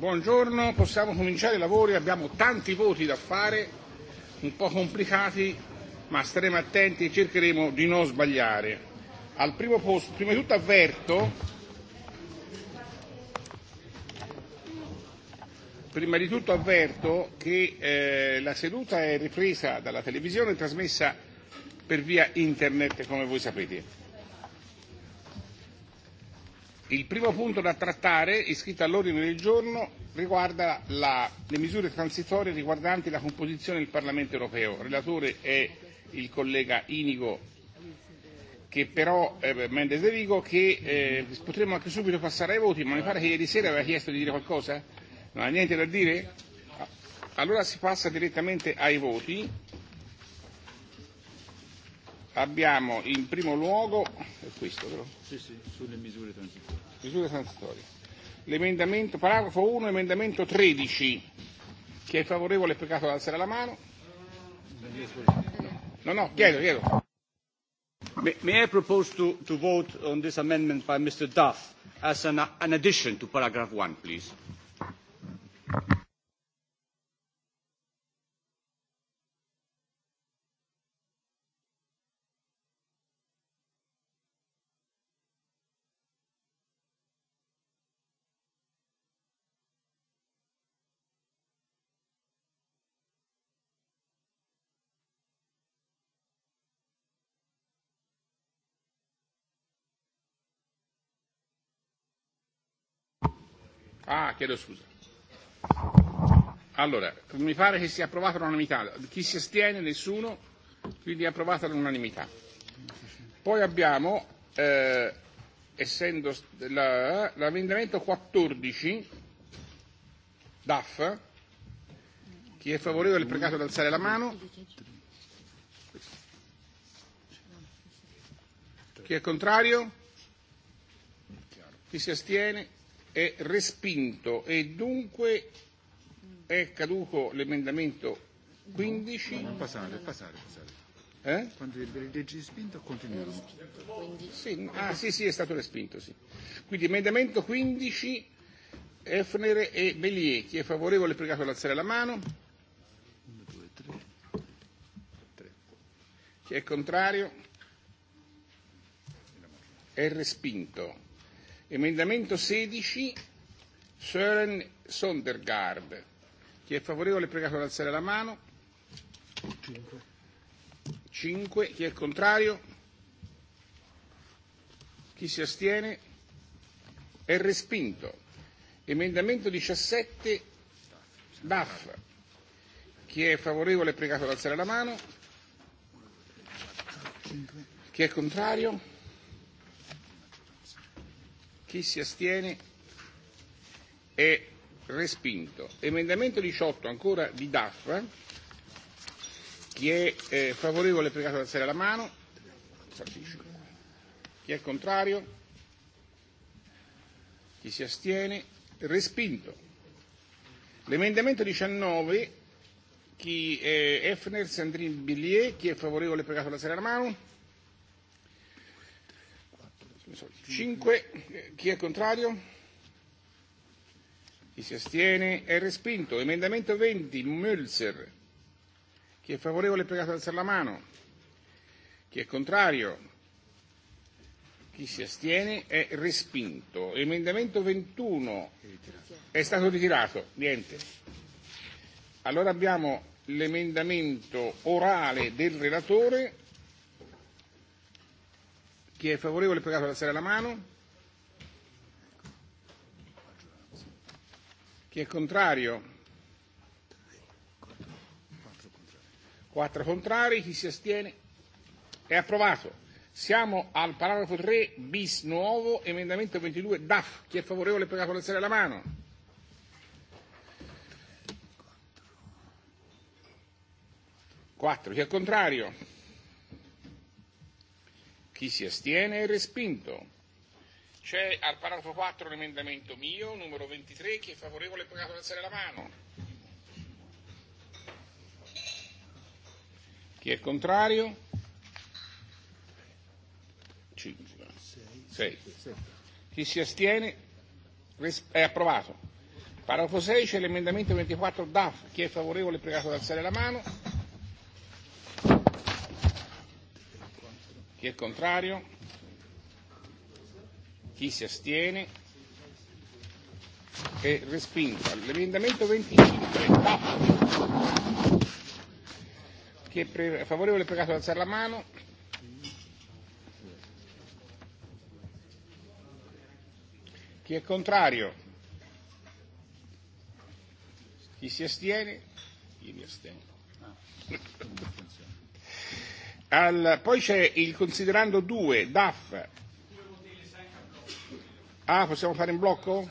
Buongiorno, possiamo cominciare i lavori, abbiamo tanti voti da fare, un po' complicati, ma staremo attenti e cercheremo di non sbagliare. Al primo posto, prima di tutto avverto, prima di tutto avverto che eh, la seduta è ripresa dalla televisione e trasmessa per via internet, come voi sapete. Il primo punto da trattare, iscritto all'ordine del giorno, riguarda la, le misure transitorie riguardanti la composizione del Parlamento europeo. Relatore è il collega Inigo che però eh, Mendes De Vigo che eh, potremmo anche subito passare ai voti, ma mi pare che ieri sera aveva chiesto di dire qualcosa. Non ha niente da dire? Ah, allora si passa direttamente ai voti. Abbiamo in primo luogo questo però. Sì, sì, sulle misure transitorie. Misure transitorie. L'emendamento, paragrafo 1, emendamento 13. Chi è favorevole è peccato ad alzare la mano. No, no, chiedo, chiedo. May, may I propose to, to vote on this amendment by Mr. Duff as an, an addition to paragraph 1, please? Ah, chiedo scusa. Allora, mi pare che sia approvato l'unanimità. Chi si astiene? Nessuno. Quindi è approvata l'unanimità. Poi abbiamo, eh, essendo la, 14, DAF, chi è favorevole è pregato ad alzare la mano. Chi è contrario? Chi si astiene? è respinto e dunque è caduco l'emendamento 15. No, passare, passare, passare. Eh? Quando leggi respinto continuiamo. Sì, ah sì sì è stato respinto sì. Quindi emendamento 15 Efner e Bellier. Chi è favorevole è pregato ad alzare la mano. 1, 2, 3. 3. Chi è contrario? È respinto. Emendamento 16, Søren Sondergaard. Chi è favorevole è pregato ad alzare la mano. 5. Chi è contrario? Chi si astiene? È respinto. Emendamento 17, DAF. Chi è favorevole è pregato ad alzare la mano. Chi è contrario? Chi si astiene è respinto. Emendamento 18 ancora di Daffa, Chi è eh, favorevole è pregato ad alzare la mano. Chi è contrario? Chi si astiene? Respinto. L'emendamento 19, chi è Efner, Sandrine Billier, chi è favorevole è pregato ad alzare la mano. 5. Chi è contrario? Chi si astiene è respinto. Emendamento 20, Mölzer. Chi è favorevole è pregato ad alzare la mano. Chi è contrario? Chi si astiene è respinto. Emendamento 21 è stato ritirato. Niente. Allora abbiamo l'emendamento orale del relatore Chi è favorevole pregato ad alzare la mano. Chi è contrario? 4 contrari, chi si astiene è approvato. Siamo al paragrafo 3 bis nuovo, emendamento 22 DAF. Chi è favorevole per alzare la mano? Quattro. Chi è contrario? Chi si astiene è respinto. C'è al paragrafo 4 un emendamento mio, numero 23, chi è favorevole può alzare la mano. Chi è contrario? 5. 6. Chi si astiene è approvato. Paragrafo 6 c'è l'emendamento 24 DAF. Chi è favorevole è pregato ad alzare la mano. Chi è contrario? Chi si astiene? E respinta. L'emendamento 25, tappo. Chi è favorevole pregato ad alzare la mano. Chi è contrario? Chi si astiene? Io mi astengo. Ah. Al, poi c'è il considerando 2, DAF. Ah, possiamo fare in blocco?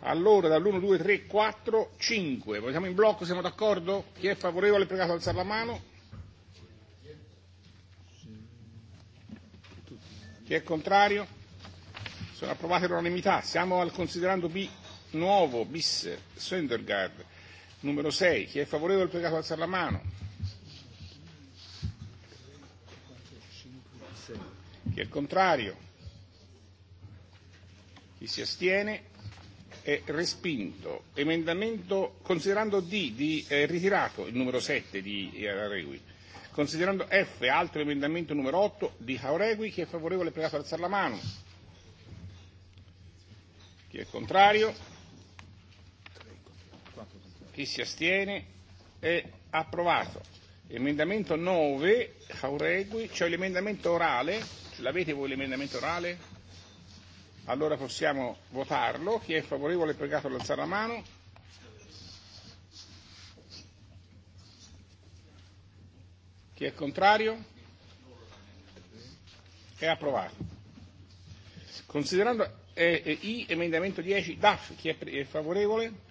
Allora, dall'1, 2, 3, 4, 5. Vogliamo in blocco, siamo d'accordo? Chi è favorevole è pregato ad alzare la mano. Chi è contrario? Sono approvate l'unanimità. Siamo al considerando B nuovo, bis, Söndergaard, numero 6. Chi è favorevole è pregato ad alzare la mano. Chi è contrario? Chi si astiene? È respinto. Emendamento, considerando D, di, eh, ritirato il numero 7 di eh, Aregui. Considerando F, altro emendamento numero 8 di Aregui che è favorevole è pregato ad alzare la mano. Chi è contrario? Chi si astiene? È approvato. Emendamento 9, Jauregui, cioè l'emendamento orale L'avete voi l'emendamento orale? Allora possiamo votarlo. Chi è favorevole è pregato ad alzare la mano. Chi è contrario? È approvato. Considerando eh, eh, I emendamento 10 DAF, chi è, è favorevole?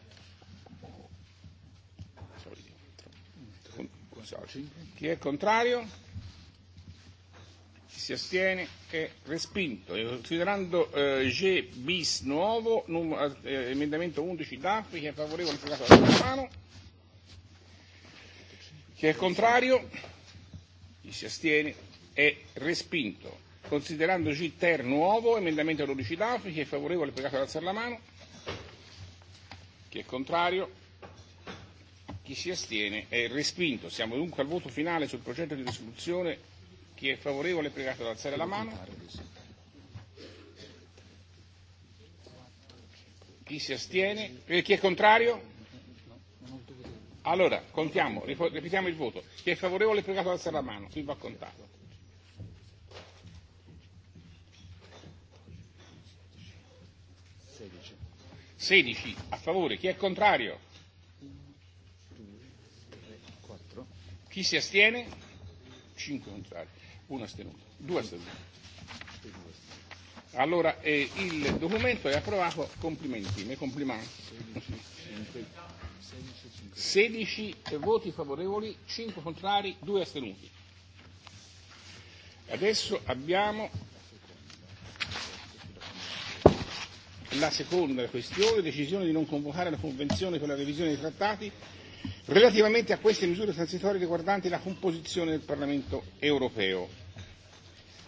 Chi è contrario? chi si astiene è respinto. E considerando eh, G bis nuovo, num, eh, emendamento 11 d'Affi, che è favorevole al pregato della mano, chi è contrario, chi si astiene è respinto. Considerando G ter nuovo, emendamento 12 d'Affi, chi è favorevole pregato ad alzare la mano, chi è contrario, chi si astiene è respinto. Siamo dunque al voto finale sul progetto di risoluzione Chi è favorevole pregato ad alzare la mano. Chi si astiene? Eh, chi è contrario? Allora, contiamo, ripetiamo il voto. Chi è favorevole è pregato ad alzare la mano. Chi va contato. Sedici a favore. Chi è contrario? Chi si astiene? 5 contrari. Una astenuta. Due astenute. Allora, eh, il documento è approvato. Complimenti, mi complimenti. 16 voti favorevoli, 5 contrari, 2 astenuti. Adesso abbiamo la seconda questione, decisione di non convocare la Convenzione per la revisione dei trattati Relativamente a queste misure transitorie riguardanti la composizione del Parlamento europeo,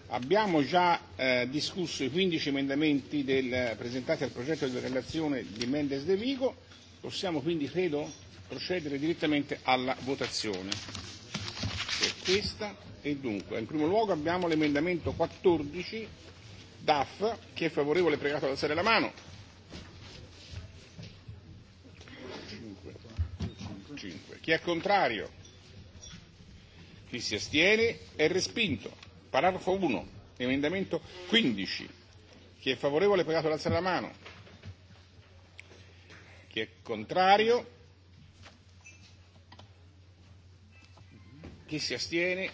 abbiamo già eh, discusso i 15 emendamenti del, presentati al progetto di relazione di Mendes De Vigo, possiamo quindi, credo, procedere direttamente alla votazione. Per questa e dunque, in primo luogo abbiamo l'emendamento 14 DAF, che è favorevole è e pregato ad alzare la mano. Chi è contrario? Chi si astiene è respinto. Paragrafo 1. Emendamento 15. Chi è favorevole è pregato ad alzare la mano. Chi è contrario? Chi si astiene?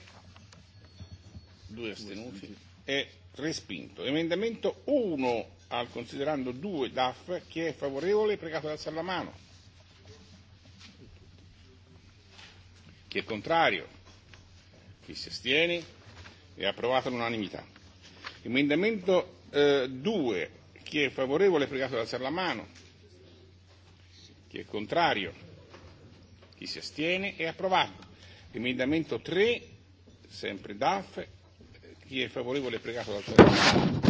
Due astenuti. È respinto. Emendamento 1 al considerando 2 DAF. Chi è favorevole è pregato ad alzare la mano. Chi è contrario? Chi si astiene? È e approvato all'unanimità. Emendamento eh, 2. Chi è favorevole è pregato ad alzare la mano. Chi è contrario? Chi si astiene? È approvato. Emendamento 3, sempre DAF. Chi è favorevole è pregato ad alzare la mano.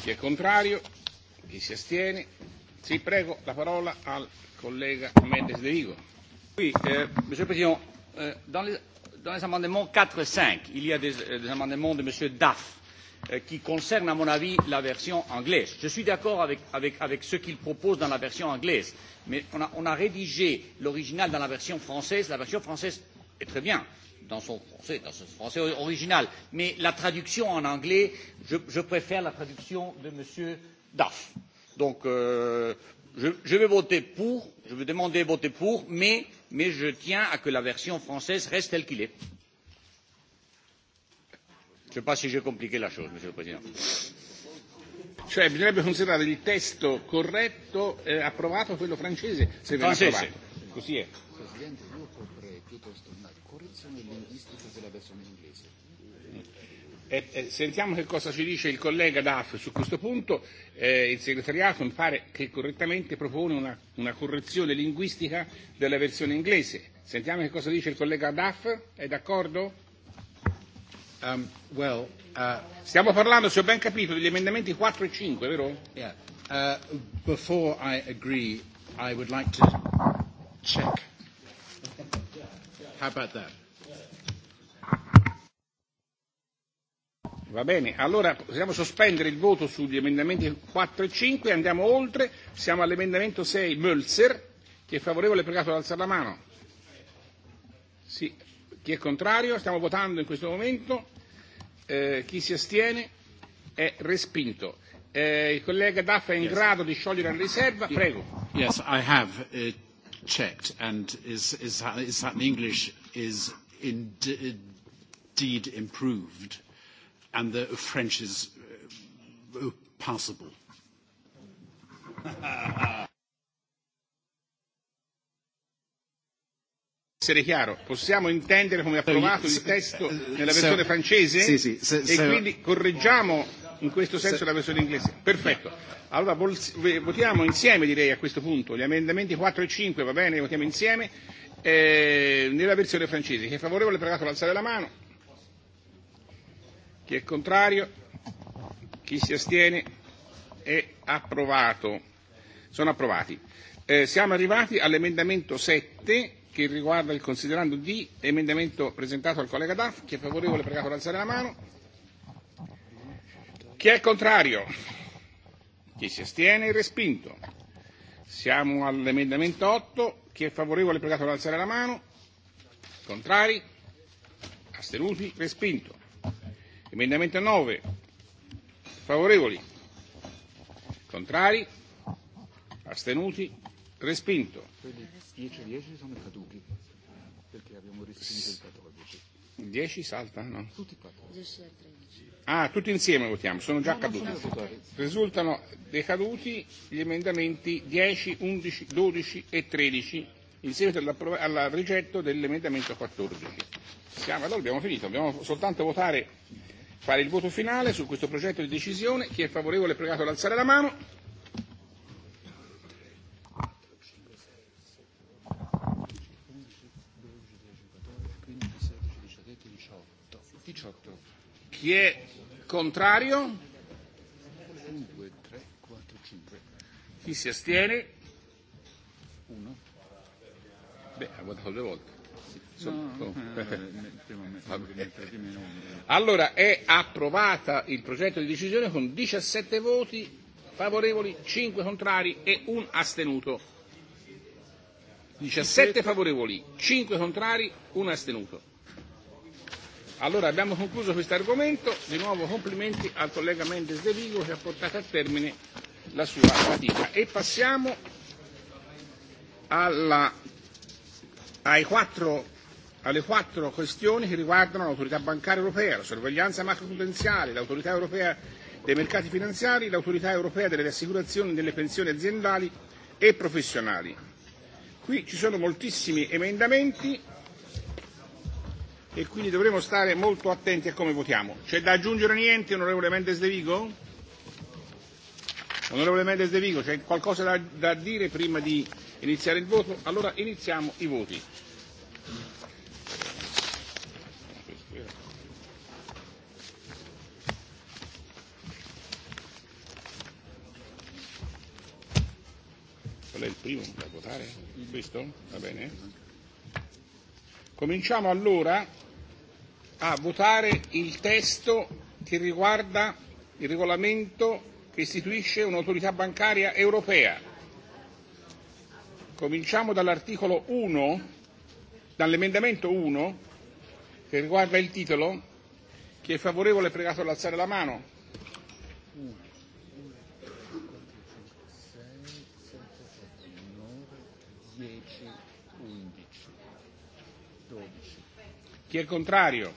Chi è contrario? Chi si astiene? Sì, prego la parola al collega Mendes de Vigo. Euh, euh, dans, les, amendements quatre et cinq il y a des, euh, amendements de m. duff qui concernent, à mon avis, la version anglaise. Je suis d'accord avec, ce qu'il propose dans la version anglaise, mais on a, rédigé l'original dans la version française. La version française est très bien dans son français, dans son français original, mais la traduction en anglais, je, je préfère la traduction de m. duff. Donc, euh, je, je vais voter pour, je vais demander de voter pour, mais euh, mais je tiens à ce que la version française reste telle qu'elle est. Je ne sais pas si j'ai compliqué la chose, Monsieur le Président. Cioè, bisognerebbe considerare il testo corretto eh, approvato quello francese, se viene francese. approvato. Così è. Presidente, io proporrei piuttosto una correzione linguistica della versione inglese Eh, eh, sentiamo che cosa ci dice il collega Daff su questo punto. Eh, il segretariato mi pare che correttamente propone una, una correzione linguistica della versione inglese. Sentiamo che cosa dice il collega Daff. È d'accordo? Um, well, uh, Stiamo parlando, se ho ben capito, degli emendamenti 4 e 5, vero? Yeah. Uh, before I agree, I would like to check. How about that? Va bene, allora possiamo sospendere il voto sugli emendamenti 4 e 5 andiamo oltre. Siamo all'emendamento 6 Mölzer. Chi è favorevole è pregato ad alzare la mano. Sì. Chi è contrario? Stiamo votando in questo momento. Eh, chi si astiene è respinto. Eh, il collega Duff è in yes. grado di sciogliere la riserva. Prego. Yes, I have uh, checked and is, is, that, is that in English is indeed improved and the French is uh, uh, passable. essere chiaro, possiamo intendere come approvato il testo nella versione francese sì, sì, se, e se, e quindi correggiamo in questo senso se, la versione inglese. Perfetto. Allora votiamo insieme direi a questo punto gli emendamenti 4 e 5, va bene, votiamo insieme eh, nella versione francese. Chi è favorevole è pregato ad alzare la mano. Chi è contrario? Chi si astiene? È approvato. Sono approvati. Eh, siamo arrivati all'emendamento 7 che riguarda il considerando di emendamento presentato al collega Daff. Chi è favorevole pregato ad alzare la mano. Chi è contrario? Chi si astiene? Respinto. Siamo all'emendamento 8. Chi è favorevole pregato ad alzare la mano. Contrari? Astenuti? Respinto. Emendamento 9. Favorevoli? Contrari? Astenuti? Respinto. 10 e 10 sono caduti perché abbiamo respinto il 14. 10 salta? No. Tutti 14. E e ah, tutti insieme votiamo, sono già no, caduti. Risultano decaduti gli emendamenti 10, 11, 12 e 13 in seguito al rigetto dell'emendamento 14. Siamo, allora abbiamo finito, dobbiamo soltanto votare fare il voto finale su questo progetto di decisione. Chi è favorevole è pregato ad alzare la mano. Chi è contrario? Chi si astiene? Uno. Beh, ha votato due volte. Oh. Eh, allora è approvata il progetto di decisione con 17 voti favorevoli, 5 contrari e un astenuto. 17 favorevoli, 5 contrari, 1 astenuto. Allora abbiamo concluso questo argomento, di nuovo complimenti al collega Mendes De Vigo che ha portato a termine la sua fatica. E passiamo alla, ai quattro alle quattro questioni che riguardano l'autorità bancaria europea, la sorveglianza macroprudenziale, l'autorità europea dei mercati finanziari, l'autorità europea delle assicurazioni e delle pensioni aziendali e professionali. Qui ci sono moltissimi emendamenti e quindi dovremo stare molto attenti a come votiamo. C'è da aggiungere niente, onorevole Mendes de Vigo? Onorevole Mendes de Vigo, c'è qualcosa da, da dire prima di iniziare il voto? Allora iniziamo i voti. lei il primo a votare? Questo? Va bene? Cominciamo allora a votare il testo che riguarda il regolamento che istituisce un'autorità bancaria europea. Cominciamo dall'articolo 1, dall'emendamento 1, che riguarda il titolo. Chi è favorevole è pregato ad alzare la mano. 10, 11, 12. Chi è contrario?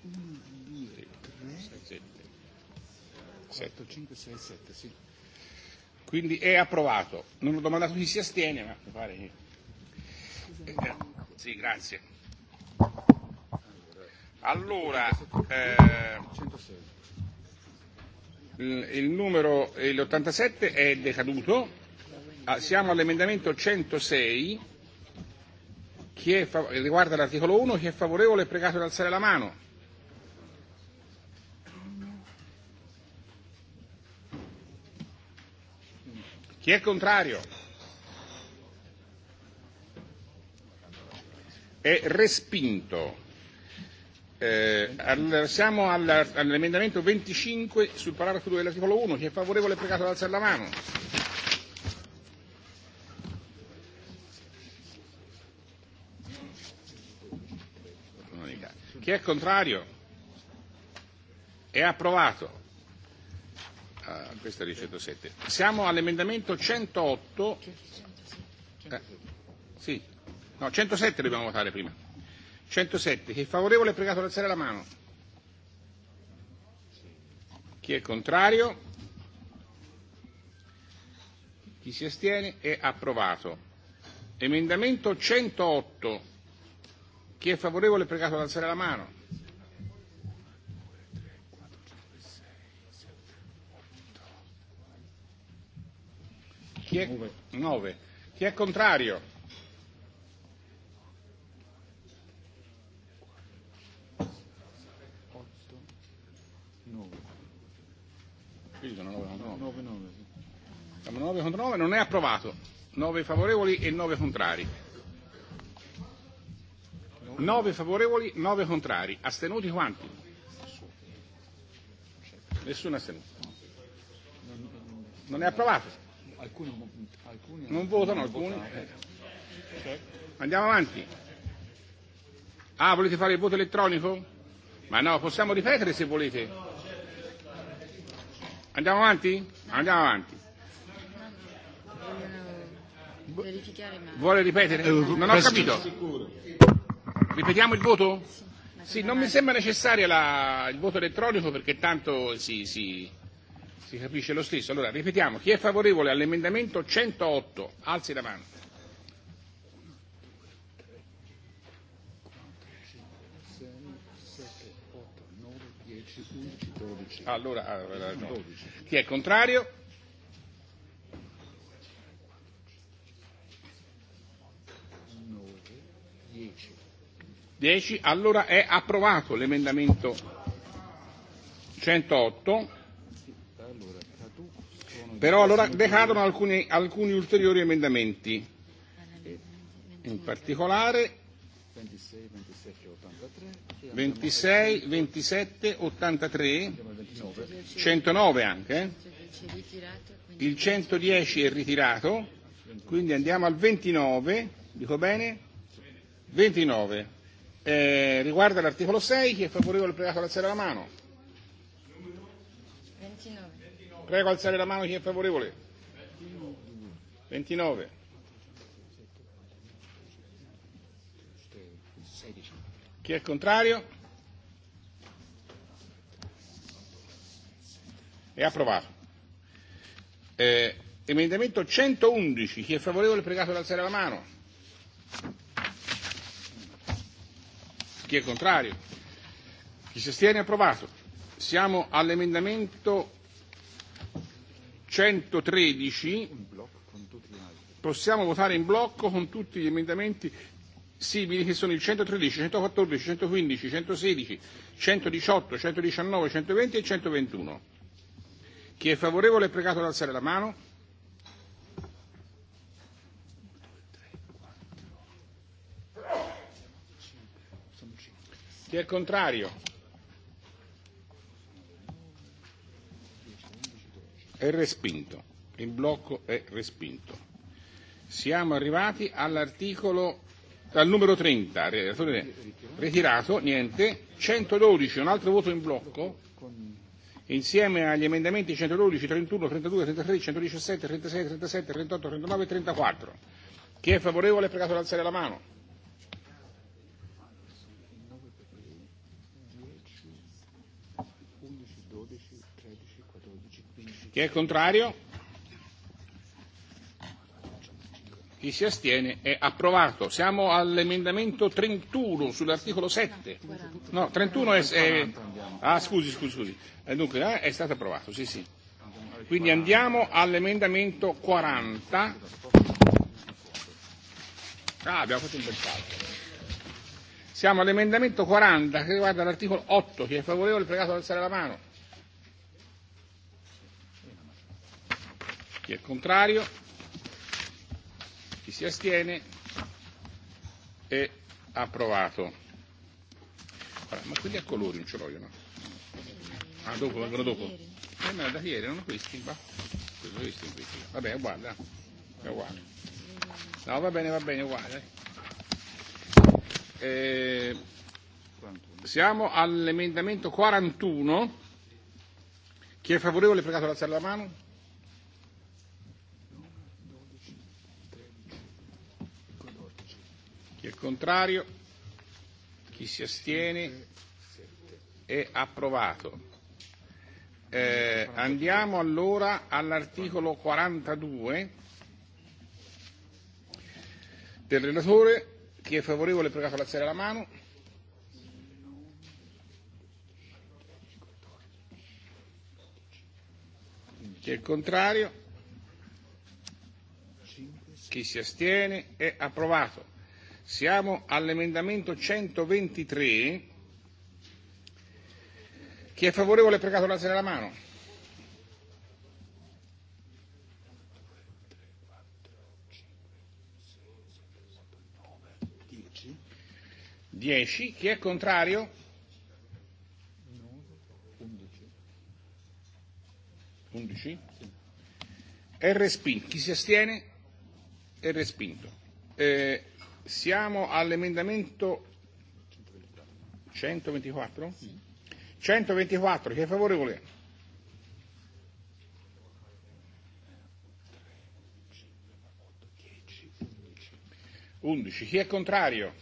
1, 2, 3, 5, 6, 7, sì. Quindi è approvato. Non ho domandato chi si astiene, ma mi pare che... Eh, sì, grazie. Allora, eh, il numero l'87 è decaduto. Ah, siamo all'emendamento 106, chi è fav- riguarda l'articolo 1, chi è favorevole è pregato di alzare la mano. Chi è contrario? È respinto. Eh, al, siamo all, all'emendamento 25 sul paragrafo 2 dell'articolo 1. Chi è favorevole è pregato di alzare la mano. Chi è contrario? È approvato. Ah, questo è il 107. Siamo all'emendamento 108. Eh, sì. No, 107 dobbiamo votare prima. 107. Chi è favorevole è pregato ad alzare la mano. Chi è contrario? Chi si astiene? È approvato. Emendamento 108. Chi è favorevole è pregato ad alzare la mano. Chi è, 9. Chi è contrario? 9 9. 9, 9. Siamo 9 contro 9, non è approvato. 9 favorevoli e 9 contrari. 9 favorevoli, 9 contrari. Astenuti quanti? Nessuno astenuto. Non è approvato? Non votano alcuni. Eh. Andiamo avanti. Ah, volete fare il voto elettronico? Ma no, possiamo ripetere se volete. Andiamo avanti? Andiamo avanti. Vuole ripetere? Eh, non ho capito. Ripetiamo il voto? Sì, non mi sembra necessario la, il voto elettronico perché tanto si, si, si capisce lo stesso. Allora, ripetiamo, chi è favorevole all'emendamento 108? Alzi la mano. Allora, allora ah, eh, no. chi è contrario? Nove, dieci. 10. Allora è approvato l'emendamento 108. Però allora decadono alcuni, alcuni ulteriori emendamenti. In particolare 26, 27, 83, 109 anche. Il 110 è ritirato, quindi andiamo al 29, dico bene? 29. Eh, riguarda l'articolo 6, chi è favorevole prego ad alzare la mano. 29. Prego alzare la mano chi è favorevole. 29. 16. Chi è contrario? È approvato. Eh, emendamento 111, chi è favorevole pregato ad alzare la mano. Chi è contrario? Chi si astiene? Approvato. Siamo all'emendamento 113. Possiamo votare in blocco con tutti gli emendamenti simili che sono il 113, 114, 115, 116, 118, 119, 120 e 121. Chi è favorevole è pregato ad alzare la mano. Chi è contrario? È respinto. Il blocco è respinto. Siamo arrivati all'articolo al numero 30, retirato, niente, 112, un altro voto in blocco, insieme agli emendamenti 112, 31, 32, 33, 117, 36, 37, 38, 39 e 34. Chi è favorevole è pregato ad alzare la mano. Chi è contrario? Chi si astiene è approvato. Siamo all'emendamento 31 sull'articolo 7. No, 31 è... è ah, scusi, scusi, scusi. Eh, dunque, eh, è stato approvato, sì, sì. Quindi andiamo all'emendamento 40. Ah, abbiamo fatto un bel salto. Siamo all'emendamento 40 che riguarda l'articolo 8. Chi è favorevole è pregato ad alzare la mano. Chi è contrario? Chi si astiene? È approvato. Allora, ma quelli a colori non ce l'ho io, no? Ah, dopo, vengono dopo. Eh, no, da ieri erano questi, va. Questo, questi, questi. Vabbè, è uguale, eh. è uguale. No, va bene, va bene, è uguale. Eh, siamo all'emendamento 41. Chi è favorevole, pregato ad alzare la mano? Chi è contrario? Chi si astiene? È approvato. Eh, andiamo allora all'articolo 42 del relatore. Chi è favorevole è pregato ad alzare la mano. Chi è contrario? Chi si astiene? È approvato. Siamo all'emendamento 123. Chi è favorevole è pregato alzare la mano. Dieci. Chi è contrario? Undici. È respinto. Chi si astiene? È respinto. Eh, Siamo all'emendamento 124? 124, chi è favorevole? Undici, chi è contrario?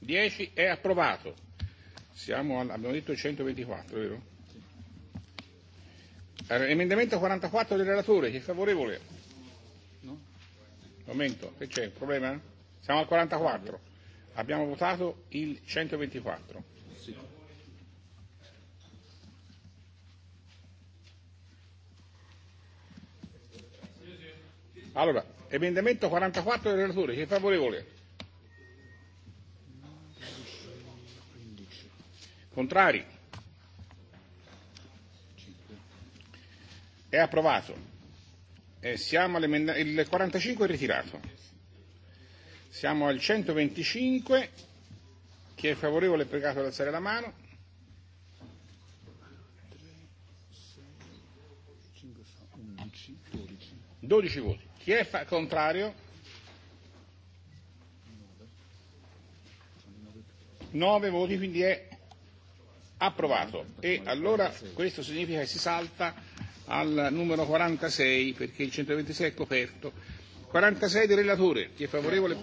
Dieci è approvato. Siamo al, abbiamo detto 124, vero? Emendamento 44 del relatore, chi è favorevole? No? Momento, che c'è? Problema? Siamo al 44. Abbiamo votato il 124. Sì. Allora, emendamento 44 del relatore, chi è favorevole? Contrari? È approvato. E siamo il 45 è ritirato. Siamo al 125. Chi è favorevole è pregato ad alzare la mano. Dodici voti. Chi è fa- contrario? 9 voti, quindi è approvato. E allora questo significa che si salta al numero 46 perché il 126 è coperto. 46 del relatore, chi è favorevole?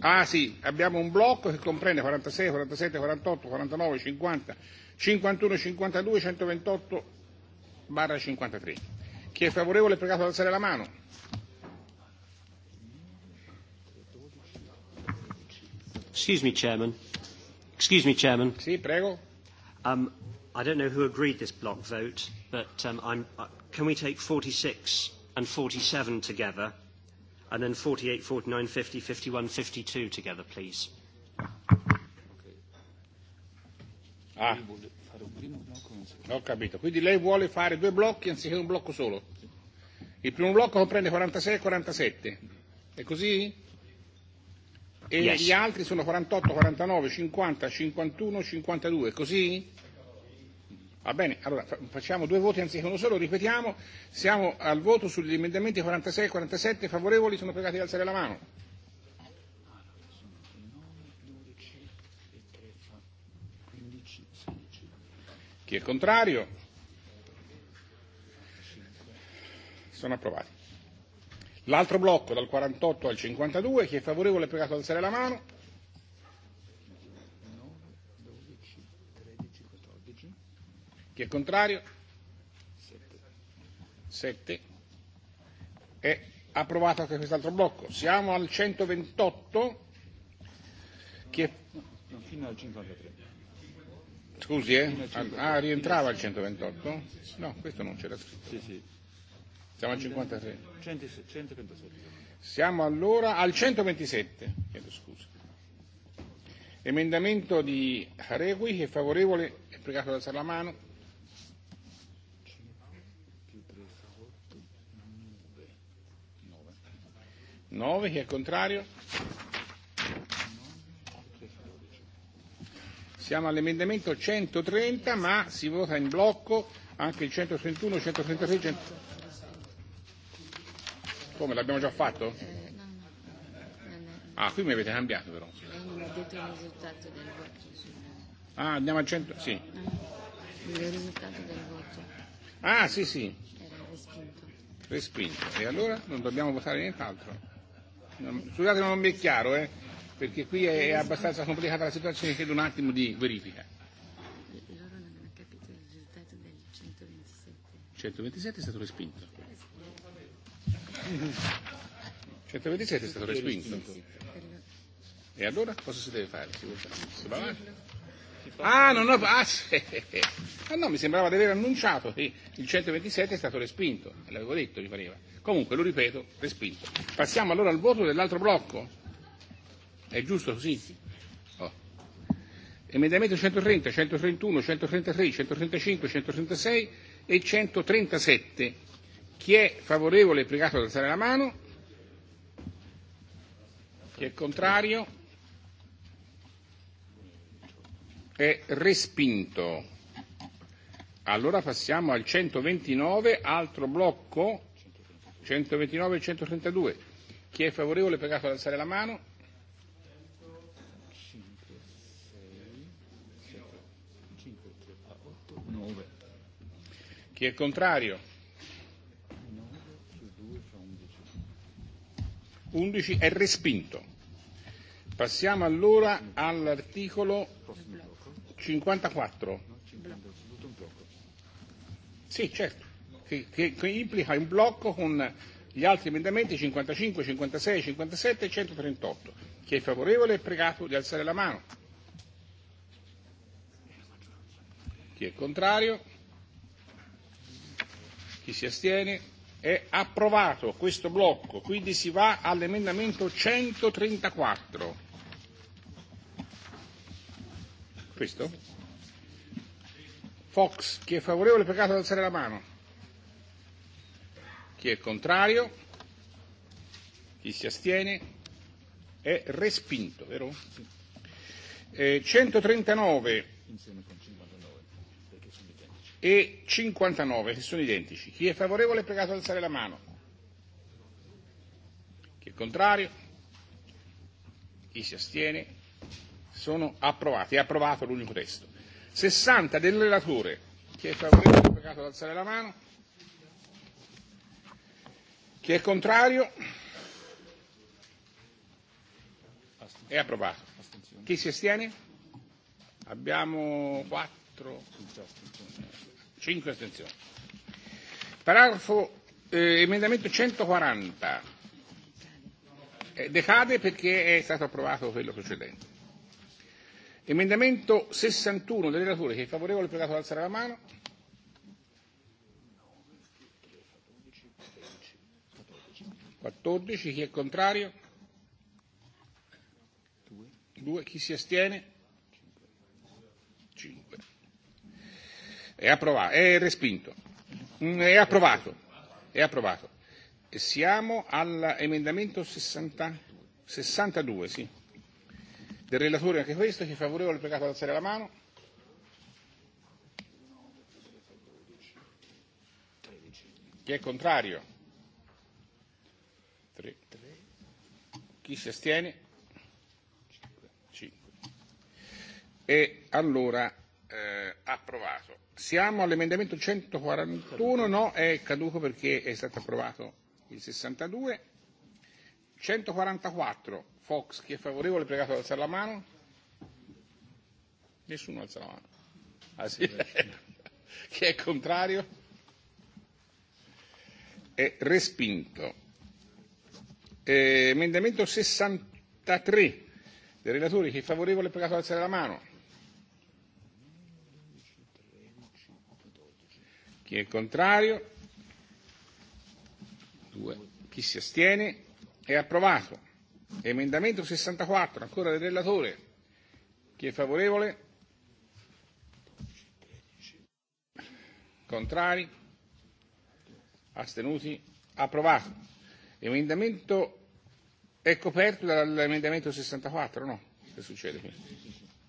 Ah sì, abbiamo un blocco che comprende 46, 47, 48, 49, 50, 51, 52, 128 barra 53. Chi è favorevole è pregato ad alzare la mano. Excuse me, Chairman. Excuse me, Chairman. Sì, prego. Um, I don't know who agreed this block vote, but um, I'm, uh, can we take 46 and 47 together, and then 48, 49, 50, 51, 52 together, please? Ah. Ho capito, quindi lei vuole fare due blocchi anziché un blocco solo. Il primo blocco comprende 46 e 47, è così? E yes. gli altri sono 48, 49, 50, 51, 52, è così? Va bene, allora facciamo due voti anziché uno solo, ripetiamo, siamo al voto sugli emendamenti 46 e 47, favorevoli sono pregati di alzare la mano. Chi è contrario? Sono approvati. L'altro blocco dal 48 al 52, chi è favorevole è pregato di alzare la mano. Chi è contrario? Sette. È approvato anche quest'altro blocco. Siamo al 128. Chi è... No, no, fino al 53. Scusi, eh? Ah, rientrava al 128? No, questo non c'era scritto. Sì, sì. Siamo al 53. 127. E Siamo allora al 127. Chiedo scusa. Emendamento di Haregui che è favorevole, è pregato da alzare la mano. 9, chi è contrario? Siamo all'emendamento 130, ma si vota in blocco anche il 131, 136, 100... Come, l'abbiamo già fatto? Eh, ah, qui mi avete cambiato però. Ah, andiamo al 100, sì. Ah, ah, sì, sì. Respinto. E allora non dobbiamo votare nient'altro. Mm. Scusate, non mi è chiaro, eh, perché qui è abbastanza complicata la situazione, chiedo un attimo di verifica. Loro non hanno capito il risultato del 127. 127 è stato respinto. 127 è stato respinto. E allora cosa si deve fare? Si, si va avanti? Ah, non ho, ah, sì. ah no, mi sembrava di aver annunciato che il 127 è stato respinto, l'avevo detto, mi pareva. Comunque, lo ripeto, respinto. Passiamo allora al voto dell'altro blocco. È giusto così? Oh. Emendamento 130, 131, 133, 135, 136 e 137. Chi è favorevole è e pregato ad alzare la mano. Chi è contrario è respinto. Allora passiamo al 129, altro blocco 129 e 132. Chi è favorevole è pregato ad alzare la mano. 5, 6, 5, 8, 9. Chi è contrario? 9 più 2 fa 11. 11 è respinto. Passiamo allora all'articolo 54. Sì, certo che, che, che implica un blocco con gli altri emendamenti 55, 56, 57 e 138. Chi è favorevole è pregato di alzare la mano. Chi è contrario? Chi si astiene? È approvato questo blocco, quindi si va all'emendamento 134. Questo? Fox, chi è favorevole è pregato di alzare la mano. Chi è contrario? Chi si astiene? È respinto, vero? Eh, 139 e 59 che sono identici. Chi è favorevole è pregato ad alzare la mano. Chi è contrario? Chi si astiene? Sono approvati. È approvato l'unico testo. 60 del relatore. Chi è favorevole è pregato ad alzare la mano. Chi è contrario? È approvato. Chi si astiene? Abbiamo 4, 5 astensioni. Paragrafo eh, emendamento 140. Eh, decade perché è stato approvato quello precedente. Emendamento 61 del relatore che è favorevole pregato ad alzare la mano. 14. Chi è contrario? 2. Chi si astiene? 5. È approvato. È respinto. Mm, è approvato. È approvato. E siamo all'emendamento 60, 62, sì. Del relatore anche questo, chi è favorevole è pregato ad alzare la mano. Chi è contrario? Chi si astiene? 5. E allora eh, approvato. Siamo all'emendamento 141, no, è caduco perché è stato approvato il 62. 144, Fox, chi è favorevole, pregato ad alzare la mano. Nessuno alza la mano. Ah, sì. chi è contrario? È respinto. Eh, emendamento 63 dei relatori, chi è favorevole è pregato ad alzare la mano. Chi è contrario? Due. Chi si astiene? È approvato. Emendamento 64, ancora del relatore. Chi è favorevole? Contrari? Astenuti? Approvato. L'emendamento è coperto dall'emendamento 64, no? Che succede qui?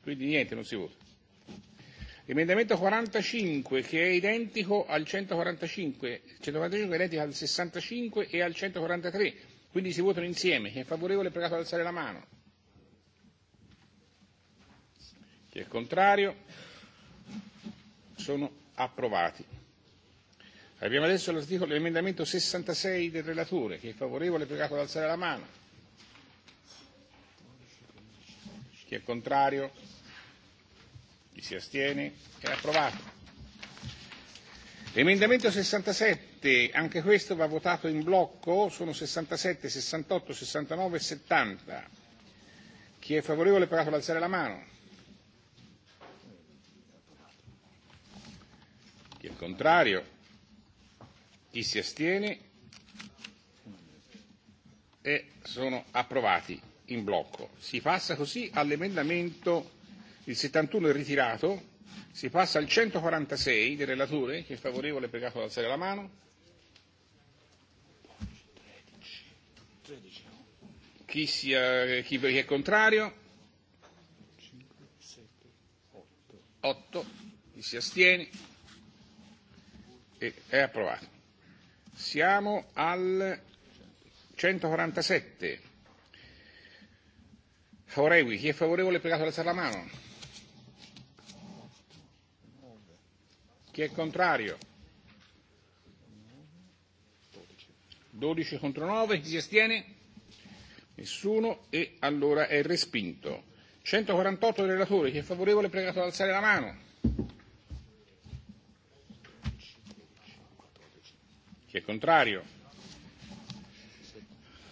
Quindi niente, non si vota. L'emendamento 45 che è identico al 145, 145 è identico al 65 e al 143, quindi si votano insieme. Chi è favorevole è pregato ad alzare la mano. Chi è contrario? Sono approvati. Abbiamo adesso l'emendamento 66 del relatore. Chi è favorevole è pregato ad alzare la mano. Chi è contrario? Chi si astiene? È approvato. L'emendamento 67, anche questo va votato in blocco, sono 67, 68, 69 e 70. Chi è favorevole è pregato ad alzare la mano. Chi è contrario? Chi si astiene? E sono approvati in blocco. Si passa così all'emendamento, il 71 è ritirato, si passa al 146 del relatore, che è favorevole, pregato ad alzare la mano. Chi, sia, chi è contrario? 8. Chi si astiene? E, è approvato. Siamo al 147. Favorevoli, chi è favorevole è pregato ad alzare la mano. Chi è contrario? 12 contro 9, chi si astiene? Nessuno e allora è respinto. 148 del relatore, chi è favorevole è pregato ad alzare la mano. Chi è contrario?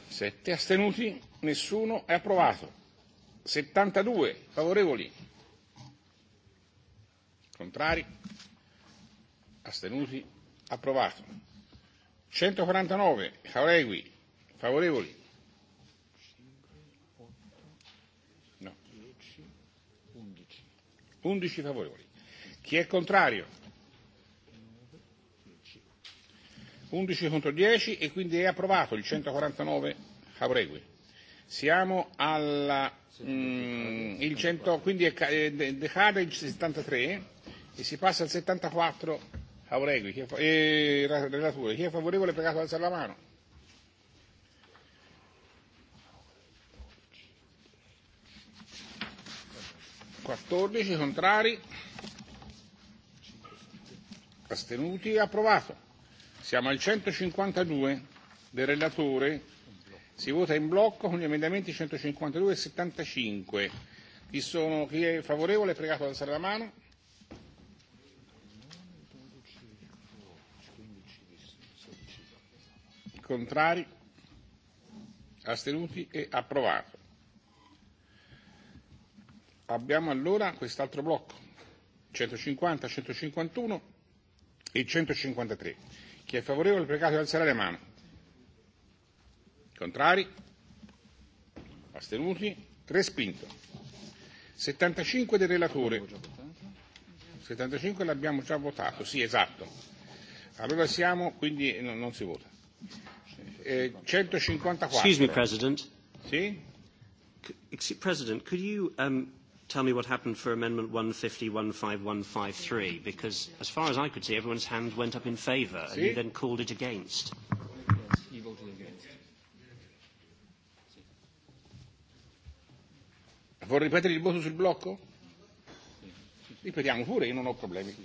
7 astenuti, nessuno è approvato. 72 favorevoli, contrari, astenuti, approvato. 149 Cauregui, favorevoli. No. 11 favorevoli. Chi è contrario? 11 contro 10 e quindi è approvato il 149 Cavregui. Siamo alla... Mm, il 100, quindi è, decade il 73 e si passa al 74 Cavregui. Chi eh, relatore, chi è favorevole è pregato ad alzare la mano. Quattordici contrari, astenuti, approvato. Siamo al 152 del relatore. Si vota in blocco con gli emendamenti 152 e 75. Chi, sono, chi è favorevole è pregato ad alzare la mano. Contrari? Astenuti? E approvato. Abbiamo allora quest'altro blocco, 150, 151 e 153 Chi è favorevole per caso alzare le mani? Contrari? Astenuti? Respinto. 75 del relatore. 75 l'abbiamo già votato, sì esatto. Allora siamo, quindi no, non si vota. Eh, 154. Excuse me, President. Sì? President, could you um, tell me what happened for Amendment 150, 151, because as far as I could see, everyone's hand went up in favour, and you then called it against. Vuoi ripetere il voto sul blocco? Ripetiamo pure, io non ho problemi.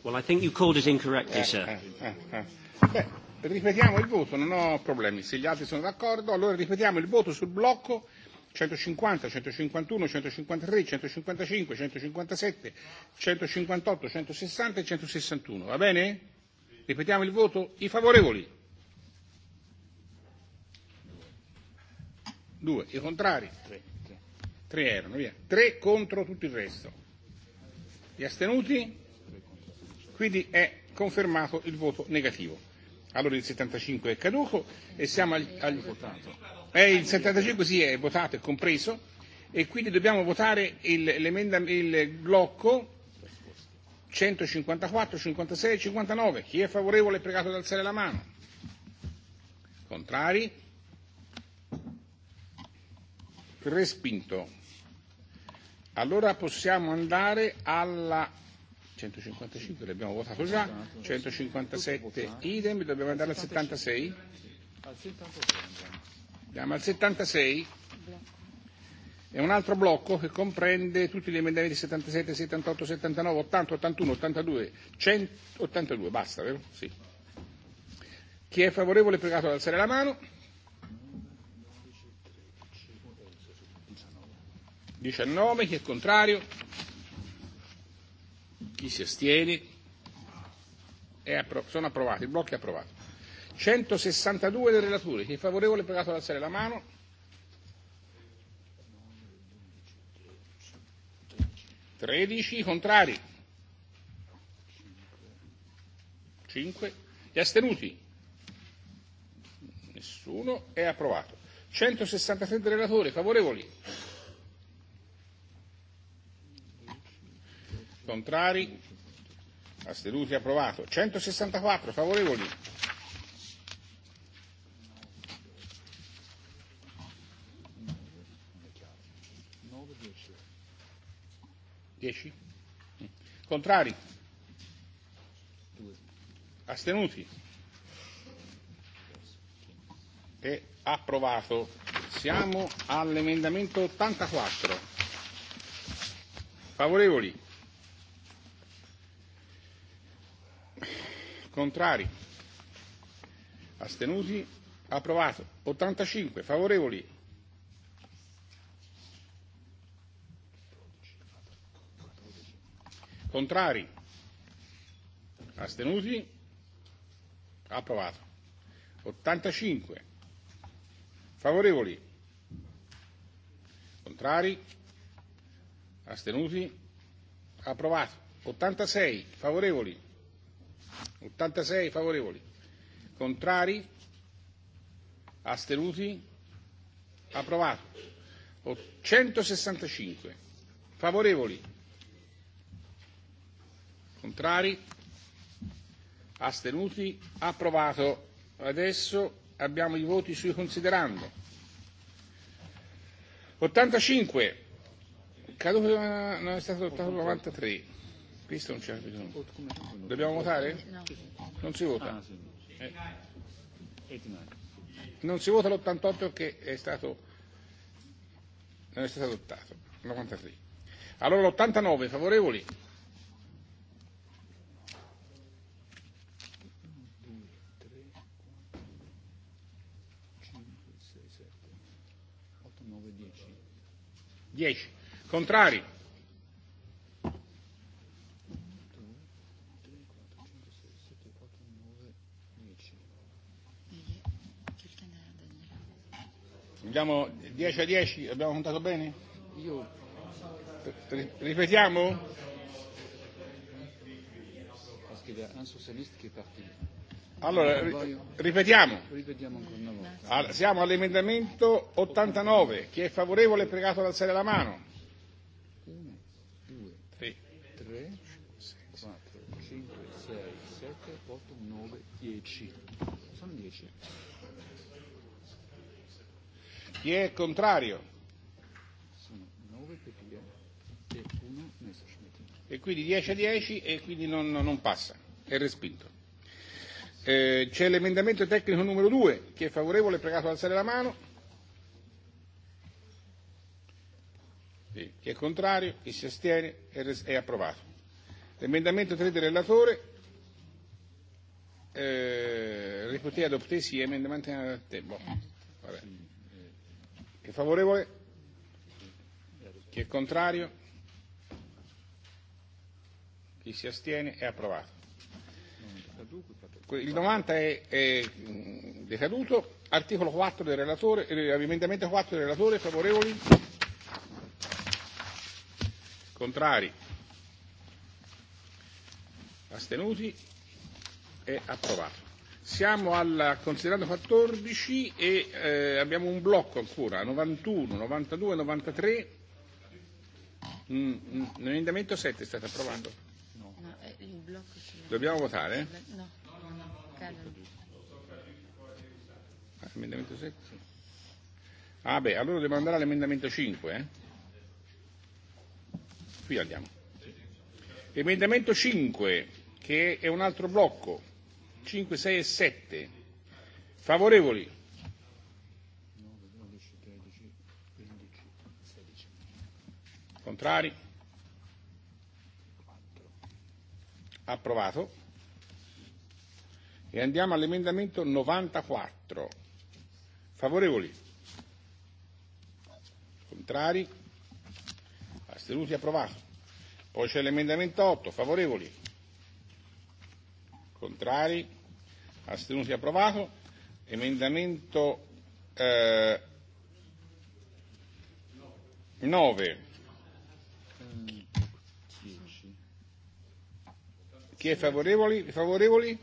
Well, I think you called it incorrectly, eh, sir. Eh, Eh, eh, Beh, ripetiamo il voto, non ho problemi. Se gli altri sono d'accordo, allora ripetiamo il voto sul blocco 150, 151, 153, 155, 157, 158, 160 e 161. Va bene? Ripetiamo il voto. I favorevoli. Due. I contrari. Tre. Tre erano, via. Tre contro tutto il resto. Gli astenuti? Quindi è confermato il voto negativo. Allora il 75 è caduco e siamo al, al è il 75 sì è votato, è compreso e quindi dobbiamo votare il, il blocco 154, 56 e 59. Chi è favorevole è pregato ad alzare la mano. Contrari? Respinto. Allora possiamo andare alla 155 l'abbiamo votato già, 157 idem, dobbiamo andare al 76? Andiamo al 76. È un altro blocco che comprende tutti gli emendamenti 77, 78, 79, 80, 81, 82, 182, basta, vero? Sì. Chi è favorevole è pregato ad alzare la mano. 19, chi è contrario? Chi si astiene? appro- sono approvati. Il blocco è approvato. 162 del relatore. Chi è favorevole è pregato ad alzare la mano. Tredici contrari. Cinque. Gli astenuti? Nessuno. È approvato. 163 del relatore. Favorevoli? Contrari? Astenuti? Approvato. 164 favorevoli? Contrari? Astenuti? È approvato. Siamo all'emendamento 84. Favorevoli? Contrari? Astenuti? Approvato. 85. Favorevoli? Contrari? Astenuti? Approvato. 85. Favorevoli? Contrari? Astenuti? Approvato. 86. Favorevoli? 86 favorevoli, contrari, astenuti, approvato. 165 favorevoli, contrari, astenuti, approvato. Adesso abbiamo i voti sui considerando. 85 caduto eh, non è stato adottato 93 Questo non c'è bisogno. Dobbiamo votare? Non si vota. Eh. Non si vota l'88 che è stato, non è stato adottato. 93. Allora l'89, favorevoli? Dieci. Contrari? Abbiamo 10 a 10, abbiamo contato bene? Io. Ripetiamo? Allora, ripetiamo. Siamo all'emendamento 89. Chi è favorevole è pregato ad alzare la mano. 1, 2, 3, 4, 5, 6, 7, 8, 9, 10. Sono 10. Chi è contrario? E quindi 10 a 10 e quindi non, non passa, è respinto. Eh, c'è l'emendamento tecnico numero 2, chi è favorevole è pregato ad alzare la mano. Sì. Chi è contrario, chi si astiene è, res- è approvato. L'emendamento 3 del relatore, eh, adoptesi, adopté, a te. Boh. vabbè. Chi è favorevole? Chi è contrario? Chi si astiene? È approvato. Il 90 è, è mm, decaduto. Articolo 4 del relatore, eh, emendamento 4 del relatore, favorevoli? Contrari? Astenuti? È approvato. Siamo al considerando 14 e eh, abbiamo un blocco ancora, 91, 92, 93. Mm, mm, l'emendamento 7 è stato approvato. No. No, eh, il blocco Dobbiamo votare? Eh, no. Ah, emendamento 7. Ah beh, allora dobbiamo andare all'emendamento 5. Eh? Qui andiamo. Emendamento 5, che è un altro blocco. 5, 6 e 7. Favorevoli? Contrari? Approvato. E andiamo all'emendamento 94. Favorevoli? Contrari? Astenuti? Approvato. Poi c'è l'emendamento 8. Favorevoli? Contrari? Astenuti? Approvato. Emendamento eh, 9. Chi è favorevoli? favorevoli?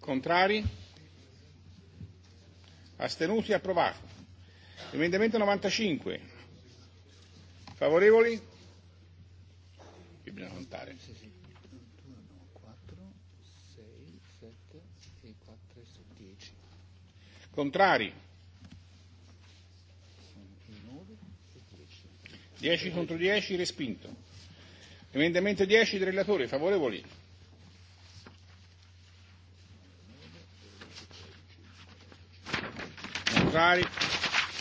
Contrari? Astenuti? Approvato. Emendamento 95. Favorevoli? Qui bisogna contare. Contrari? 10 contro 10, respinto. Emendamento 10 del relatore, favorevoli? Contrari?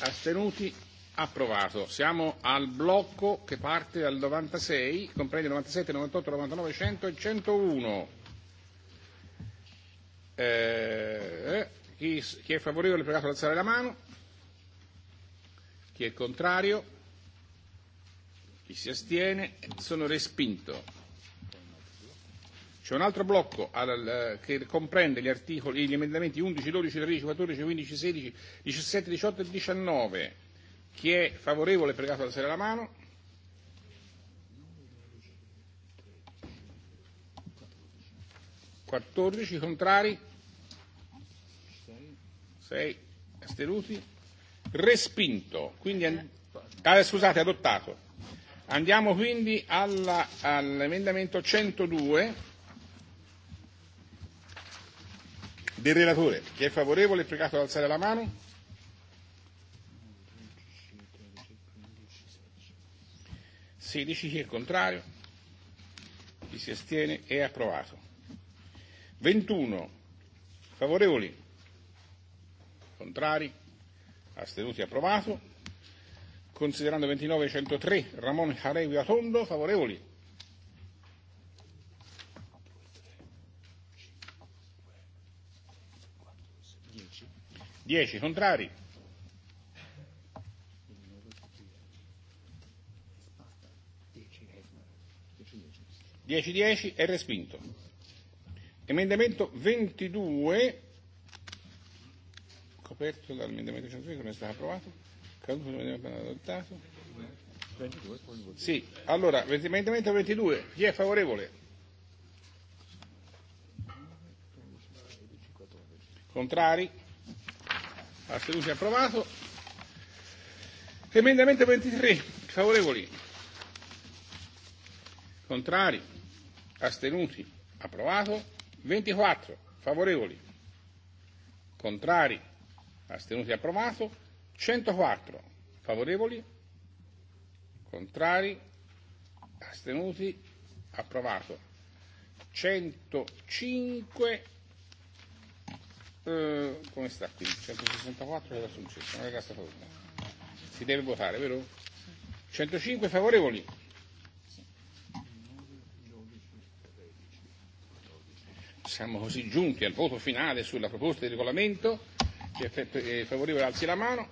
Astenuti? Approvato. Siamo al blocco che parte dal 96, comprende 97, 98, 99, 100 e 101. Eh, eh. Chi, chi è favorevole pregato ad alzare la mano. Chi è contrario? Chi si astiene? Sono respinto. C'è un altro blocco al, che comprende gli, articoli, gli emendamenti 11, 12, 13, 14, 15, 16, 17, 18 e 19. Chi è favorevole è pregato ad alzare la mano. Quattordici contrari? 6 astenuti, respinto, quindi an- ah, scusate, adottato. Andiamo quindi alla, all'emendamento 102 del relatore. Chi è favorevole è e pregato ad alzare la mano. Sedici chi è contrario, chi si astiene è approvato. 21 favorevoli, Contrari? Astenuti? Approvato. Considerando 29 103, e Ramon Jaregui Atondo, favorevoli? Dieci contrari. Dieci dieci è respinto. Emendamento 22 aperto dal dall'emendamento sta approvato, caduto l'emendamento adottato. 22, sì, allora, emendamento 22, chi è favorevole? Contrari? Astenuti e approvato. Emendamento 23, favorevoli? Contrari? Astenuti? Approvato. 24, favorevoli? Contrari? astenuti approvato, 104 favorevoli, contrari, astenuti, approvato. 105 eh, come sta qui? 164 era successo, non era stato votato. Si deve votare, vero? 105 favorevoli. 12 Siamo così giunti al voto finale sulla proposta di regolamento Chi eh, è favorevole alzi la mano.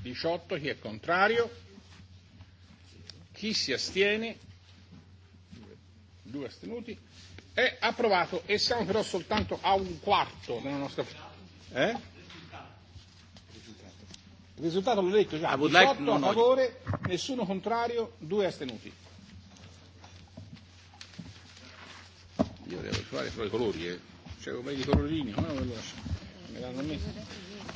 Diciotto, chi è contrario? Chi si astiene? Due astenuti. È approvato e siamo però soltanto a un quarto della nostra. Eh? Il risultato l'ho detto già, 18 a favore, nessuno contrario, due astenuti. Li dovrei fare però i colori, eh. Cioè, come i colorini, come me lo Me l'hanno messo?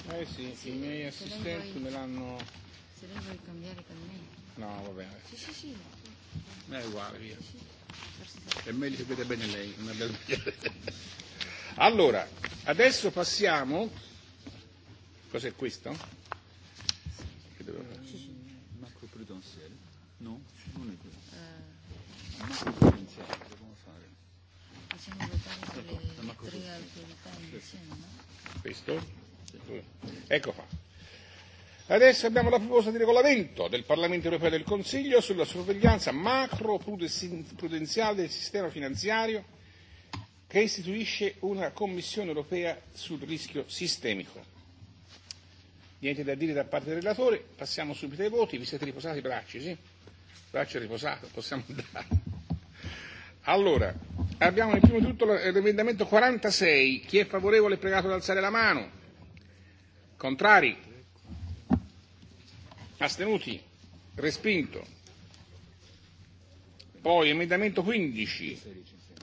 Eh sì, sì i miei assistenti vuoi, me l'hanno... Se lei vuoi cambiare con me. No, va bene. Sì, sì, sì. Ma è uguale, via. È meglio che vede bene lei, non abbiamo Allora, adesso passiamo... Cos'è questo? Che devo Macro prudenziale? No, non è quello. Uh... Eh facendo votare sulle tre autorità insieme, no? Questo? Ecco qua. Adesso abbiamo la proposta di regolamento del Parlamento europeo e del Consiglio sulla sorveglianza macroprudenziale del sistema finanziario che istituisce una Commissione europea sul rischio sistemico. Niente da dire da parte del relatore, passiamo subito ai voti, vi siete riposati i bracci, sì? Braccio riposato, possiamo andare. Allora, abbiamo in primo tutto l'emendamento 46. Chi è favorevole è e pregato ad alzare la mano. Contrari? Astenuti? Respinto. Poi emendamento 15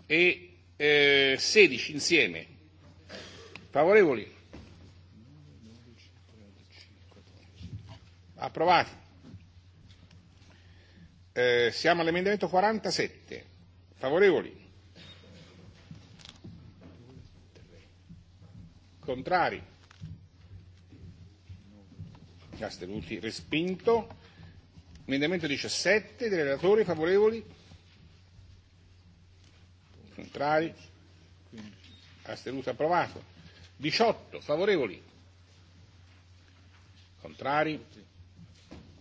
e eh, 16 insieme. Favorevoli? Approvati. Eh, siamo all'emendamento 47. Favorevoli? Contrari? Astenuti? Respinto. Emendamento 17 dei relatori favorevoli? Contrari? Astenuto approvato. 18 favorevoli? Contrari?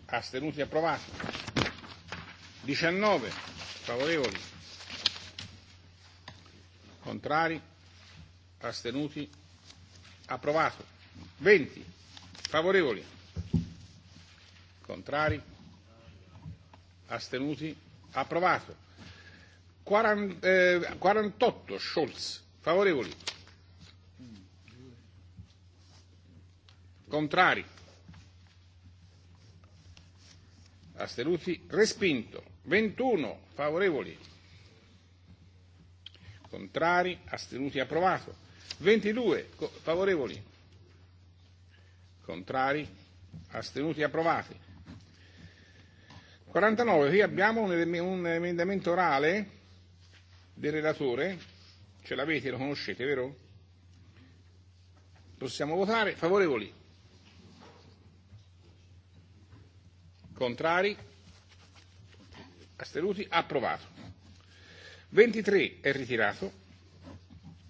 Astenuti approvato. 19 favorevoli? Contrari? Astenuti? Approvato. 20. Favorevoli? Contrari? Astenuti? Approvato. 40, eh, 48. Scholz. Favorevoli? Contrari? Astenuti? Respinto. 21. Favorevoli? contrari, astenuti, approvato. 22 favorevoli, contrari, astenuti, approvati. 49, qui abbiamo un, un emendamento orale del relatore, ce l'avete, lo conoscete, vero? Possiamo votare, favorevoli, contrari, astenuti, approvato. 23 è ritirato,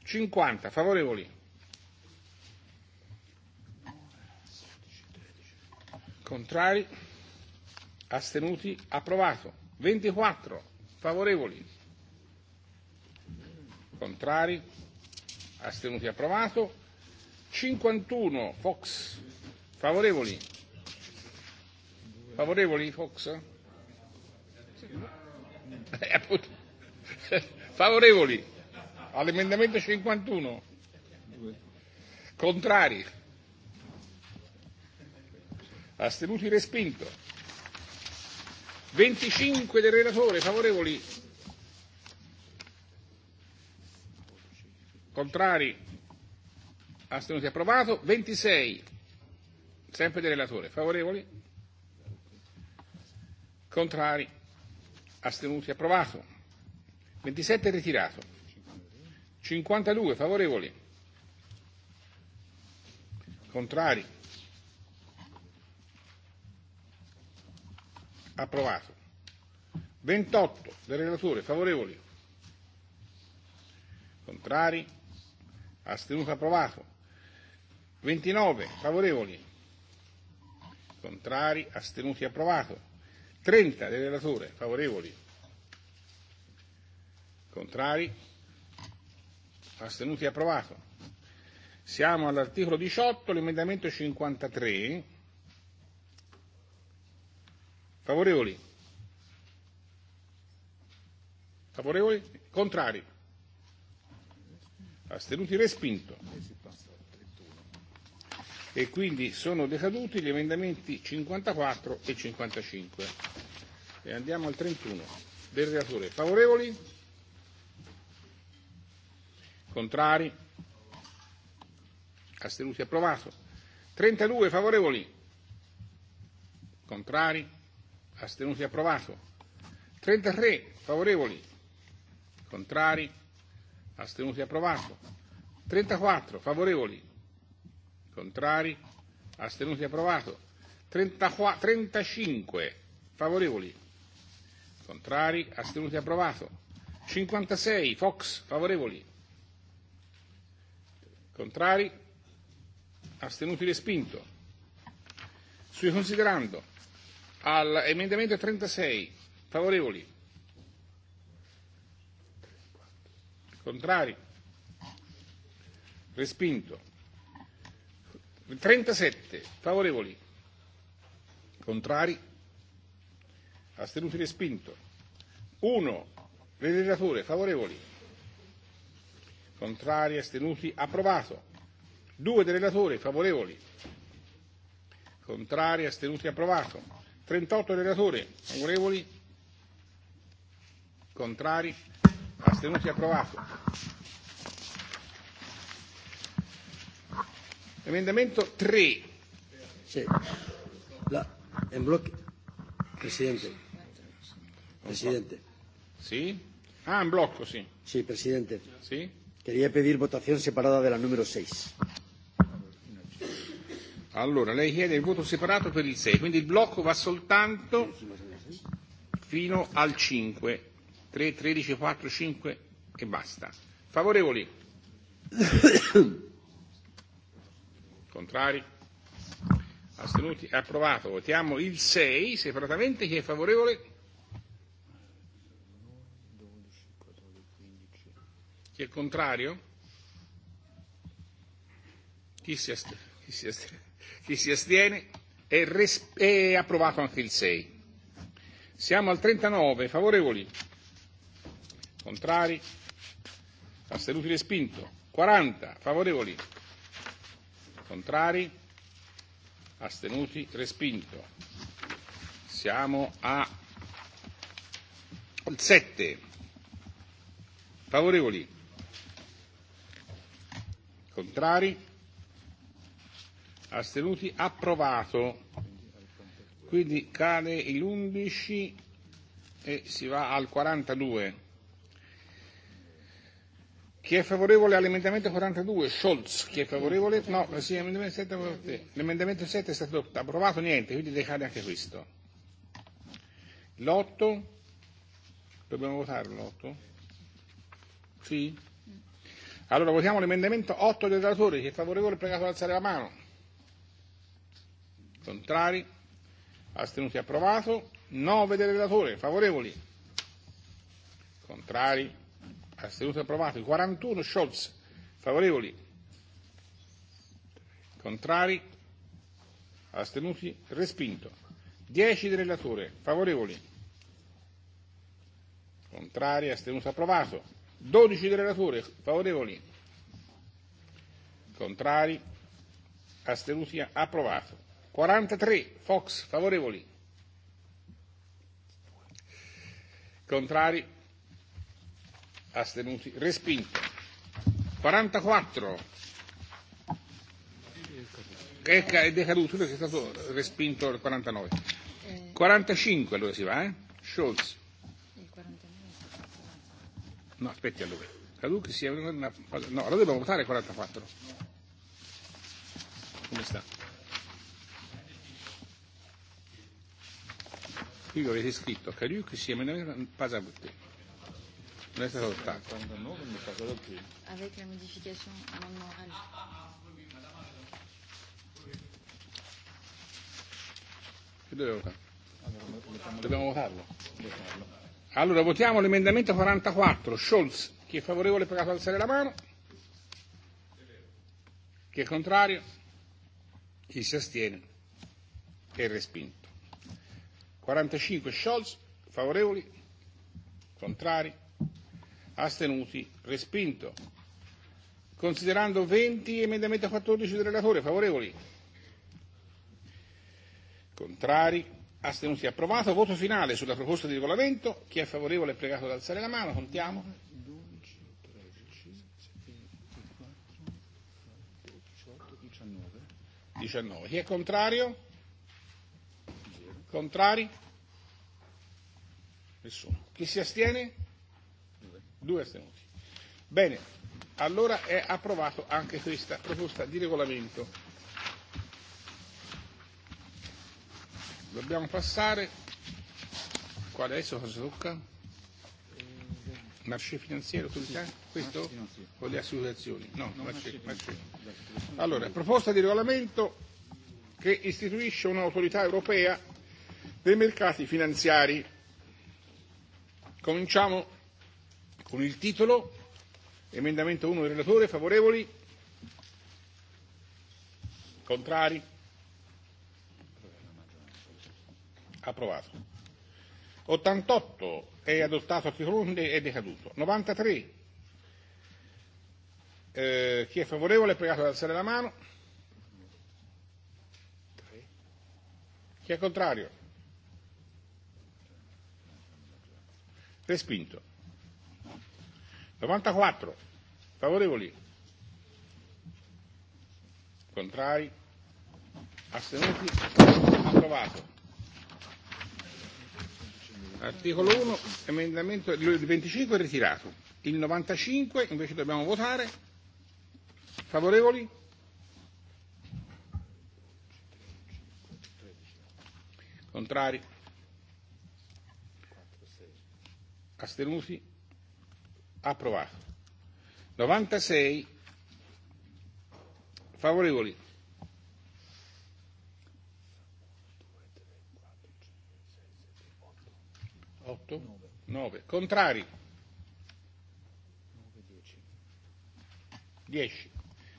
50 favorevoli, contrari, astenuti, approvato, 24 favorevoli, contrari, astenuti, approvato, 51 Fox, favorevoli, favorevoli Fox? Eh, appunto. Favorevoli all'emendamento 51? Contrari? Astenuti respinto. 25 del relatore, favorevoli? Contrari? Astenuti approvato. 26, sempre del relatore, favorevoli? Contrari? Astenuti approvato. 27 ritirato. 52 favorevoli. Contrari. Approvato. 28 del relatore favorevoli. Contrari. Astenuto approvato. 29 favorevoli. Contrari. Astenuti approvato. 30 del relatore favorevoli Contrari? Astenuti? E approvato. Siamo all'articolo 18, l'emendamento 53. Favorevoli? Favorevoli? Contrari? Astenuti? Respinto. E quindi sono decaduti gli emendamenti 54 e 55. E andiamo al 31 del relatore. Favorevoli? Contrari? Astenuti approvato. 32 favorevoli? Contrari? Astenuti approvato. 33 favorevoli? Contrari? Astenuti approvato. 34 favorevoli? Contrari? Astenuti approvato. 34, 35 favorevoli? Contrari? Astenuti approvato. 56 Fox favorevoli? Contrari? Astenuti respinto. Sui considerando all'emendamento 36 favorevoli. Contrari? Respinto. 37 favorevoli. Contrari? Astenuti respinto. 1 del relatore favorevoli contrari, astenuti, approvato. Due del relatore, favorevoli, contrari, astenuti, approvato. 38 del relatore, favorevoli, contrari, astenuti, approvato. Emendamento 3. Sì. La, en blocchi. Presidente. Presidente. Sì? Ah, in blocco, sì. Sì, Presidente. Sì? Quería pedir votación separada de la número 6. Allora, lei chiede il voto separato per il 6, quindi il blocco va soltanto fino al 5. 3, 13, 4, 5 e basta. Favorevoli? Contrari? Astenuti? Approvato. Votiamo il 6 separatamente. Chi è favorevole? Chi è contrario? Chi si, ast- chi si, ast- chi si astiene? È, res- è approvato anche il 6. Siamo al 39, favorevoli? Contrari? Astenuti respinto. 40, favorevoli? Contrari? Astenuti respinto. Siamo a 7. Favorevoli? Contrari? Astenuti? Approvato. Quindi cade l'11 e si va al 42. Chi è favorevole all'emendamento 42? Scholz. Chi è favorevole? No, sì, l'emendamento 7, eh, l'emendamento 7 è stato approvato, niente, quindi decade anche questo. L'8? Dobbiamo votare l'8? Sì? Allora votiamo l'emendamento 8 del relatore. Chi è favorevole pregato ad alzare la mano. Contrari. Astenuti approvato. 9 del relatore. Favorevoli. Contrari. Astenuti approvato. 41 Scholz. Favorevoli. Contrari. Astenuti. Respinto. 10 del relatore. Favorevoli. Contrari. Astenuti approvato. 12 del relatore, favorevoli, contrari, astenuti, approvato. 43, Fox, favorevoli, contrari, astenuti, respinto. 44, che è decaduto è stato respinto il 49. 45 allora si va, eh? Scholz No, aspetti a lui. Caduc sia una... cosa. No, allora dobbiamo votare 44. Come sta? Qui avete scritto Caduc sia una... cosa. butte. Non è stato votato. Avec la modification amendement orale. Che dobbiamo votare? Dobbiamo votarlo. votarlo. Allora votiamo l'emendamento 44, Scholz. Chi è favorevole per alzare la mano. Chi è contrario? Chi si astiene? È respinto. 45 Scholz, favorevoli, contrari, astenuti, respinto. Considerando 20 emendamento 14 del relatore, favorevoli, contrari, astenuti approvato. Voto finale sulla proposta di regolamento. Chi è favorevole è pregato ad alzare la mano. Contiamo. 12, 13, 24, 18, 19. 19. Chi è contrario? Contrari? Nessuno. Chi si astiene? Due. Due astenuti. Bene, allora è approvato anche questa proposta di regolamento. Dobbiamo passare qua adesso cosa tocca? Marché finanziario, autorità? Questo? O le assicurazioni? No, marché, marché. Allora, proposta di regolamento che istituisce un'autorità europea dei mercati finanziari. Cominciamo con il titolo, emendamento 1 del relatore, favorevoli? Contrari? approvato. 88 è adottato a Ticronde è decaduto. 93 eh, chi è favorevole è pregato ad alzare la mano. Chi è contrario? Respinto. 94. Favorevoli? Contrari? Astenuti? Approvato. Articolo 1, emendamento il 25 è ritirato. Il 95 invece dobbiamo votare. Favorevoli? Contrari? Astenuti? Approvato. 96 favorevoli 8, 9. 9. Contrari? 9, 10. 10.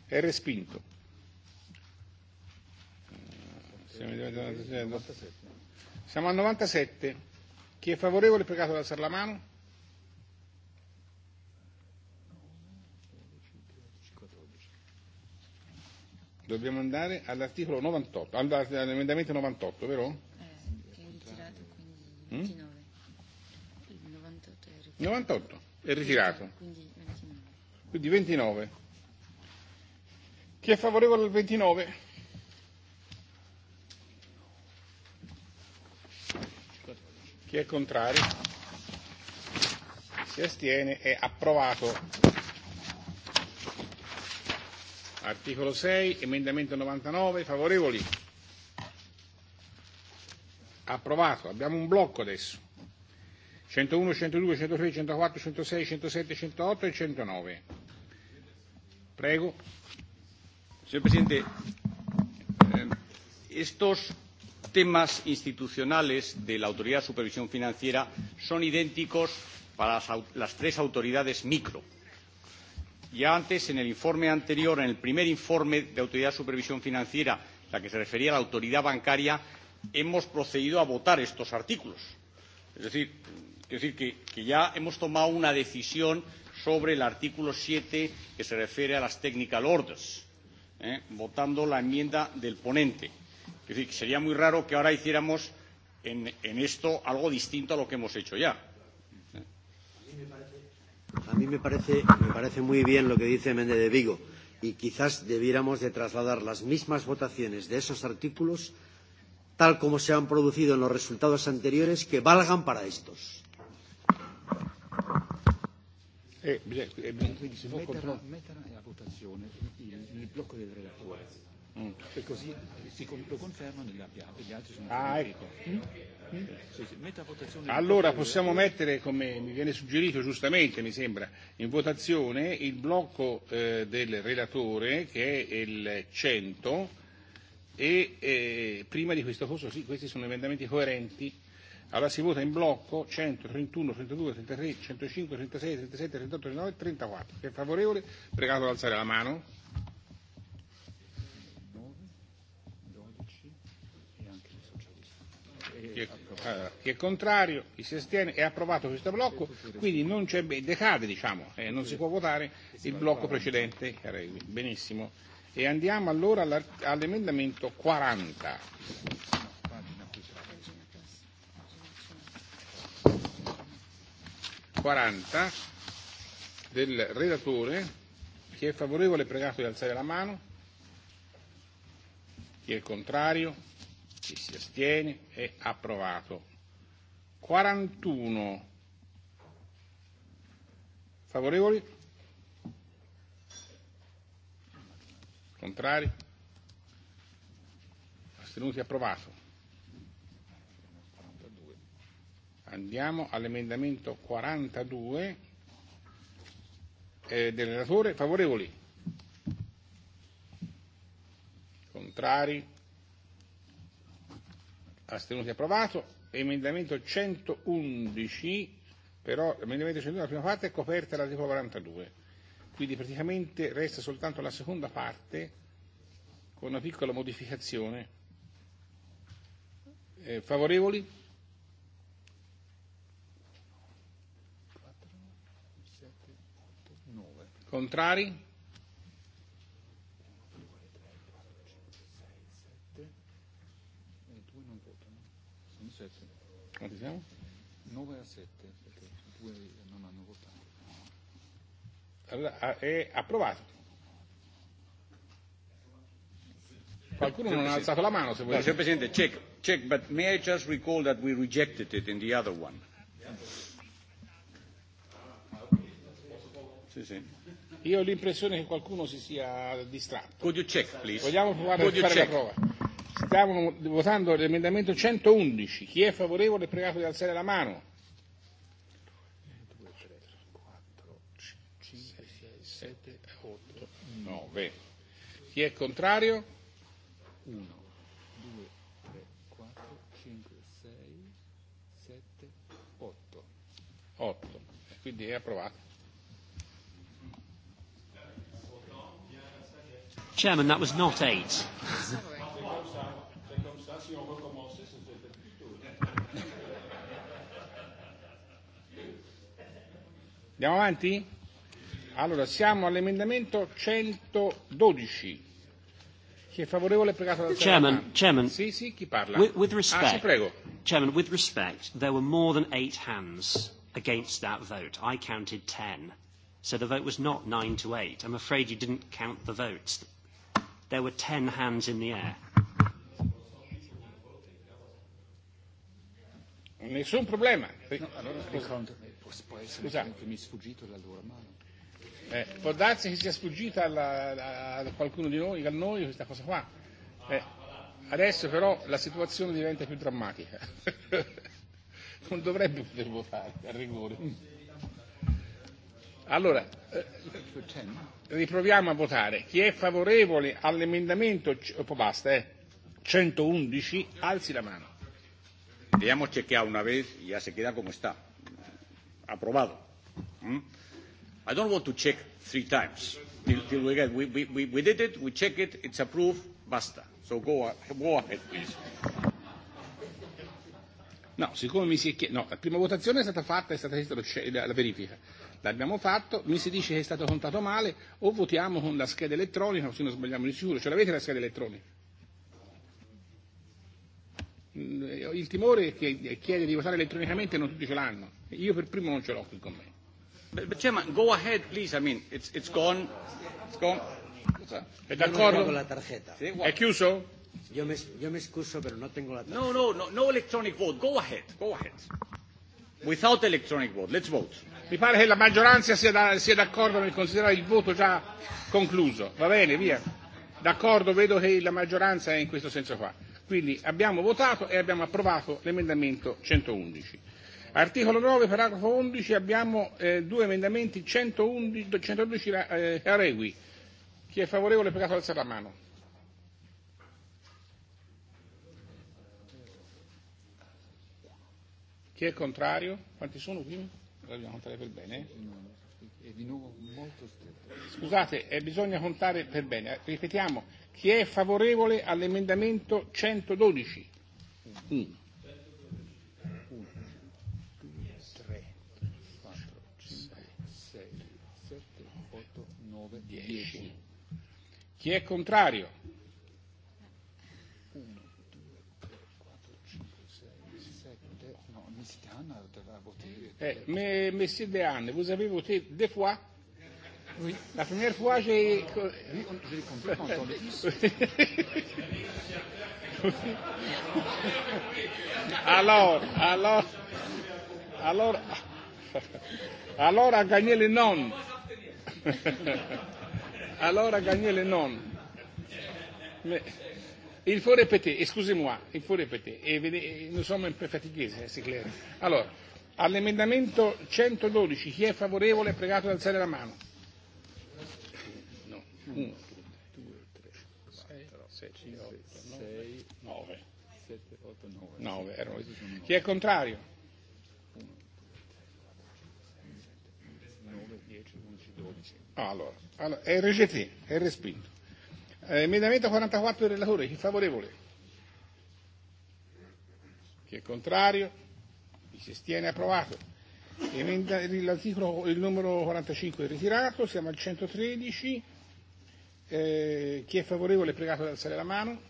È respinto. Eh, siamo, 97. Siamo al 97. Chi è favorevole è pregato ad alzare la mano. Dobbiamo andare all'articolo 98, all'emendamento 98, vero? Eh, che è ritirato, quindi mm? 98 è ritirato. Quindi 29. Chi è favorevole al 29? Chi è contrario? Si astiene? È approvato. Articolo 6, emendamento 99, favorevoli? Approvato. Abbiamo un blocco adesso. 101, 102, 103, 104, 106, 107, 108 e 109. Prego. Señor presidente, eh, estos temas institucionales de la Autoridad de Supervisión Financiera son idénticos para las, las tres autoridades micro. Ya antes, en el informe anterior, en el primer informe de Autoridad de Supervisión Financiera, la que se refería a la autoridad bancaria, hemos procedido a votar estos artículos. Es decir, Es decir, que, que ya hemos tomado una decisión sobre el artículo 7 que se refiere a las technical orders, ¿eh? votando la enmienda del ponente. Es decir, que sería muy raro que ahora hiciéramos en, en esto algo distinto a lo que hemos hecho ya. A mí me parece, me parece muy bien lo que dice Méndez de Vigo y quizás debiéramos de trasladar las mismas votaciones de esos artículos tal como se han producido en los resultados anteriores que valgan para estos. Eh, eh, a votazione il, il blocco mm. e così si, lo confermano gli, gli altri sono ah, ecco. mm? Mm? Sì, sì, a votazione allora possiamo mettere come mi viene suggerito giustamente mi sembra in votazione il blocco eh, del relatore che è il 100 e eh, prima di questo corso sì questi sono emendamenti coerenti Allora si vota in blocco 100, 31, 32, 33, 105, 36, 37, 38, 39 e 34. Chi è favorevole, pregato ad alzare la mano. 9, 12 e anche il chi, chi è contrario, chi si astiene, è approvato questo blocco, quindi non c'è, decade diciamo, eh, non si può votare il blocco precedente. Benissimo. E andiamo allora all'emendamento 40. 40 del relatore. Chi è favorevole è pregato di alzare la mano. Chi è contrario? Chi si astiene? È approvato. 41. Favorevoli? Contrari? Astenuti? Approvato. Andiamo all'emendamento 42 eh, del relatore. Favorevoli? Contrari? Astenuti approvato. Emendamento 111, però l'emendamento 111 la prima parte è coperta dall'articolo 42, quindi praticamente resta soltanto la seconda parte con una piccola modificazione. Eh, favorevoli? Contrari? Quanti siamo? 9 a 7 perché due non hanno votato. Allora, ah, è approvato. Qualcuno non ha alzato la mano se vuole. No, Presidente, check, check, but may I just recall that we rejected it in the other one? Sì, sì. Io ho l'impressione che qualcuno si sia distratto. Could you check, please? Vogliamo provare Could a fare check? la prova. Stiamo votando l'emendamento 111. Chi è favorevole è pregato di alzare la mano. 2, 3, 4, 5, 6, 7, 8, 9. Chi è contrario? 1, 2, 3, 4, 5, 6, 7, 8. 8. Quindi è approvato. Chairman, that was not eight. Andiamo avanti? Allora, siamo all'emendamento 112. Chi è favorevole è pregato da Chairman, Chairman. Sì, sì, chi parla? With, with respect. Ah, sì, prego. Chairman, with respect, there were more than eight hands against that vote. I counted ten. So the vote was not nine to eight. I'm afraid you didn't count the votes. There were ten hands in the air. Nessun problema. No, mi è sfuggito la loro mano. Eh, può darsi che sia sfuggita alla, a qualcuno di noi, a noi questa cosa qua. Eh, adesso però la situazione diventa più drammatica. non dovrebbe poter votare a rigore. Mm. Allora, eh, riproviamo a votare. Chi è favorevole all'emendamento oh, basta, eh, 111 alzi la mano. Digamos chequeado una vez y ya se queda como está. Aprobado. ¿Mm? I don't want to check three times till, till we get. We, we, we did it, we check it, it's approved, basta. So go, go ahead, please. No, siccome mi si è chiesto, no, la prima votazione è stata fatta, è stata chiesta la verifica. L'abbiamo fatto, mi si dice che è stato contato male, o votiamo con la scheda elettronica, così non sbagliamo di sicuro. Ce l'avete la scheda elettronica? Mm, il timore è che chiede di votare elettronicamente e non tutti ce l'hanno. Io per primo non ce l'ho qui con me. But, but Chairman, go ahead, please. I mean, it's, it's gone. It's gone. È d'accordo? È chiuso? Yo me, yo me excuso, pero no tengo la tarjeta. No, no, no, no electronic vote. Go ahead, go ahead. Without electronic vote, let's vote. Mi pare che la maggioranza sia, da, sia d'accordo nel considerare il voto già concluso. Va bene, via. D'accordo, vedo che la maggioranza è in questo senso qua. Quindi abbiamo votato e abbiamo approvato l'emendamento 111. Articolo 9, paragrafo 11, abbiamo eh, due emendamenti 111, 112 eh, a regui. Chi è favorevole, peccato alzare la mano. Chi è contrario? Quanti sono prima? Dobbiamo contare per bene. Eh? È di nuovo molto stretto. Scusate, eh, bisogna contare per bene. Eh, ripetiamo, chi è favorevole all'emendamento 112? 1. 3, 4, 5, 6, 7, 8, 9, 10. Chi è contrario? Eh, mais, Monsieur Dehaene, vous avez voté deux fois Oui. La première fois, j'ai. Oui, on, je l'ai compris quand on oui. Alors, alors, alors, alors a gagné le non. Alors a gagné le non. Mais il faut répéter, excusez-moi, il faut répéter. Et, nous sommes un peu fatigués, c'est clair. Alors. All'emendamento 112, chi è favorevole è pregato ad alzare la mano. No, 1, 2, 3, 4, 6, 9. 7, 8, 9. 9 erano. Chi è contrario? 1, 2, 3, 4, 5, 6, 7, 8, 9, 10, 11, 12. Allora, allora è RGT, è respinto. Eh, emendamento 44 del relatore, chi è favorevole? Chi è contrario? y si astiene? Approvato. L'articolo, il numero 45 è ritirato, siamo al 113. Eh, chi è favorevole è pregato ad alzare la mano.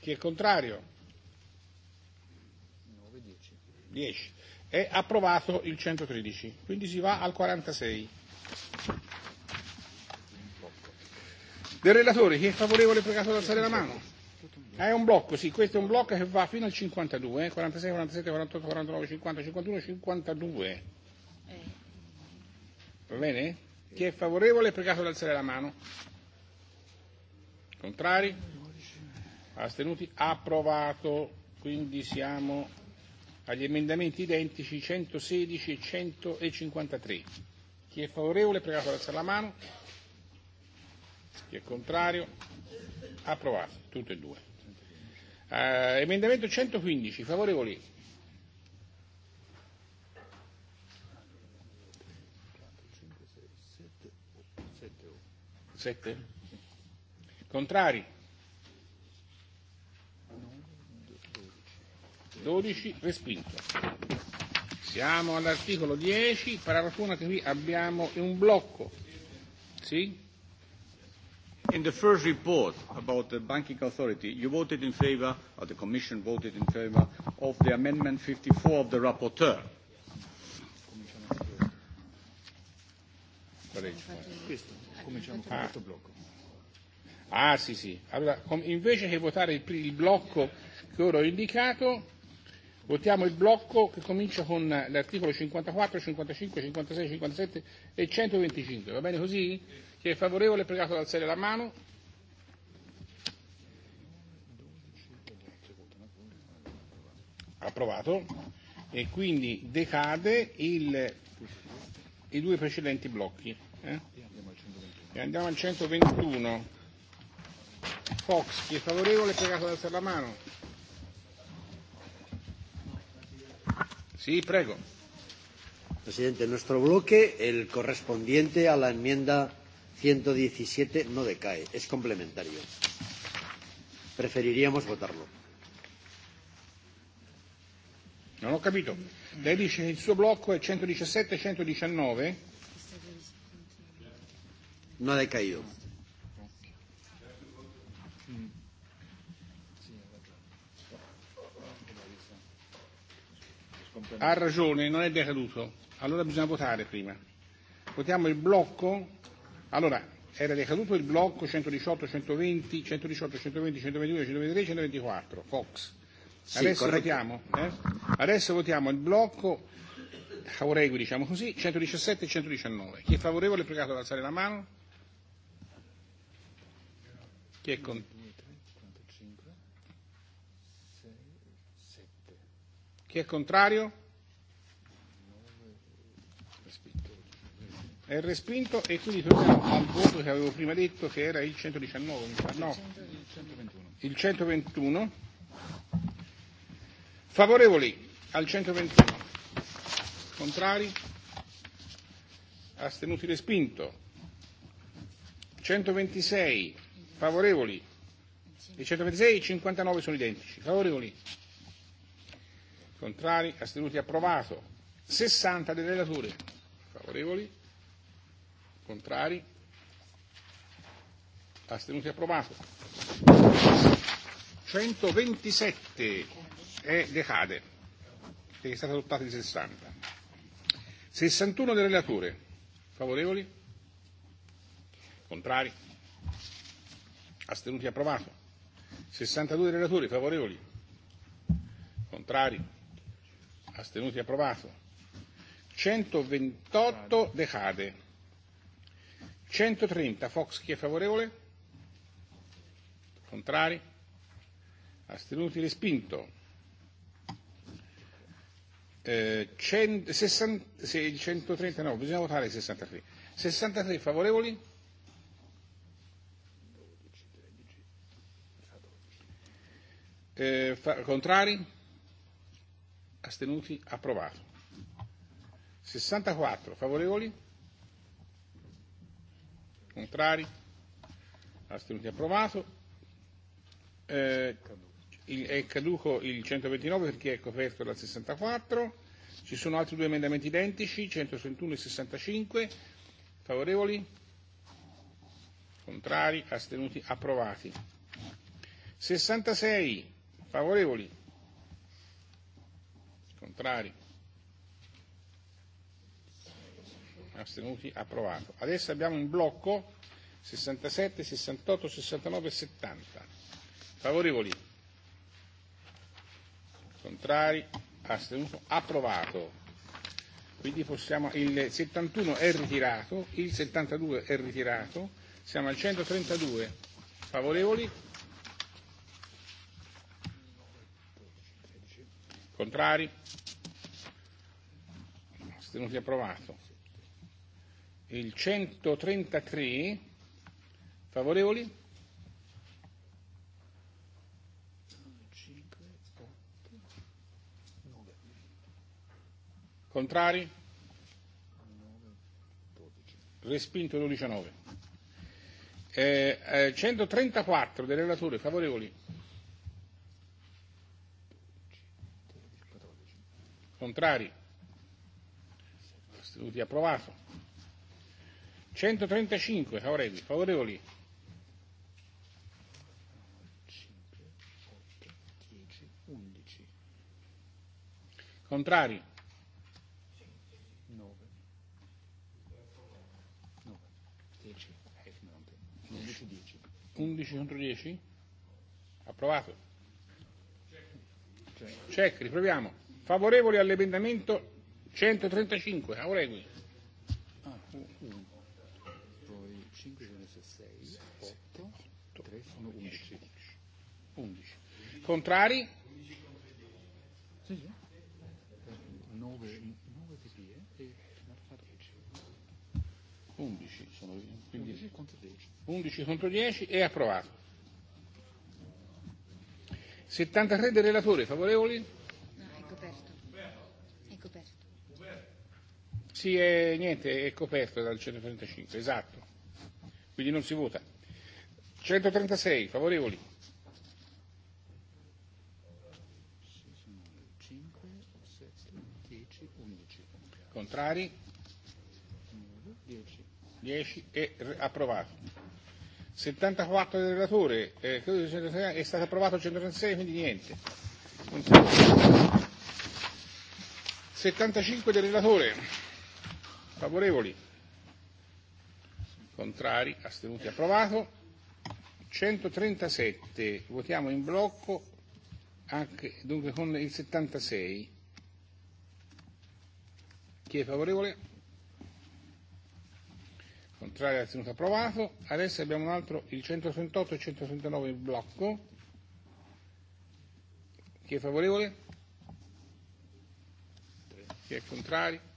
Chi è contrario? 9, 10. 10. È approvato il 113, quindi si va al 46. Del relatore, chi è favorevole pregato ad alzare la mano. è un blocco, sì, questo è un blocco che va fino al 52, eh? 46, 47, 48, 49, 50, 51, 52. Va bene? Chi è favorevole è pregato ad alzare la mano. Contrari? Astenuti? Approvato. Quindi siamo agli emendamenti identici 116 e 153. Chi è favorevole prega pregato alzare la mano. Chi è contrario? Approvato, Tutti e due. Uh, emendamento 115, favorevoli? Sette? Contrari? 12 respinto. Siamo all'articolo 10, paragrafo 1 che qui abbiamo un blocco. Sì? In the first report about the banking authority, you voted in favor, or the Commission voted in favor, of the amendment 54 of the rapporteur. Questo, ah. Ah. ah sì sì, allora com- invece che votare il, il blocco che ora ho indicato, Votiamo il blocco che comincia con l'articolo 54, 55, 56, 57 e 125. Va bene così? Chi è favorevole è pregato ad alzare la mano. Approvato. E quindi decade il, i due precedenti blocchi. Eh? E andiamo al 121. Fox, chi è favorevole è pregato ad alzare la mano. Sí, prego. Presidente, nuestro bloque, el correspondiente a la enmienda 117, no decae, es complementario. Preferiríamos votarlo. Non ho capito. Lei dice che il suo blocco è 117 119? No ha decaído. Ha ragione, non è decaduto. Allora bisogna votare prima. Votiamo il blocco. Allora, era decaduto il blocco 118, 120, 118, 120, 122, 123, 124. Fox. Sì, adesso, votiamo, eh? adesso votiamo il blocco Jauregui, diciamo così, 117 e 119. Chi è favorevole è pregato ad alzare la mano. Chi è contento? Chi è contrario? È respinto e quindi torniamo al voto che avevo prima detto che era il 119, mi fa. No, il 121. Favorevoli al 121. Contrari? Astenuti respinto. 126 favorevoli. I 126 e 59 sono identici. Favorevoli? Contrari? Astenuti? Approvato. 60 dei relatori. Favorevoli? Contrari? Astenuti? Approvato. 127 è decade, perché è stata adottata di 60. 61 dei relatori Favorevoli? Contrari? Astenuti? Approvato. 62 dei relatori. Favorevoli? Contrari? astenuti approvato. 128 decade. 130 Fox chi è favorevole? Contrari? Astenuti respinto. Eh, 130 no, bisogna votare 63. 63 favorevoli? Eh, fa, contrari? astenuti, approvato. 64 favorevoli, contrari, astenuti, approvato. Eh, il, è caduco il 129 perché è coperto dal 64. Ci sono altri due emendamenti identici, 131 e 65. Favorevoli? Contrari? Astenuti? Approvati. 66. Favorevoli? Contrari? Astenuti? Approvato. Adesso abbiamo in blocco 67, 68, 69 e 70. Favorevoli? Contrari? Astenuto? Approvato. Quindi possiamo, il 71 è ritirato, il 72 è ritirato, siamo al 132. Favorevoli? Contrari? Astenuti approvato. Il 133 favorevoli? 5, 8, 9. Contrari? Respinto 12 a 9. Eh, eh, 134 dei relatori favorevoli? Contrari? Astenuti approvato. 135, favorevoli. favorevoli? 5, 8, 10. 11, 10. 11 contro 10? Approvato. Check, riproviamo. Favorevoli all'emendamento 135, Auregui. 11. Contrari? e 11 sono 11 contro 10. è approvato. 73 del relatore favorevoli? Sì, è, niente, è coperto dal 135, esatto. Quindi non si vota. 136, favorevoli. Contrari? 10 e approvato. 74 del relatore, eh, è stato approvato 136, quindi niente. 75 del relatore. Favorevoli? Contrari? Astenuti? Approvato. 137, votiamo in blocco anche dunque con il 76. Chi è favorevole? Contrario, astenuto, approvato. Adesso abbiamo un altro, il 138 e il 139 in blocco. Chi è favorevole? Chi è contrario?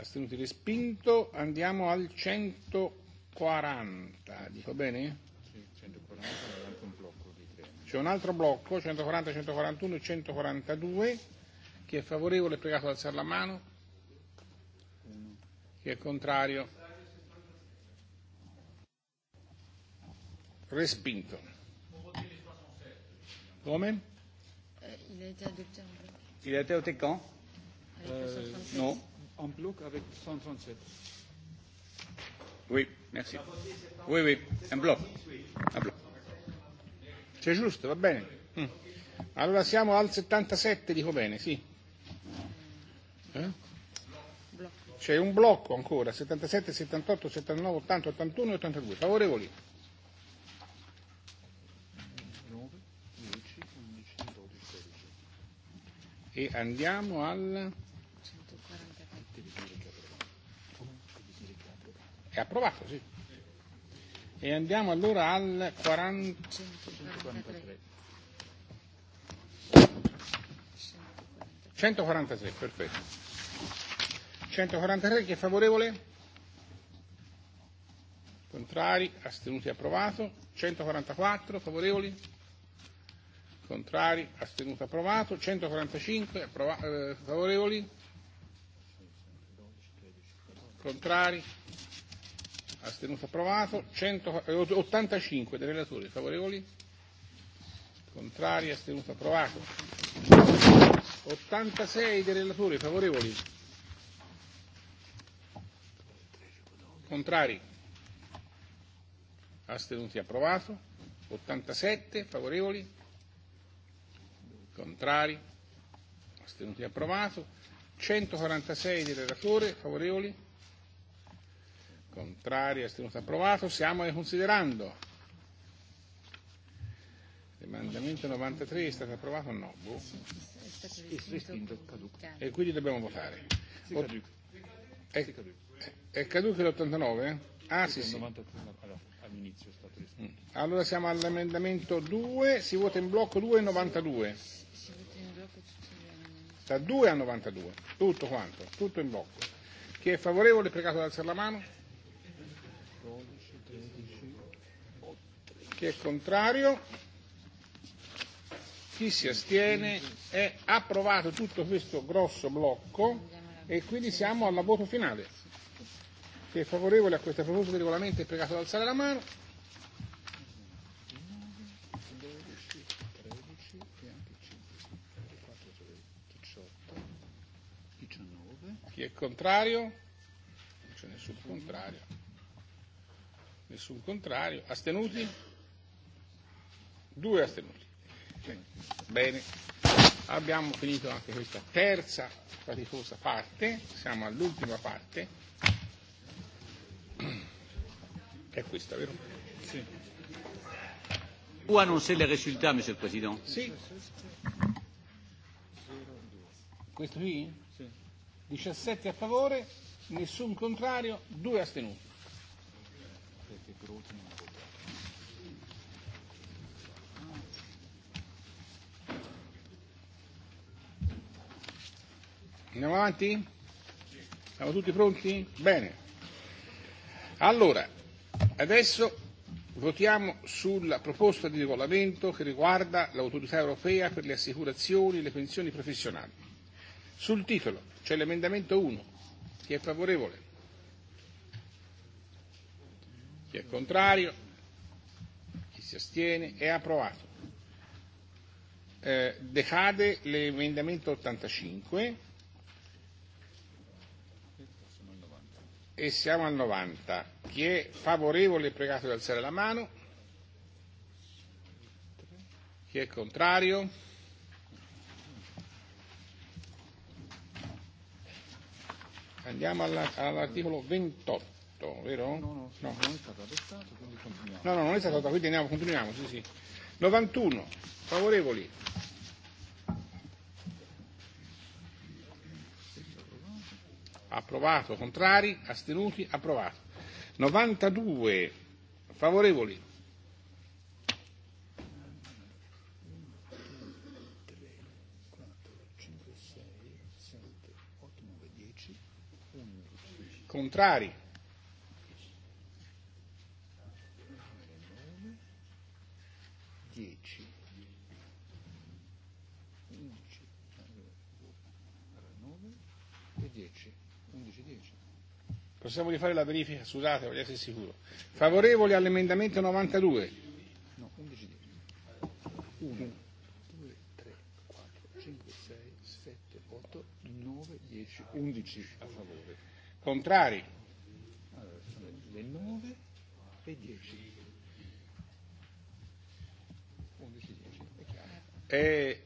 astenuti respinto. Andiamo al 140, dico bene? C'è un altro blocco, 140, 141 e 142. Chi è favorevole è pregato ad alzare la mano. Chi è contrario? Respinto. Come? Eh, il a été adopté quand Il a été adopté quand euh, Non en bloc avec 137. Oui, merci. Oui, oui, un bloc. Un bloc. C'è giusto, va bene. Mm. Allora siamo al 77, dico bene, sì. Eh? C'è un blocco ancora, 77, 78, 79, 80, 81 e 82. Favorevoli? 9, 10, 11, 12, 13. E andiamo al... che ha approvato, sì. E andiamo allora al 40... 143. 143, perfetto. 143 chi è favorevole? Contrari, astenuti, approvato. 144 favorevoli? Contrari, astenuto, approvato. 145 approva- eh, favorevoli? Contrari, astenuto approvato, 185 eh, dei relatori favorevoli, contrari, astenuto approvato, 86 dei relatori favorevoli, contrari, astenuti approvato, 87 favorevoli, contrari, astenuti approvato, 146 del relatore favorevoli, contrari, astenuto approvato. Siamo ai considerando. L'emendamento 93 è stato approvato o no? Boh. Sì, sì, sì, è stato E quindi dobbiamo votare. Sì, O- è, è caduto l'89? Ah sì, sì. All'inizio è stato respinto. Mm. Allora siamo all'emendamento 2, si vota in blocco 2 e 92. Da 2 a 92, tutto quanto, tutto in blocco. Chi è favorevole pregato ad alzare la mano. Chi è contrario? Chi si astiene? È approvato tutto questo grosso blocco e quindi siamo alla voto finale. Chi è favorevole a questa proposta di regolamento è pregato ad alzare la mano. Chi è contrario? Non c'è nessun contrario. Nessun contrario. Astenuti? Due astenuti. Bene, abbiamo finito anche questa terza faticosa parte, siamo all'ultima parte. È questa, vero? Sì. Può annunciare il risultato, Monsieur le Président? Sì. Questo qui? Sì. 17 a favore, nessun contrario, due astenuti. Perché Andiamo avanti? Siamo tutti pronti? Bene. Allora, adesso votiamo sulla proposta di regolamento che riguarda l'autorità europea per le assicurazioni e le pensioni professionali. Sul titolo c'è cioè l'emendamento 1. Chi è favorevole? Chi è contrario? Chi si astiene? È approvato. Eh, decade l'emendamento 85 e siamo al 90. Chi è favorevole è pregato di alzare la mano. Chi è contrario? Andiamo alla, all'articolo 28, vero? No, no, no, non è stato adottato, quindi continuiamo. No, no, non è stato adottato, quindi andiamo, continuiamo, sì, sì. 91, favorevoli, approvato, contrari, astenuti, approvato. 92 favorevoli, contrari. Dieci. Possiamo rifare la verifica? Scusate, voglio essere sicuro. Favorevoli all'emendamento 92? No, 11 1, 2, 3, 4, 5, 6, 7, 8, 9, 10, 11 a favore. Contrari? Allora, sono le 9 e 10. 11, 10, è chiaro. E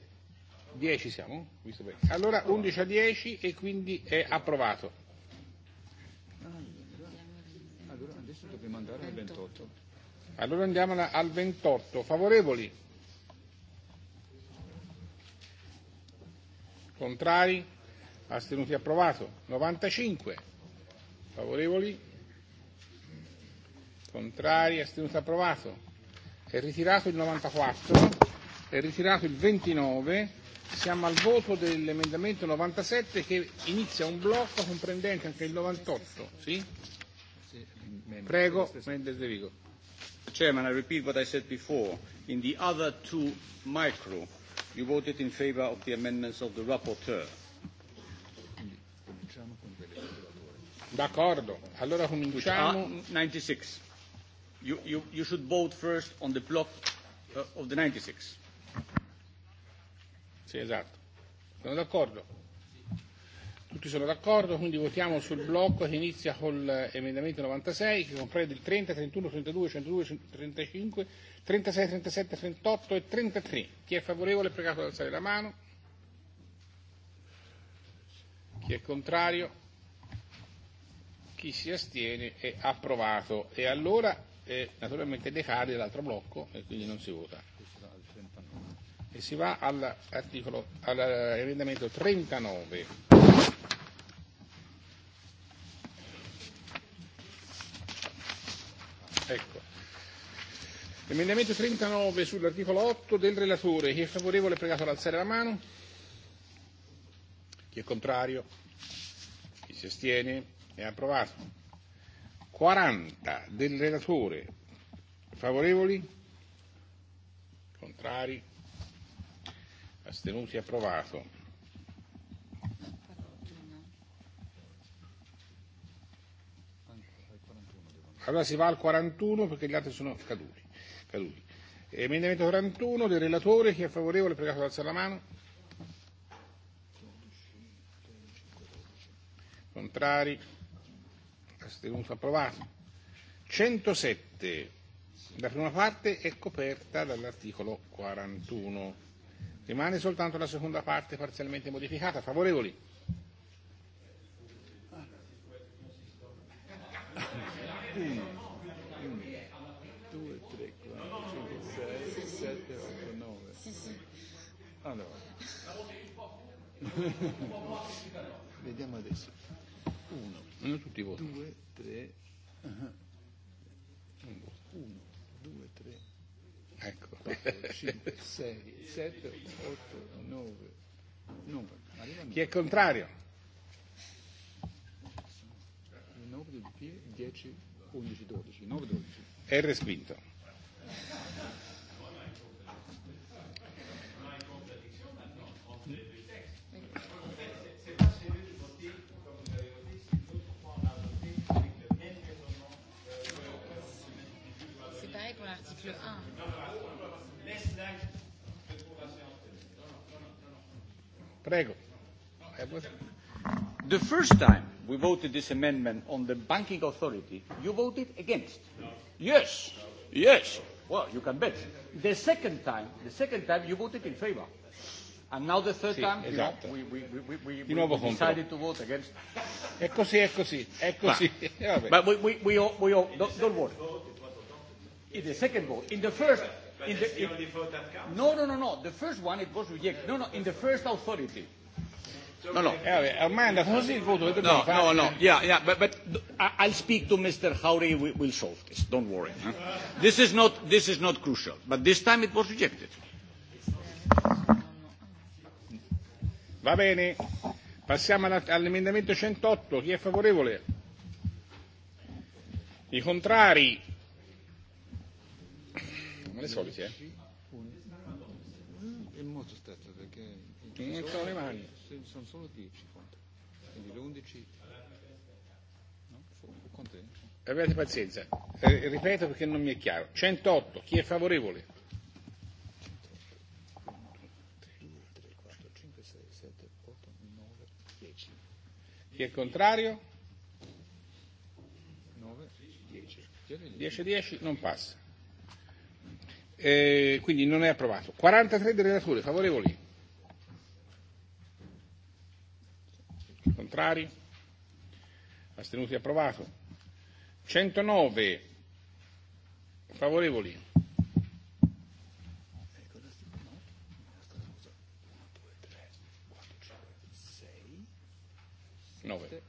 10 siamo? Visto bene. Allora 11 a 10 e quindi è approvato. Adesso dobbiamo andare al 28. Allora andiamo al 28. Favorevoli? Contrari? Astenuti approvato. 95. Favorevoli? Contrari? Astenuti approvato. È ritirato il 94, è ritirato il 29. Siamo al voto dell'emendamento 97 che inizia un blocco comprendente anche il 98. Sì? Mendes. Prego, Mendes de Vigo. Chairman, I repeat what I said before. In the other two micro, you voted in favor of the amendments of the rapporteur. D'accordo. Allora cominciamo. 96. You, you, you should vote first on the block uh, of the 96. Sì, esatto. Sono d'accordo. Tutti sono d'accordo, quindi votiamo sul blocco che inizia con l'emendamento eh, 96, che comprende il 30, 31, 32, 102, 35, 36, 37, 38 e 33. Chi è favorevole è pregato ad alzare la mano. Chi è contrario? Chi si astiene è approvato. E allora eh, naturalmente decade l'altro blocco e quindi non si vota. E si va all'articolo, all'emendamento 39. Emendamento 39 sull'articolo 8 del relatore. Chi è favorevole è pregato ad alzare la mano. Chi è contrario? Chi si astiene? È approvato. 40 del relatore. Favorevoli? Contrari? Astenuti? Approvato. Allora si va al 41 perché gli altri sono caduti. Caduti. Emendamento 41 del relatore, chi è favorevole pregato ad alzare la mano. Contrari, astenuto, approvato. 107, la prima parte è coperta dall'articolo 41. Rimane soltanto la seconda parte parzialmente modificata. Favorevoli? Allora. Vediamo adesso. Uno. Non tutti voti. Due, tre. Uno, due, tre. Ecco. Quattro, 5, 6, 7, 8, 9. nove. Chi è contrario? 9 del 10, 11, 12. 9, 12. È respinto. l'article 1. Prego. The first time we voted this amendment on the banking authority, you voted against. No. Yes. No. Yes. Well, you can bet. The second time, the second time you voted in favor. And now the third sì, time, esatto. you know, we, we, we, we, we decided contro. to vote against. È così, è così, è così. Ma, Vabbè. but we, we, we all, we all, don't, don't worry in the second vote. In the first, but in the, the only vote that counts. No, no, no, no. The first one it was rejected. No, no. In the first authority. No, no. No, no, no. Yeah, yeah. But, but I'll speak to Mr. Howry. We, we'll solve this. Don't worry. Huh? This is not this is not crucial. But this time it was rejected. Va bene. Passiamo all'emendamento 108. Chi è favorevole? I contrari? come le solite. Eh? Mm, è molto stretta perché entrano eh, le mani. Sono solo 10 conto. Quindi le 11 no? Abbiate pazienza, eh, ripeto perché non mi è chiaro. 108, chi è favorevole? 10. Chi è contrario? 9, 10. 10, 10 non passa. Eh, quindi non è approvato. 43 dei relatori, favorevoli? Contrari? Astenuti approvato. 109 favorevoli. 9,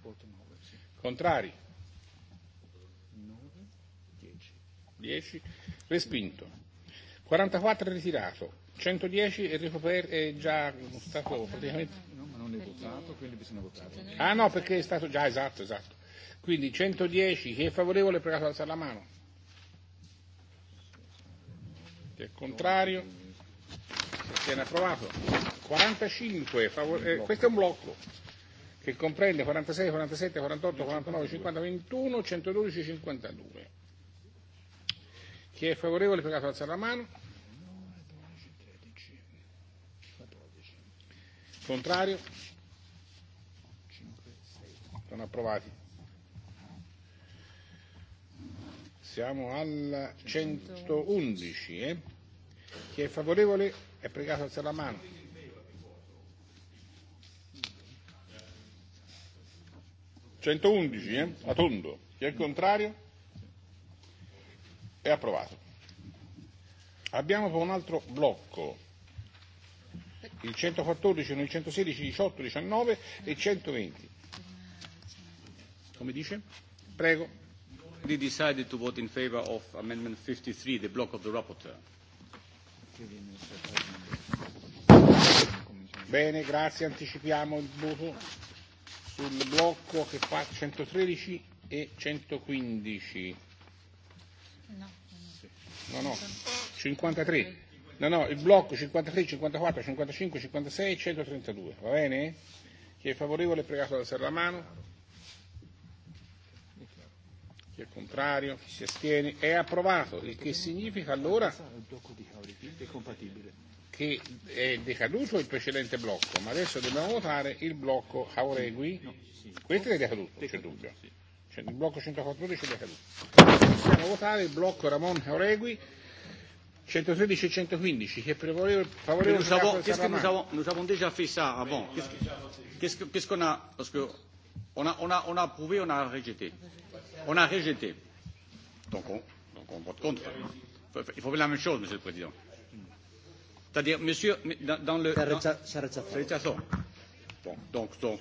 10. 10. Respinto. 44 ritirato. 110 è, ricoperto, è già stato praticamente... No, ma non è votato, quindi bisogna votare. Ah no, perché è stato già, esatto, esatto. Quindi 110, chi è favorevole è pregato ad alzare la mano. Chi è contrario? Si attiene approvato. 45, favore- eh, questo è un blocco che comprende 46, 47, 48, 49, 50, 21, 112, 52. Chi è favorevole è pregato ad alzare la mano. Contrario? Sono approvati. Siamo al 111. Eh? Chi è favorevole è pregato ad alzare la mano. Centoundici, eh? A tondo. Chi è il contrario? È approvato. Abbiamo poi un altro blocco il 114, il 916, 18, 19 e 120. Come dice? Prego. We decided to vote in favor of amendment 53, the block of the rapporteur. Bene, grazie, anticipiamo il voto sul blocco che fa 113 e 115. no, no, 53. No, no, il blocco 53, 54, 55, 56 132, va bene? Chi è favorevole è pregato ad alzare la mano. Chi è contrario, chi si astiene, è approvato, il che significa allora che è decaduto il precedente blocco, ma adesso dobbiamo votare il blocco Auregui. Questo è decaduto, c'è dubbio. Cioè, il blocco 114 è decaduto. Possiamo votare il blocco Ramon Auregui 113 et 115, favorable, nous avons, qu'est-ce que nous avons, nous avons déjà fait ça avant. Qu'est-ce qu'on qu qu qu a Parce que on a, on a, on a approuvé, on a rejeté. On a rejeté. Donc on, donc on vote contre. Il faut faire la même chose, Monsieur le Président. C'est-à-dire, Monsieur, dans, dans le... Sarrazzato. Bon, donc, donc,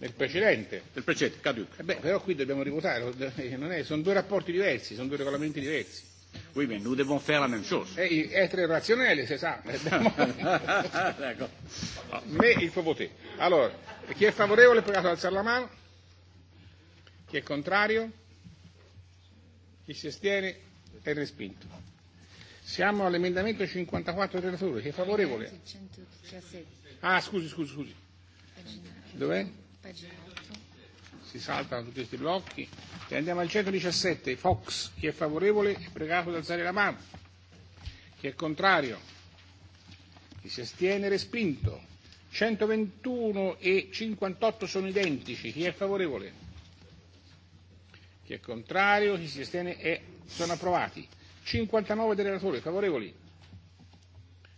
Nel precedente. Nel precedente, caduc. Eh beh, però qui dobbiamo rivotare, eh, non è, sono due rapporti diversi, sono due regolamenti diversi. Oui, mais nous devons faire la même chose. Et eh, être rationnel, c'est ça. Mais il faut voter. Alors, qui est favorable può alzare la main. Qui est contrario? Qui si astiene? È respinto. Siamo all'emendamento 54 del relatore. Chi è favorevole? Ah, scusi, scusi, scusi. Dov'è? Pagina 8 si saltano tutti questi blocchi. E andiamo al 117, Fox, chi è favorevole è pregato ad alzare la mano, chi è contrario, chi si astiene respinto. 121 e 58 sono identici, chi è favorevole? Chi è contrario, chi si astiene è, sono approvati. 59 del relatore, favorevoli?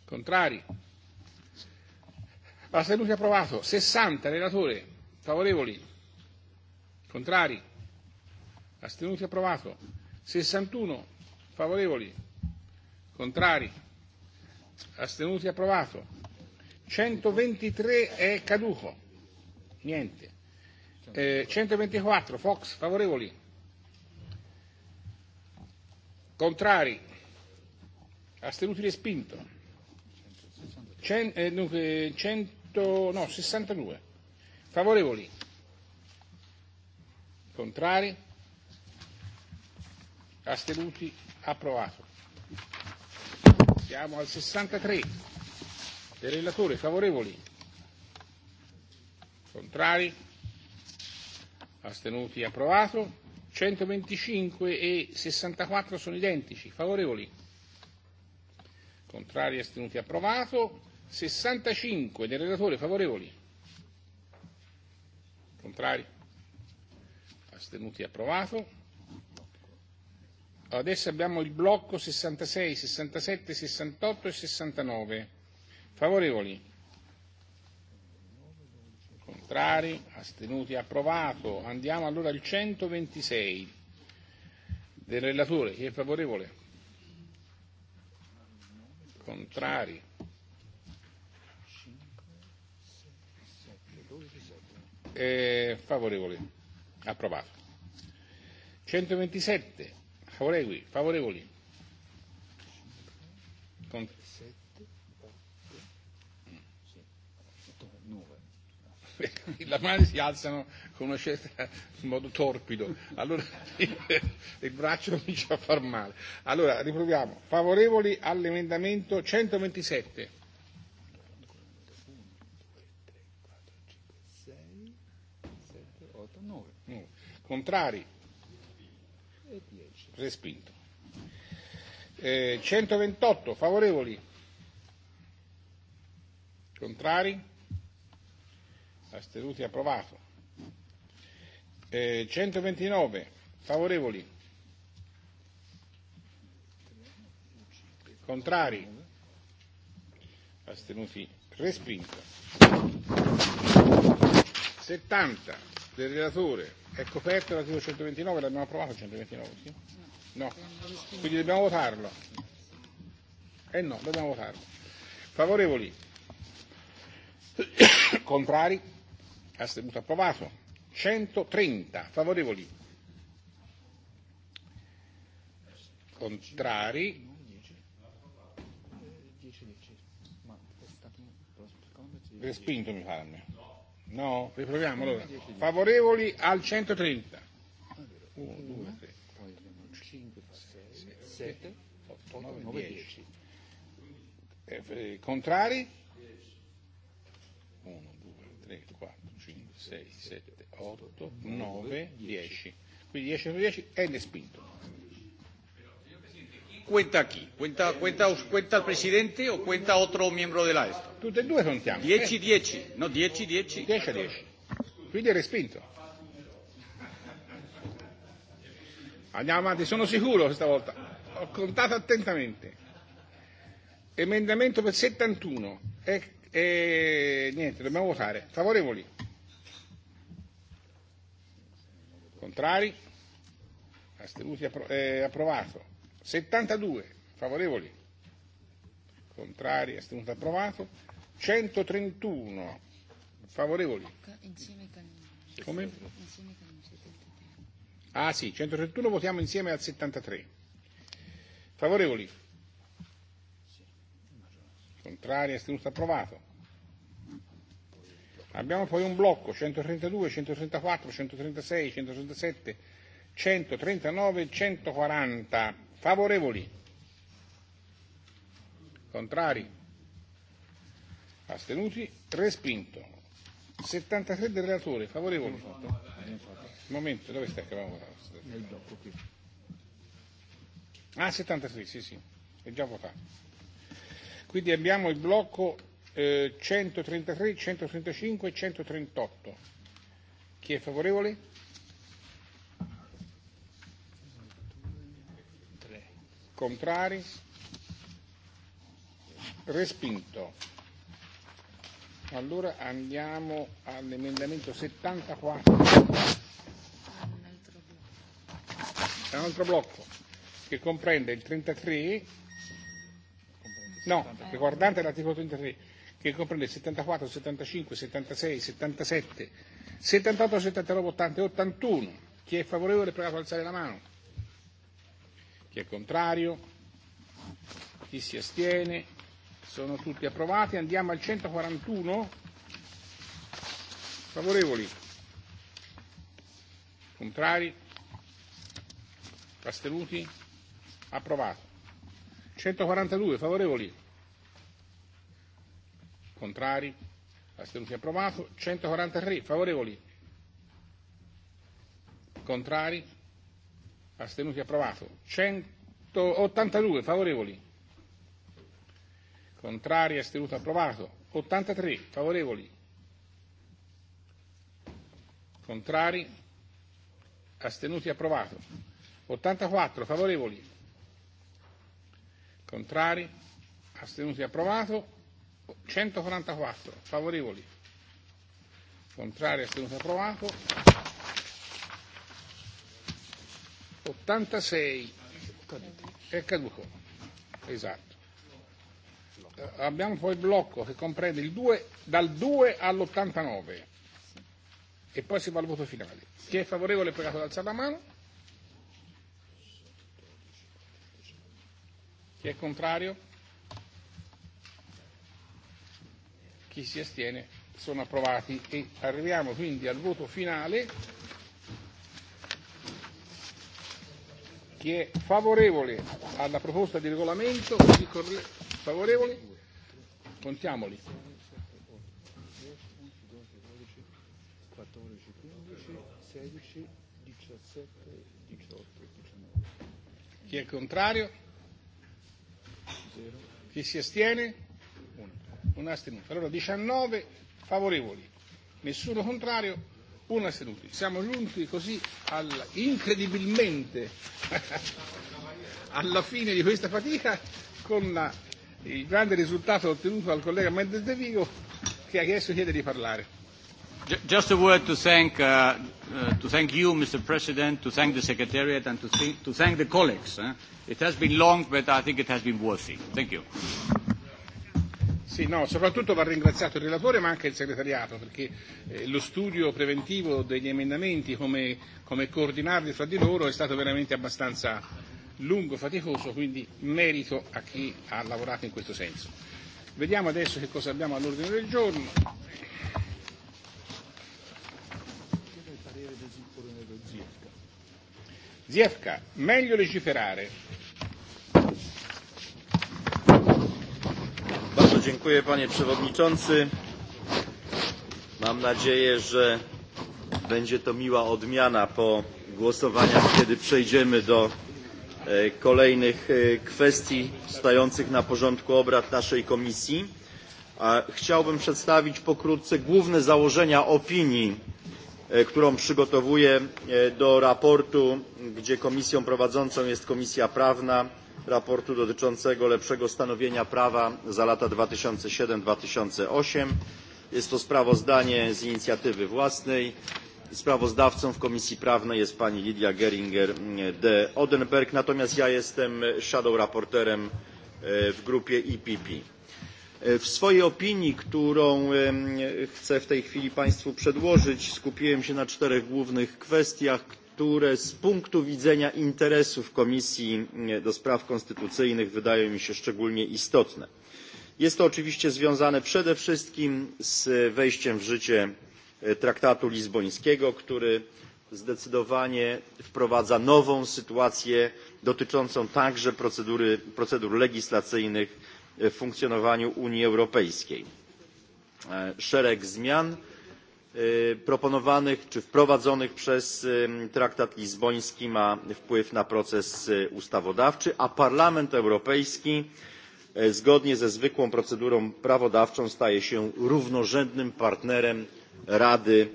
Contrari? Astenuti e approvato. 60 relatore, favorevoli? Contrari? Astenuti approvato. 61 favorevoli. Contrari? Astenuti approvato. 123 è caduco. Niente. Eh, 124 Fox favorevoli. Contrari? Astenuti respinto. Cent, eh, dunque, 100, no, 62 favorevoli Contrari? Astenuti? Approvato. Siamo al 63. Del relatore favorevoli? Contrari? Astenuti? Approvato. 125 e 64 sono identici. Favorevoli? Contrari? Astenuti? Approvato. 65 del relatore favorevoli? Contrari? astenuti approvato. Adesso abbiamo il blocco 66, 67, 68 e 69. Favorevoli? Contrari? Astenuti? Approvato. Andiamo allora al 126 del relatore. Chi è favorevole? Contrari? Eh, favorevoli Aprobado. 127. Favorevoli. favorevoli. Con... 9. La mano si alzano con una scelta in modo torpido, allora il braccio comincia a far male. Allora, riproviamo. Favorevoli all'emendamento 127. Contrari? Respinto. Eh, 128 favorevoli? Contrari? Astenuti approvato. Eh, 129 favorevoli? Contrari? Astenuti respinto. 70 del relatore è coperto l'articolo 129, l'abbiamo approvato il 129, sì? No. Quindi dobbiamo votarlo. Eh no, dobbiamo votarlo. Favorevoli? Contrari? Astenuto approvato. 130. Favorevoli? Contrari? Respinto mi pare. No, riproviamo allora. Favorevoli al 130. 1, 2, 3, 4, 5, 6, 7, 8, 9, 10. Contrari? 1, 2, 3, 4, 5, 6, 7, 8, 9, 10. Quindi 10 su 10 è respinto cuenta aquí? Cuenta, cuenta, cuenta el presidente o cuenta otro miembro de la ESTA? Tutti e due contiamo. 10 dieci. no dieci, dieci. Dieci, dieci. Quindi è respinto. Andiamo avanti, sono sicuro questa volta. Ho contato attentamente. Emendamento per 71. E, e niente, dobbiamo votare. Favorevoli? Contrari? Astenuti? Appro- eh, approvato. 72 favorevoli, contrari, astenuto approvato, 131 favorevoli. Come? Ah sì, 131 votiamo insieme al 73. Favorevoli? Contrari, astenuto approvato. Abbiamo poi un blocco 132, 134, 136, 137, 139 140 Favorevoli? Contrari? Astenuti? Respinto. 73 del relatore, favorevoli? Momento, dove stai che avevamo votato? Nel dopo qui. Ah, 73, sì, sì, è già votato. Quindi abbiamo il blocco eh, 133, 135 e 138. Chi è favorevole? Contrari? Respinto. Allora andiamo all'emendamento 74. È un altro blocco che comprende il 33, no, riguardante l'articolo 33, che comprende il 74, 75, 76, 77, 78, 79, 80 e 81. Chi è favorevole prega di alzare la mano. Chi è contrario? Chi si astiene? Sono tutti approvati. Andiamo al 141. Favorevoli? Contrari? Astenuti? Approvato. 142. Favorevoli? Contrari? Astenuti? Approvato. 143. Favorevoli? Contrari? astenuti approvato. 182 favorevoli, contrari, astenuto approvato. 83 favorevoli, contrari, astenuti approvato. 84 favorevoli, contrari, astenuti approvato. 144 favorevoli, contrari, astenuti approvato. 86 è caduco. Esatto. Eh, abbiamo poi il blocco che comprende il 2, dal 2 all'89 e poi si va al voto finale. Chi è favorevole è pregato ad alzare la mano. Chi è contrario? Chi si astiene? Sono approvati e arriviamo quindi al voto finale Chi è favorevole alla proposta di regolamento? Favorevoli? Contiamoli. 14, 15, 16, 17, 18, 19. Chi è contrario? Zero. Chi si astiene? Uno. Un astenuto. Allora 19 favorevoli, nessuno contrario, Una seduta. Siamo giunti così al, incredibilmente alla fine di questa fatica con la, il grande risultato ottenuto dal collega Mendes De Vigo che adesso chiede di parlare. Just a word to thank, uh, uh, to thank you, Mr. President, to thank the Secretariat, and to, th- to thank the colleagues. Eh? It has been long, but I think it has been worthy. Thank you. Sì, no, soprattutto va ringraziato il relatore ma anche il segretariato perché eh, lo studio preventivo degli emendamenti, come, come coordinarli fra di loro, è stato veramente abbastanza lungo faticoso, quindi merito a chi ha lavorato in questo senso. Vediamo adesso che cosa abbiamo all'ordine del giorno. Ziefka, meglio legiferare panie przewodniczący. Mam nadzieję, że będzie to miła odmiana po głosowaniach, kiedy przejdziemy do e, kolejnych e, kwestii stojących na porządku obrad naszej komisji. Chciałbym przedstawić pokrótce główne założenia opinii, e, którą przygotowuję do raportu, gdzie komisją prowadzącą jest Komisja Prawna sprawozdania dotyczącego lepszego stanowienia prawa za lata dwa dwa tysiące siedem tysiące osiem Jest to sprawozdanie z inicjatywy własnej. Sprawozdawcą w Komisji Prawnej jest pani Lidia Geringer mm, de oedenberg natomiast ja jestem shadow e, w grupie ppe. E, w swojej opinii, którą chcę w tej chwili Państwu przedłożyć, skupiłem się na czterech głównych kwestiach, które z punktu widzenia interesów Komisji mm, do Spraw Konstytucyjnych wydają mi się szczególnie istotne. Jest to oczywiście związane przede wszystkim z wejściem w życie e, traktatu lizbońskiego, który zdecydowanie wprowadza nową sytuację dotyczącą także procedury, procedur legislacyjnych w funkcjonowaniu Unii Europejskiej. E, szereg zmian E, proponowanych czy wprowadzonych przez e, traktat lizboński ma wpływ na proces e, ustawodawczy a parlament europejski zgodnie ze zwykłą procedurą prawodawczą staje się równorzędnym partnerem rady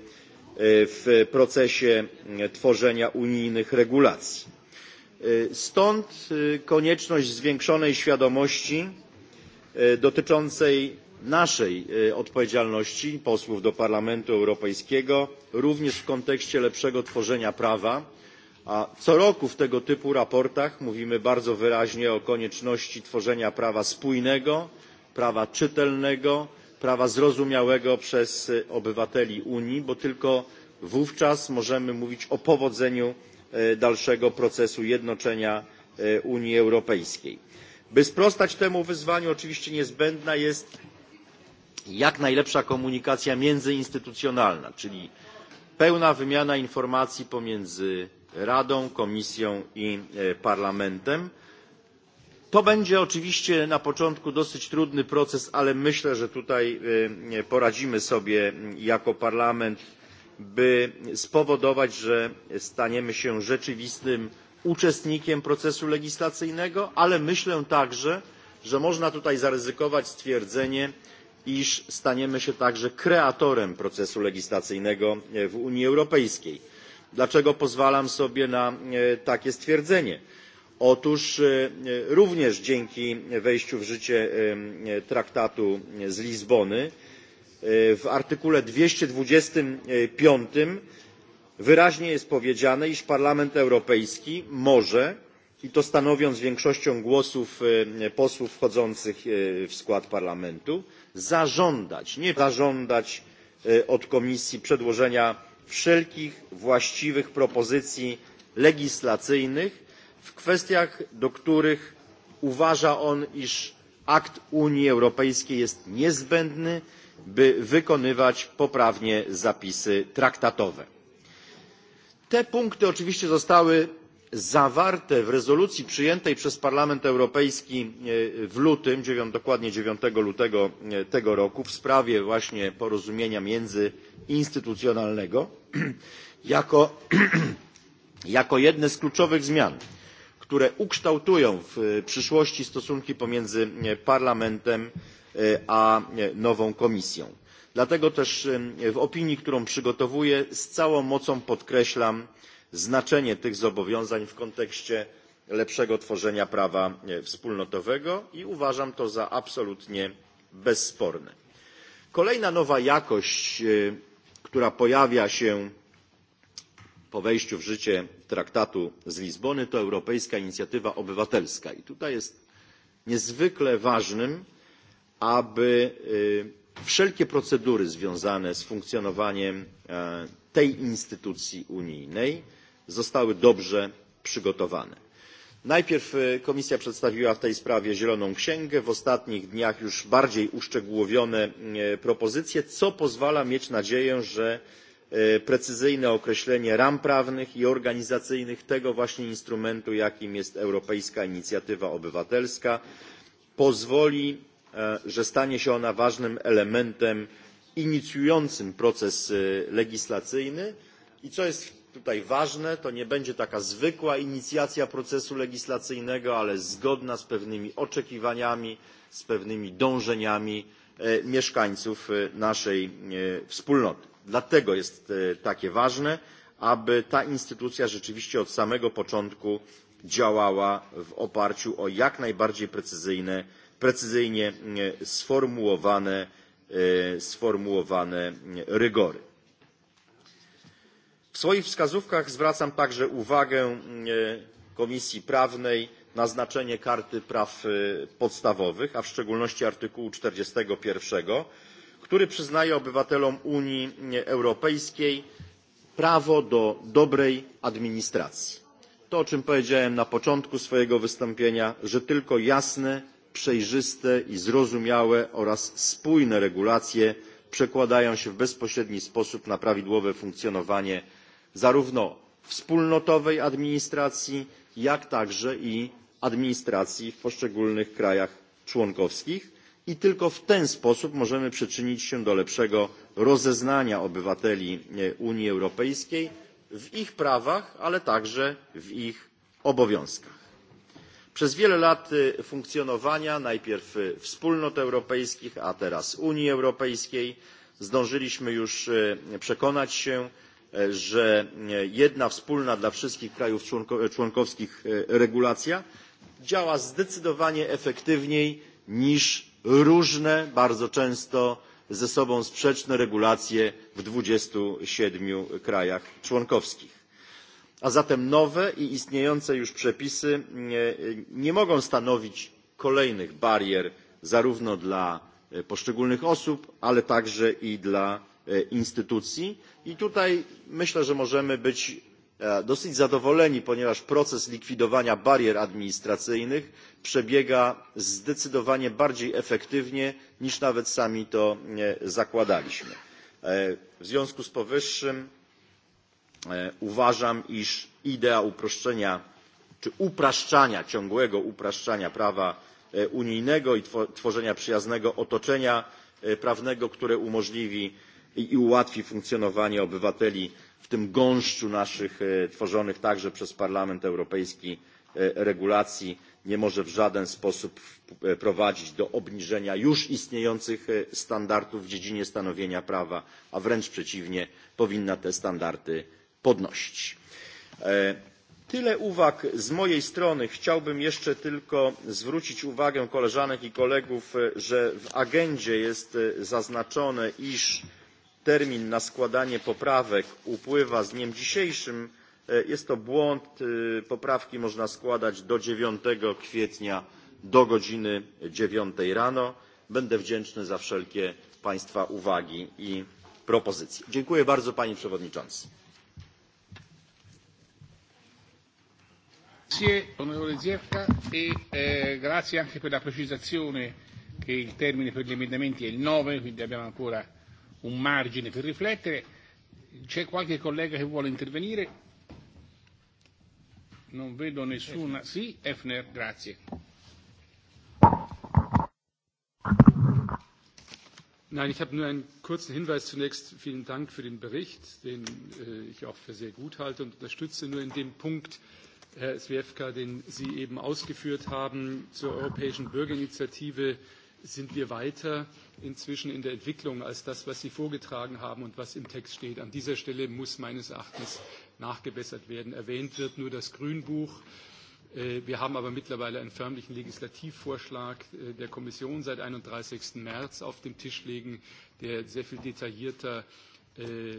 w procesie tworzenia unijnych regulacji. stąd konieczność zwiększonej świadomości dotyczącej naszej e, odpowiedzialności posłów do parlamentu europejskiego również w kontekście lepszego tworzenia prawa a co roku w tego typu sprawozdaniach mówimy bardzo wyraźnie o konieczności tworzenia prawa spójnego prawa czytelnego prawa zrozumiałego przez e, obywateli unii bo tylko wówczas możemy mówić o powodzeniu e, dalszego procesu jednoczenia unii europejskiej. by sprostać temu wyzwaniu oczywiście niezbędna jest jak najlepsza komunikacja międzyinstytucjonalna czyli pełna wymiana informacji pomiędzy radą komisją i e, parlamentem. to będzie oczywiście na początku dosyć trudny proces ale myślę że tutaj e, poradzimy sobie jako parlament by spowodować że staniemy się rzeczywistym uczestnikiem procesu legislacyjnego ale myślę także że można tutaj zaryzykować stwierdzenie iż staniemy się także kreatorem procesu legislacyjnego e, w unii europejskiej. dlaczego pozwalam sobie na e, takie stwierdzenie? otóż e, również dzięki wejściu w życie traktatu z lizbony w artykule dwieście dwadzieścia pięć wyraźnie jest powiedziane iż parlament europejski może i to stanowiąc większością głosów posłów wchodzących w skład parlamentu zażądać nie zażądać e, od komisji przedłożenia wszelkich właściwych propozycji legislacyjnych w kwestiach do których uważa on iż akt unii europejskiej jest niezbędny by wykonywać poprawnie zapisy traktatowe. te punkty oczywiście zostały zawarte w rezolucji przyjętej przez parlament europejski e, w lutym dokładnie dziewięć lutego e, tego roku w sprawie właśnie porozumienia międzyinstytucjonalnego jako, jako jedne z kluczowych zmian które ukształtują w przyszłości stosunki pomiędzy e, parlamentem a nową komisją. dlatego też w opinii którą przygotowuję z całą mocą podkreślam znaczenie tych zobowiązań w kontekście lepszego tworzenia prawa e, wspólnotowego i uważam to za absolutnie bezsporne. kolejna nowa jakość e, która pojawia się po wejściu w życie traktatu z lizbony to europejska inicjatywa obywatelska i tutaj jest niezwykle ważnym aby e, wszelkie procedury związane z funkcjonowaniem tej instytucji unijnej zostały dobrze przygotowane. najpierw e, komisja przedstawiła w tej sprawie zieloną księgę w ostatnich dniach już bardziej uszczegółowione e, propozycje co pozwala mieć nadzieję że e, precyzyjne określenie ram prawnych i organizacyjnych tego właśnie instrumentu jakim jest europejska inicjatywa obywatelska pozwoli że stanie się ona ważnym elementem inicjującym proces legislacyjny i co jest tutaj ważne to nie będzie taka zwykła inicjacja procesu legislacyjnego ale zgodna z pewnymi oczekiwaniami z pewnymi dążeniami e, mieszkańców e, naszej e, wspólnoty. dlatego jest takie ważne aby ta instytucja rzeczywiście od samego początku działała w oparciu o jak najbardziej precyzyjne, precyzyjnie sformułowane, sformułowane rygory w swoich wskazówkach zwracam także uwagę mm, e, komisji prawnej na znaczenie karty praw e, podstawowych a w szczególności artykułu czterdzieści jeden który przyznaje obywatelom unii mm, europejskiej prawo do dobrej administracji. to o czym powiedziałem na początku swojego wystąpienia że tylko jasne przejrzyste i zrozumiałe oraz spójne regulacje przekładają się w bezpośredni sposób na prawidłowe funkcjonowanie zarówno wspólnotowej administracji jak także i administracji w poszczególnych krajach członkowskich i tylko w ten sposób możemy przyczynić się do lepszego rozeznania obywateli e, unii europejskiej w ich prawach ale także w ich obowiązkach. przez wiele lat e, funkcjonowania najpierw e, wspólnot europejskich a teraz unii europejskiej zdążyliśmy już przekonać się E, że jedna wspólna dla wszystkich krajów e, członkowskich e, regulacja działa zdecydowanie efektywniej niż różne bardzo często ze sobą sprzeczne regulacje w dwadzieścia siedem krajach członkowskich a zatem nowe i istniejące już przepisy nie mogą stanowić kolejnych barier zarówno dla poszczególnych osób ale także i dla E, instytucji i tutaj myślę że możemy być e, dosyć zadowoleni ponieważ proces likwidowania barier administracyjnych przebiega zdecydowanie bardziej efektywnie niż nawet sami to e, zakładaliśmy. w związku z powyższym uważam iż idea uproszczenia czy upraszczania ciągłego upraszczania prawa unijnego i tworzenia przyjaznego otoczenia prawnego które umożliwi i ułatwi funkcjonowanie obywateli w tym gąszczu naszych e, tworzonych także przez Parlament Europejski e, regulacji nie może w żaden sposób e, prowadzić do obniżenia już istniejących standardów w dziedzinie stanowienia prawa, a wręcz przeciwnie, powinna te standardy podnosić. Tyle uwag z mojej strony. Chciałbym jeszcze tylko zwrócić uwagę koleżanek i kolegów, że w agendzie jest zaznaczone, iż termin na składanie poprawek upływa z dniem dzisiejszym e, jest to błąd e, poprawki można składać do dziewięć kwietnia do godziny dziewięć rano. będę wdzięczny za wszelkie państwa uwagi i propozycje. dziękuję bardzo panie przewodniczący. Grazie onorevole Zierka e eh, grazie anche per la precisazione che il termine per gli emendamenti è il 9, quindi abbiamo ancora un margine per riflettere. C'è qualche collega che vuole intervenire? Non vedo nessuna. Sì, Efner, grazie. Nein, ich habe nur einen kurzen Hinweis zunächst. Vielen Dank für den Bericht, den äh, ich auch für sehr gut halte und unterstütze. Nur in dem Punkt, Herr Swiefka, den Sie eben ausgeführt haben zur Europäischen Bürgerinitiative, äh, sind wir weiter inzwischen in der Entwicklung als das, was Sie vorgetragen haben und was im Text steht. An dieser Stelle muss meines Erachtens nachgebessert werden. Erwähnt wird nur das Grünbuch. Äh, wir haben aber mittlerweile einen förmlichen Legislativvorschlag äh, der Kommission seit 31. März auf dem Tisch liegen, der sehr viel detaillierter äh,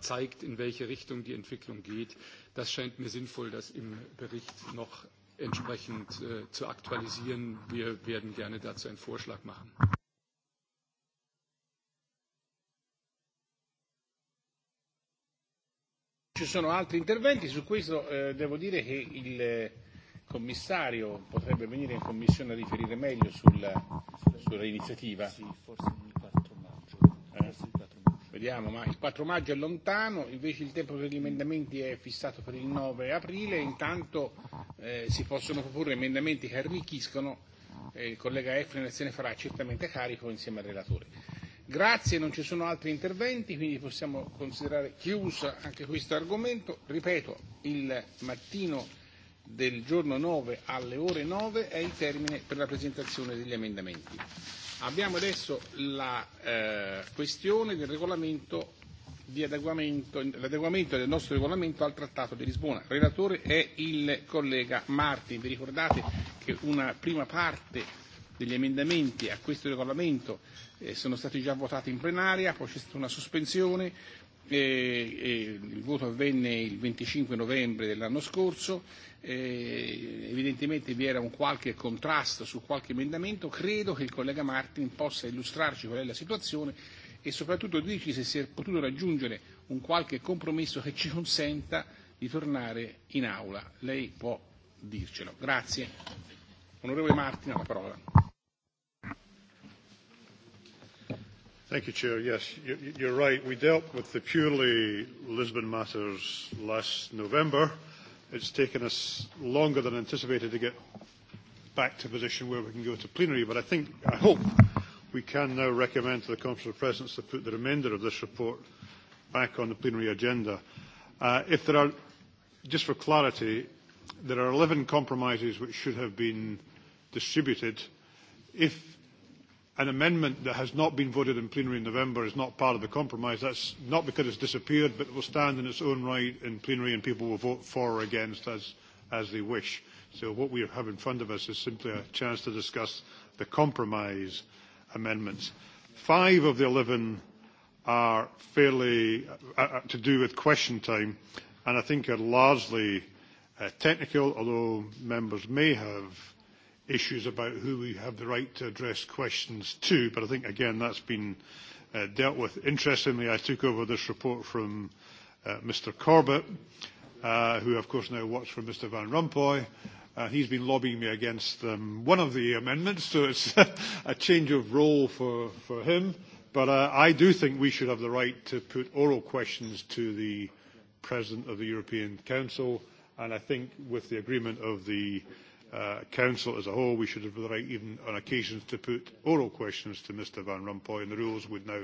zeigt, in welche Richtung die Entwicklung geht. Das scheint mir sinnvoll, das im Bericht noch entsprechend äh, zu aktualisieren. Wir werden gerne dazu einen Vorschlag machen. Ci sono altri interventi, su questo eh, devo dire che il eh, commissario potrebbe venire in commissione a riferire meglio sulla, sull'iniziativa. Sì, forse speriamo, ma il 4 maggio è lontano, invece il tempo per gli emendamenti è fissato per il 9 aprile, intanto eh, si possono proporre emendamenti che arricchiscono e il collega Efren se ne farà certamente carico insieme al relatore. Grazie, non ci sono altri interventi, quindi possiamo considerare chiuso anche questo argomento. Ripeto, il mattino del giorno 9 alle ore 9 è il termine per la presentazione degli emendamenti. Abbiamo adesso la eh, questione del regolamento di adeguamento, l'adeguamento del nostro regolamento al Trattato di Lisbona. Il relatore è il collega Martin. Vi ricordate che una prima parte degli emendamenti a questo regolamento eh, sono stati già votati in plenaria, poi c'è stata una sospensione, eh, eh, il voto avvenne il 25 novembre dell'anno scorso, eh, evidentemente vi era un qualche contrasto su qualche emendamento, credo che il collega Martin possa illustrarci qual è la situazione e soprattutto dirci se si è potuto raggiungere un qualche compromesso che ci consenta di tornare in aula. Lei può dircelo. Grazie. Onorevole Martin, la parola. Thank you, Chair. Yes, you're right. We dealt with the purely Lisbon matters last November. It's taken us longer than anticipated to get back to a position where we can go to plenary, but I think, I hope, we can now recommend to the Conference of Presidents to put the remainder of this report back on the plenary agenda. Uh, if there are, just for clarity, there are 11 compromises which should have been distributed. If an amendment that has not been voted in plenary in November is not part of the compromise. That's not because it's disappeared, but it will stand in its own right in plenary and people will vote for or against as, as they wish. So what we have in front of us is simply a chance to discuss the compromise amendments. Five of the 11 are fairly uh, uh, to do with question time and I think are largely uh, technical, although members may have issues about who we have the right to address questions to, but I think, again, that's been uh, dealt with. Interestingly, I took over this report from uh, Mr Corbett, uh, who, of course, now works for Mr Van Rompuy. Uh, he's been lobbying me against um, one of the amendments, so it's a change of role for, for him. But uh, I do think we should have the right to put oral questions to the President of the European Council, and I think with the agreement of the uh, uh, Council as a whole, we should have the right, even on occasions, to put oral questions to Mr Van Rompuy, and the rules would now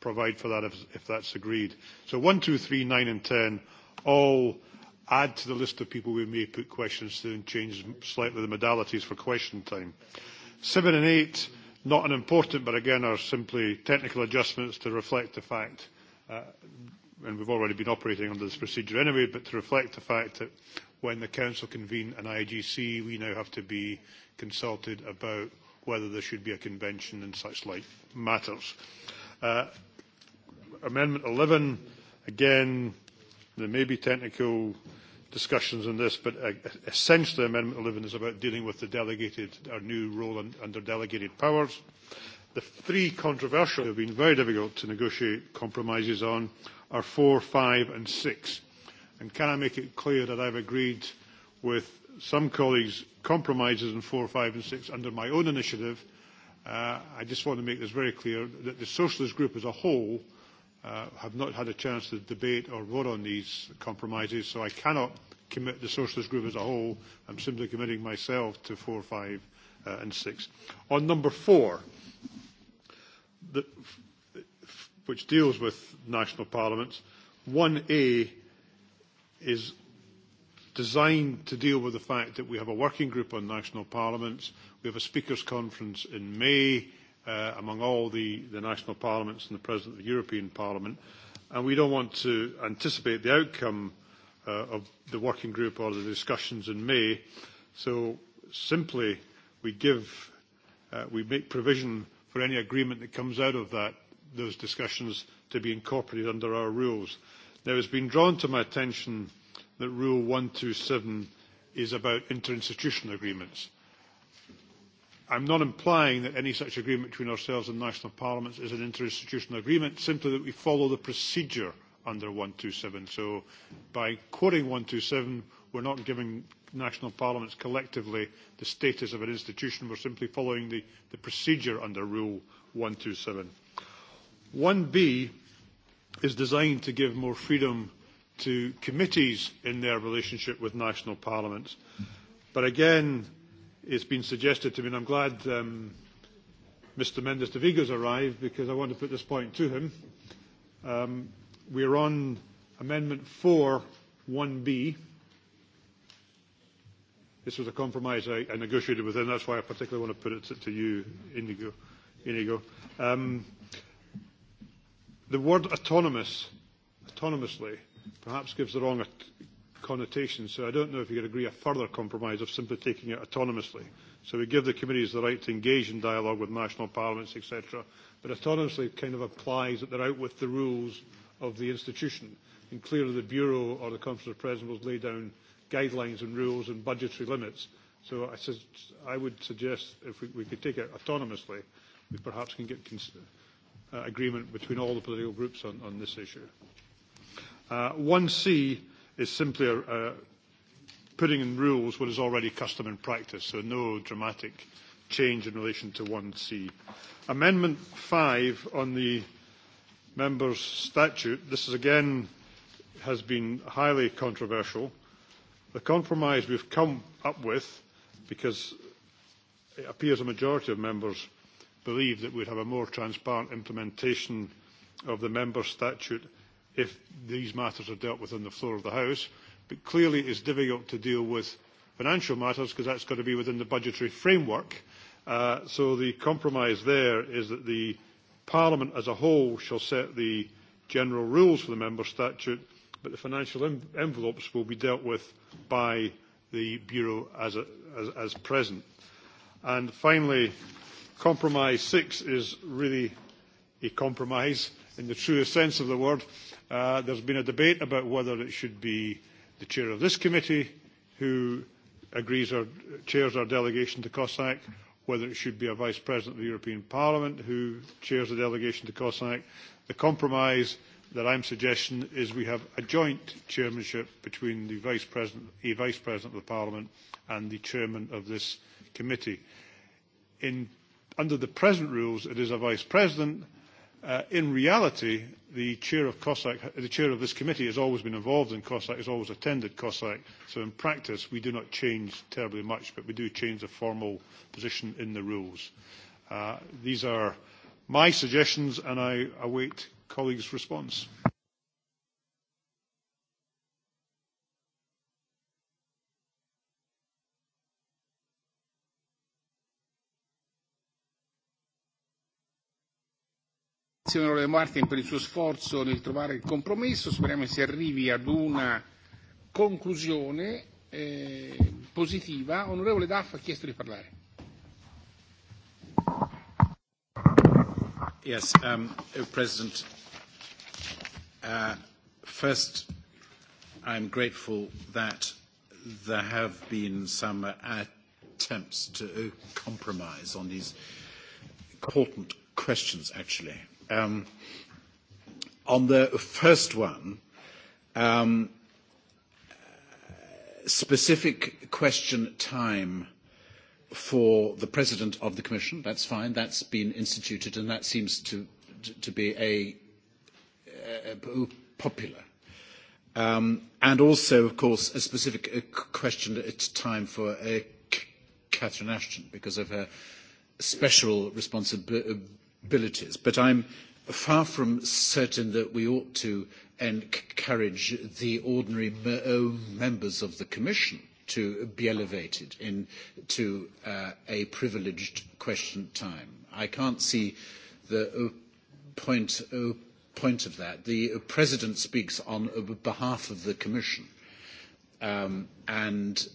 provide for that if, if that's agreed. So 1, 2, 3, 9 and 10 all add to the list of people we may put questions to and change slightly the modalities for question time. 7 and 8, not unimportant, but again are simply technical adjustments to reflect the fact, uh, and we've already been operating under this procedure anyway, but to reflect the fact that when the Council convene an IGC, we now have to be consulted about whether there should be a convention and such like matters. Uh, Amendment 11, again, there may be technical discussions on this, but uh, essentially Amendment 11 is about dealing with the delegated, our new role in, under delegated powers. The three controversial have been very difficult to negotiate compromises on are 4, 5 and 6 And can I make it clear that I've agreed with some colleagues compromises in four, five, and six under my own initiative. Uh, I just want to make this very clear that the Socialist Group as a whole uh, have not had a chance to debate or vote on these compromises, so I cannot commit the Socialist Group as a whole. I'm simply committing myself to four, five, uh, and six. On number four, the, which deals with national parliaments, 1A is designed to deal with the fact that we have a working group on national parliaments, we have a speakers conference in May uh, among all the, the national parliaments and the President of the European Parliament, and we don't want to anticipate the outcome uh, of the working group or the discussions in May, so simply we give, uh, we make provision for any agreement that comes out of that, those discussions to be incorporated under our rules. Now, it's been drawn to my attention that Rule 127 is about interinstitutional agreements. I'm not implying that any such agreement between ourselves and national parliaments is an interinstitutional agreement, simply that we follow the procedure under 127. So by quoting 127, we're not giving national parliaments collectively the status of an institution. We're simply following the, the procedure under Rule 127. 1B is designed to give more freedom to committees in their relationship with national parliaments. But again, it's been suggested to me, and I'm glad um, Mr Mendes de Vigo's arrived because I want to put this point to him. Um, we're on Amendment 4, 1B. This was a compromise I, I negotiated with him. That's why I particularly want to put it to, to you, Inigo. Inigo. Um, The word autonomous, autonomously, perhaps gives the wrong connotation, so I don't know if you could agree a further compromise of simply taking it autonomously. So we give the committees the right to engage in dialogue with national parliaments, etc. But autonomously kind of implies that they're out with the rules of the institution. And clearly the Bureau or the Conference of Presidents will lay down guidelines and rules and budgetary limits. So I, su- I would suggest if we, we could take it autonomously, we perhaps can get cons- uh, agreement between all the political groups on, on this issue. Uh, 1C is simply a, uh, a putting in rules what is already custom and practice, so no dramatic change in relation to 1C. Amendment 5 on the member's statute, this is again has been highly controversial. The compromise we've come up with, because it appears a majority of members believe that we'd have a more transparent implementation of the member statute if these matters are dealt with on the floor of the House. But clearly it's difficult to deal with financial matters because that's got to be within the budgetary framework. Uh, so the compromise there is that the Parliament as a whole shall set the general rules for the member statute, but the financial envelopes will be dealt with by the Bureau as, a, as, as present. And finally, Compromise six is really a compromise in the truest sense of the word. Uh, there's been a debate about whether it should be the chair of this committee who agrees or chairs our delegation to COSAC, whether it should be a vice president of the European Parliament who chairs the delegation to COSAC. The compromise that I'm suggesting is we have a joint chairmanship between the vice president, a vice president of the Parliament and the chairman of this committee. In under the present rules, it is a vice president. Uh, in reality, the chair of COSAC, the chair of this committee has always been involved in COSAC, has always attended COSAC. So in practice, we do not change terribly much, but we do change the formal position in the rules. Uh, these are my suggestions, and I await colleagues' response. onorevole Martin per il suo sforzo nel trovare il compromesso, speriamo che si arrivi ad una conclusione eh, positiva. Onorevole Daff ha chiesto di parlare. Yes, um, uh, President, uh, first I'm grateful that there have been some attempts to compromise on these important questions actually. Um, on the first one, um, specific question time for the President of the Commission, that's fine, that's been instituted and that seems to, to, to be a, a popular. Um, and also, of course, a specific question at time for uh, Catherine Ashton because of her special responsibility abilities. But I'm far from certain that we ought to encourage the ordinary uh, members of the Commission to be elevated into uh, a privileged question time. I can't see the uh, point, uh, point of that. The President speaks on behalf of the Commission. Um, and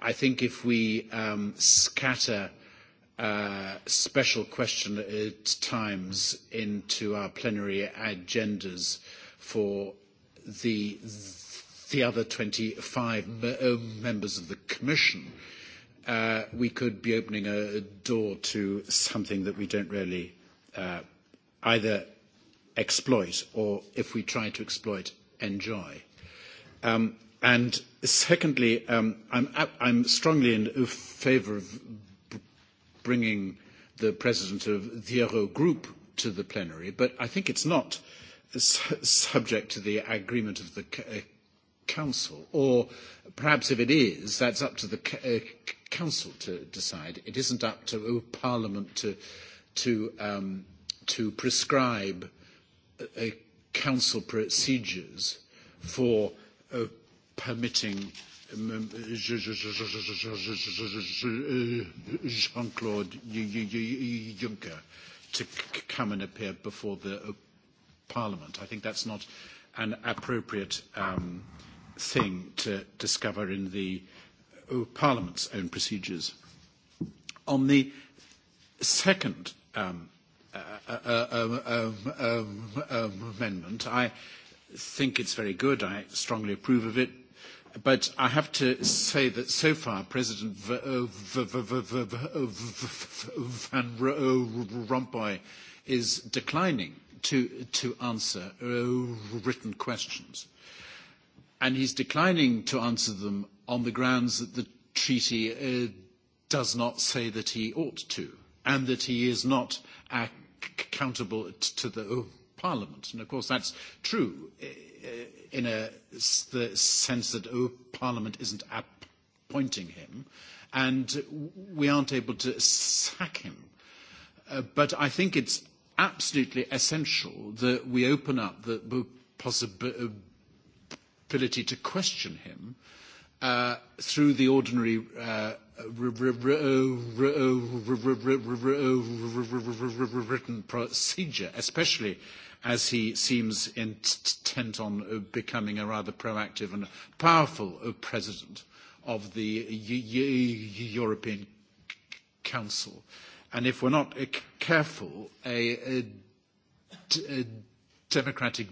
I think if we um, scatter special question at times into our plenary agendas for the, the other 25 uh, members of the Commission, uh, we could be opening a door to something that we don't really uh, either exploit or, if we try to exploit, enjoy. Um, and secondly, um, I'm, I'm strongly in favour of bringing the president of the Euro Group to the plenary, but I think it's not su subject to the agreement of the uh, Council, or perhaps if it is, that's up to the uh, Council to decide. It isn't up to uh, Parliament to, to, um, to prescribe uh, uh, Council procedures for permitting Jean-Claude Juncker to come and appear before the Parliament. I think that's not an appropriate um, thing to discover in the Parliament's own procedures. On the second um, uh, uh, um, amendment, I think it's very good. I strongly approve of it but I have to say that so far President Van Rompuy is declining to, to answer uh, written questions. And he's declining to answer them on the grounds that the treaty uh, does not say that he ought to, and that he is not accountable to the uh, Parliament. And of course that's true in a, the sense that oh, Parliament isn't appointing him, and we aren't able to sack him. Uh, but I think it's absolutely essential that we open up the possibility to question him uh, through the ordinary uh, written procedure, especially as he seems intent on uh, becoming a rather proactive and powerful uh, president of the European Council. And if we're not uh, careful, a, democratic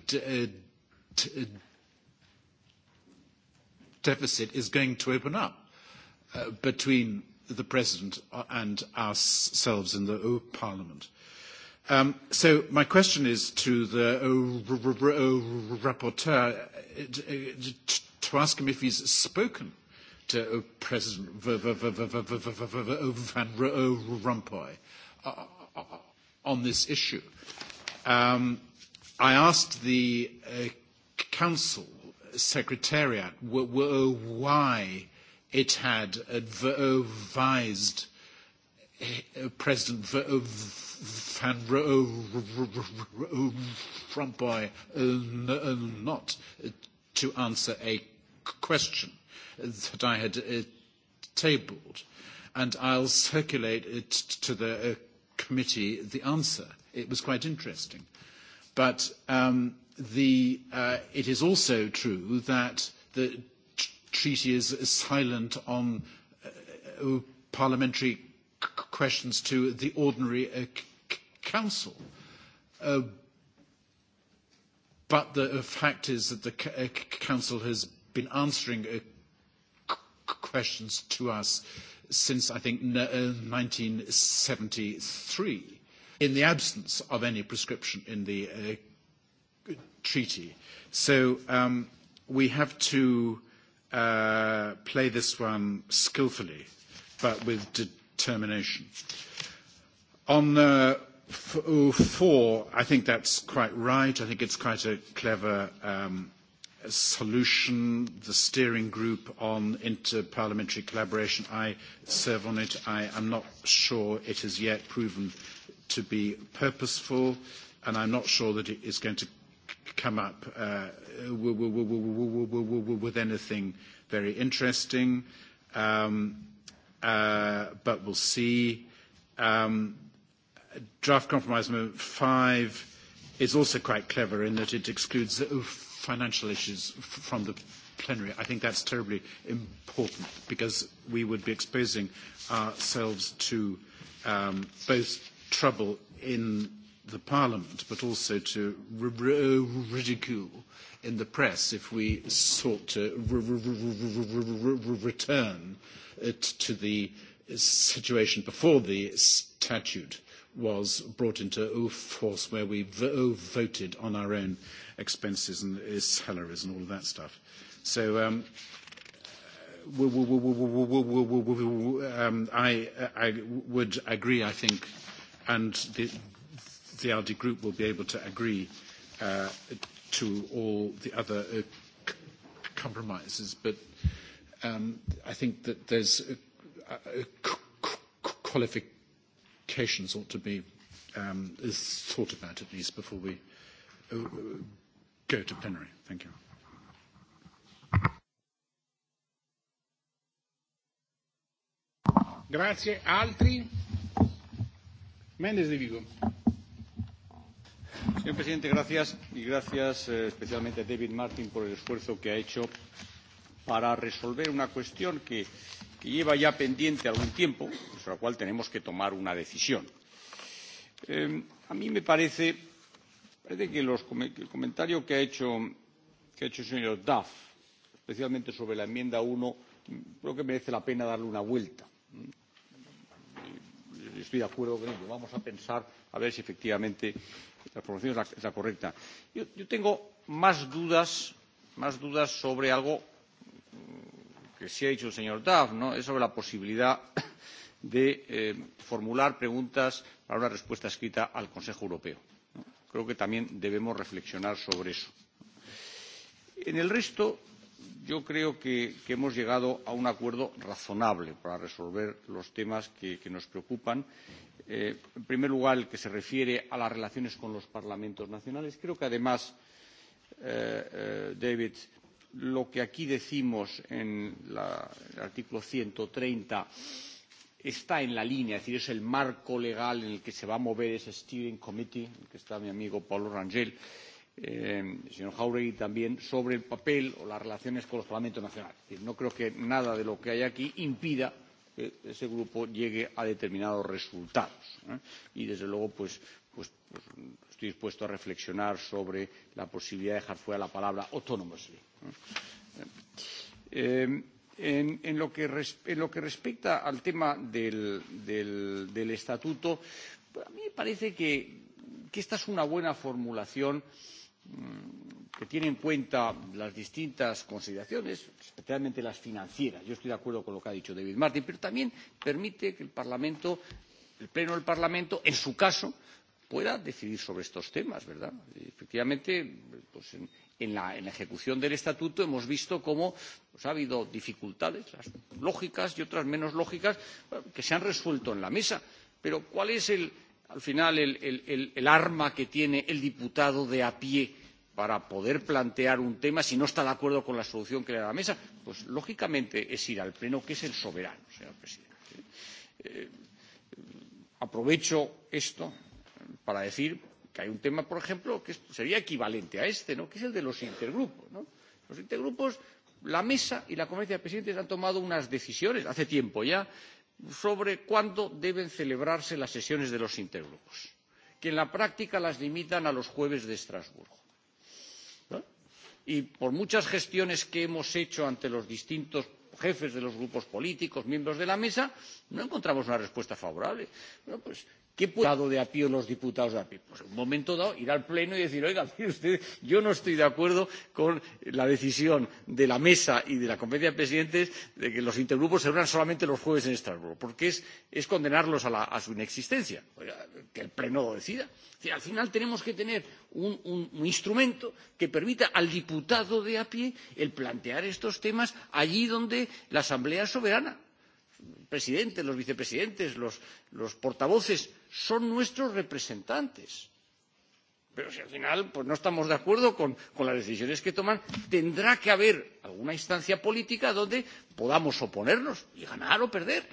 deficit is going to open up between the president and ourselves in the parliament. Um, so my question is to the rapporteur to ask him if he's spoken to President Van Rompuy on this issue. Um, I asked the council secretariat why it had advised Eh, President eh, Van Rompuy eh, not to answer a question that I had tabled, and I'll circulate it to the committee the answer. It was quite interesting. But um, the, uh, it is also true that the treaty is silent on uh, parliamentary questions to the ordinary uh, council. Uh, but the uh, fact is that the uh, council has been answering uh, questions to us since I think 1973 in the absence of any prescription in the uh, treaty. So um, we have to uh, play this one skillfully, but with determination. On uh, four, I think that's quite right. I think it's quite a clever um, solution. The steering group on interparliamentary collaboration, I serve on it. I am not sure it has yet proven to be purposeful, and I'm not sure that it is going to come up uh, with anything very interesting. Um, Uh, but we'll see. Um, draft compromise amendment five is also quite clever in that it excludes the financial issues from the plenary. I think that's terribly important because we would be exposing ourselves to um, both trouble in the parliament but also to ridicule in the press if we sought to return uh, to the situation before the statute was brought into force where we voted on our own expenses and salaries and all of that stuff. So um, I, I would agree, I think, and the, the ALDE group will be able to agree uh, to all the other uh, compromises, but um, I think that there's uh, uh, qualifications ought to be um, thought about at least before we uh, go to plenary. Thank you. Grazie. Altri? Mendes de Vigo. Señor presidente, gracias y gracias eh, especialmente a David Martin por el esfuerzo que ha hecho para resolver una cuestión que, que lleva ya pendiente algún tiempo, y sobre la cual tenemos que tomar una decisión. Eh, a mí me parece, parece que, los, el comentario que ha hecho, que ha hecho el señor Duff, especialmente sobre la enmienda 1, creo que merece la pena darle una vuelta. Mm, estoy de acuerdo con ello. Vamos a pensar a ver si efectivamente la formación es la, es la correcta. Yo, yo tengo más dudas, más dudas sobre algo que sí ha dicho el señor duff es sobre la posibilidad de eh, formular preguntas para una respuesta escrita al consejo europeo. creo que también debemos reflexionar sobre eso. en el resto yo creo que, que hemos llegado a un acuerdo razonable para resolver los temas que, que nos preocupan. Eh, en primer lugar, el que se refiere a las relaciones con los parlamentos nacionales. Creo que además, eh, eh, David, lo que aquí decimos en la, el artículo 130 está en la línea, es decir, es el marco legal en el que se va a mover ese steering committee, en el que está mi amigo Pablo Rangel, eh, el señor Jauregui también, sobre el papel o las relaciones con los parlamentos nacionales. Es decir, no creo que nada de lo que hay aquí impida que ese grupo llegue a determinados resultados. ¿eh? Y desde luego, pues, pues, pues estoy dispuesto a reflexionar sobre la posibilidad de dejar fuera la palabra autonomously en, en, lo que res, en lo que respecta al tema del, del, del estatuto, a mí me parece que, que esta es una buena formulación mm, que tiene en cuenta las distintas consideraciones, especialmente las financieras. Yo estoy de acuerdo con lo que ha dicho David Martin, pero también permite que el Parlamento, el Pleno del Parlamento, en su caso, pueda decidir sobre estos temas, ¿verdad? Efectivamente, pues en, en la, en la ejecución del estatuto hemos visto cómo pues, ha habido dificultades las lógicas y otras menos lógicas que se han resuelto en la mesa pero cuál es el, al final el, el, el arma que tiene el diputado de a pie para poder plantear un tema si no está de acuerdo con la solución que le da la mesa? Pues lógicamente es ir al Pleno, que es el soberano, señor presidente. Eh, eh aprovecho esto para decir que hay un tema, por ejemplo, que sería equivalente a este, ¿no? que es el de los intergrupos. ¿no? Los intergrupos, la mesa y la conferencia de presidentes han tomado unas decisiones hace tiempo ya sobre cuándo deben celebrarse las sesiones de los intergrupos, que en la práctica las limitan a los jueves de Estrasburgo. ¿no? Y por muchas gestiones que hemos hecho ante los distintos jefes de los grupos políticos, miembros de la mesa, no encontramos una respuesta favorable. Bueno, pues ¿Qué puede puedo de a pie los diputados de a pie? Pues en un momento dado ir al Pleno y decir, oiga, mire usted, yo no estoy de acuerdo con la decisión de la mesa y de la conferencia de presidentes de que los intergrupos se reúnan solamente los jueves en Estrasburgo, porque es, es condenarlos a, la, a su inexistencia. Oiga, que el Pleno lo decida. Es al final tenemos que tener un, un, un instrumento que permita al diputado de a pie el plantear estos temas allí donde la Asamblea es soberana presidentes, los vicepresidentes, los, los portavoces, son nuestros representantes. Pero si al final pues, no estamos de acuerdo con, con las decisiones que toman, tendrá que haber alguna instancia política donde podamos oponernos y ganar o perder.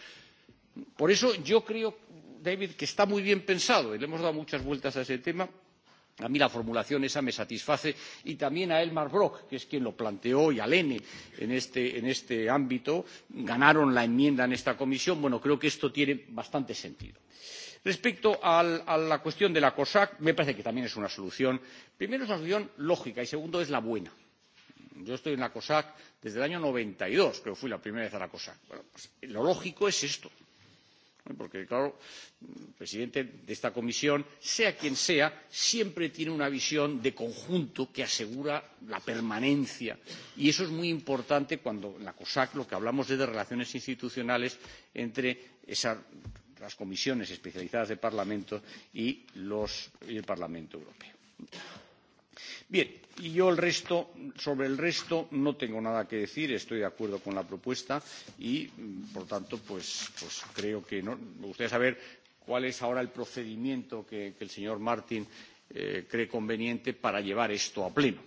Por eso yo creo, David, que está muy bien pensado y le hemos dado muchas vueltas a ese tema a mí la formulación esa me satisface y también a Elmar Brok, que es quien lo planteó, y a Lene en este, en este ámbito. Ganaron la enmienda en esta comisión. Bueno, creo que esto tiene bastante sentido. Respecto al, a la cuestión de la COSAC, me parece que también es una solución. Primero, es una solución lógica y segundo, es la buena. Yo estoy en la COSAC desde el año 92, creo que fui la primera vez a la COSAC. Bueno, pues, lo lógico es esto porque claro el presidente de esta comisión sea quien sea siempre tiene una visión de conjunto que asegura la permanencia y eso es muy importante cuando en la cosac lo que hablamos es de relaciones institucionales entre esa, las comisiones especializadas del parlamento y, los, y el parlamento europeo. bien y yo sobre el resto no tengo nada que decir estoy de acuerdo con la propuesta y mm, por tanto pues, pues creo que no. me gustaría saber cuál es ahora el procedimiento que, que el señor martin eh, cree conveniente para llevar esto a pleno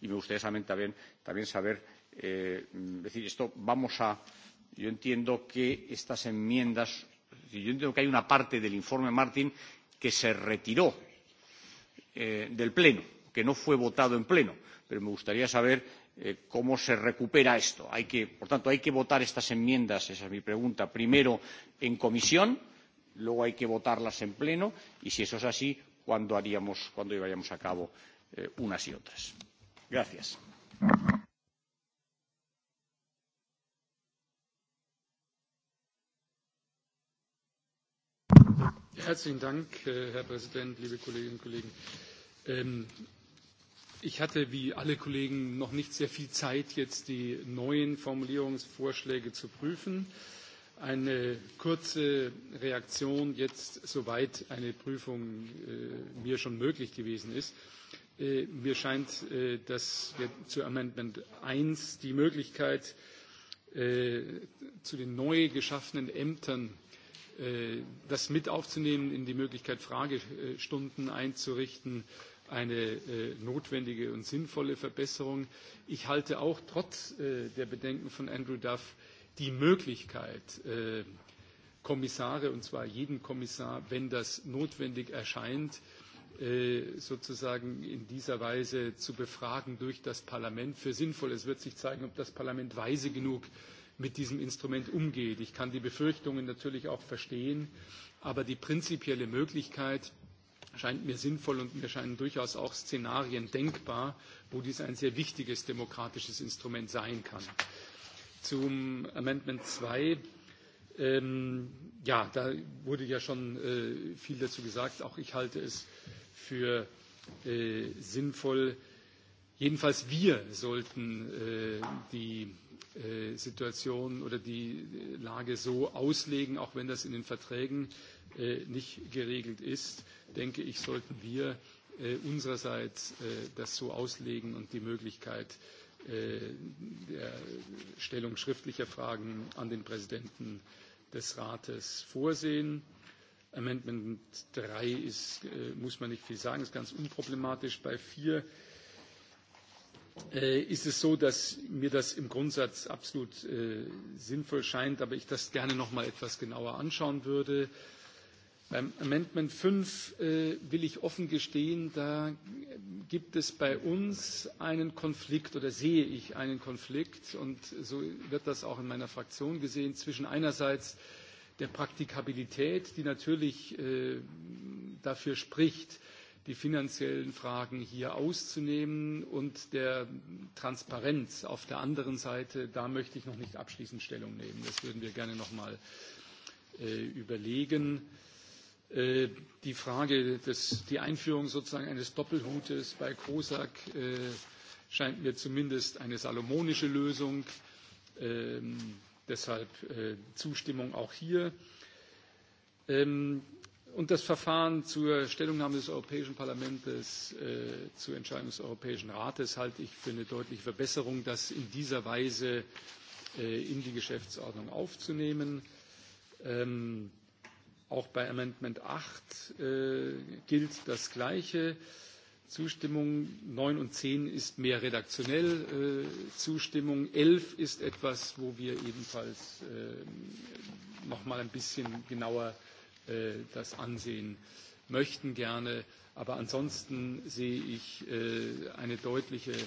y me gustaría también, también saber eh, mm, es decir esto vamos a yo entiendo que estas enmiendas yo entiendo que hay una parte del informe martin que se retiró eh, del pleno que no fue votado en pleno pero me gustaría saber eh, cómo se recupera esto. Hay que, por tanto hay que votar estas enmiendas esa es mi pregunta primero en comisión luego hay que votarlas en pleno y si eso es así cuándo haríamos cuándo llevaríamos a cabo eh, unas y otras? gracias. Herzlichen Dank, äh, Herr Präsident, liebe Kolleginnen und Kollegen. Ähm, Ich hatte wie alle Kollegen noch nicht sehr viel Zeit, jetzt die neuen Formulierungsvorschläge zu prüfen. Eine kurze Reaktion jetzt, soweit eine Prüfung äh, mir schon möglich gewesen ist. Äh, mir scheint, äh, dass wir zu Amendment 1 die Möglichkeit äh, zu den neu geschaffenen Ämtern äh, das mit aufzunehmen, in die Möglichkeit Fragestunden einzurichten, äh, eine äh, notwendige und sinnvolle Verbesserung. Ich halte auch trotz äh, der Bedenken von Andrew Duff die Möglichkeit, äh, Kommissare, und zwar jeden Kommissar, wenn das notwendig erscheint, äh, sozusagen in dieser Weise zu befragen durch das Parlament für sinnvoll. Es wird sich zeigen, ob das Parlament weise genug mit diesem Instrument umgeht. Ich kann die Befürchtungen natürlich auch verstehen, aber die prinzipielle Möglichkeit, scheint mir sinnvoll und mir scheinen durchaus auch Szenarien denkbar, wo dies ein sehr wichtiges demokratisches Instrument sein kann. Zum Amendment 2. Ähm, ja, da wurde ja schon äh, viel dazu gesagt. Auch ich halte es für äh, sinnvoll. Jedenfalls wir sollten äh, die äh, Situation oder die äh, Lage so auslegen, auch wenn das in den Verträgen äh, nicht geregelt ist, denke ich, sollten wir äh, unsererseits äh, das so auslegen und die Möglichkeit äh, der Stellung schriftlicher Fragen an den Präsidenten des Rates vorsehen. Amendment 3 ist, äh, muss man nicht viel sagen, ist ganz unproblematisch. Bei 4 äh, ist es so, dass mir das im Grundsatz absolut äh, sinnvoll scheint, aber ich das gerne noch mal etwas genauer anschauen würde. Äh, Beim Amendment 5 äh, will ich offen gestehen, da gibt es bei uns einen Konflikt oder sehe ich einen Konflikt und so wird das auch in meiner Fraktion gesehen zwischen einerseits der Praktikabilität, die natürlich äh, dafür spricht, die finanziellen Fragen hier auszunehmen und der Transparenz auf der anderen Seite, da möchte ich noch nicht abschließend Stellung nehmen. Das würden wir gerne noch mal äh, überlegen. Äh, die Frage, des, die Einführung sozusagen eines Doppelhutes bei COSAC äh, scheint mir zumindest eine salomonische Lösung. Ähm, deshalb äh, Zustimmung auch hier. Ähm, und das Verfahren zur Stellungnahme des Europäischen Parlaments äh, zur Entscheidung des Europäischen Rates halte ich für eine deutliche Verbesserung, das in dieser Weise äh, in die Geschäftsordnung aufzunehmen. Ähm, Auch bei Amendment 8 äh, gilt das Gleiche. Zustimmung 9 und 10 ist mehr redaktionell. Äh, Zustimmung 11 ist etwas, wo wir ebenfalls äh, noch mal ein bisschen genauer äh, das ansehen möchten gerne. Aber ansonsten sehe ich äh, eine deutliche, äh,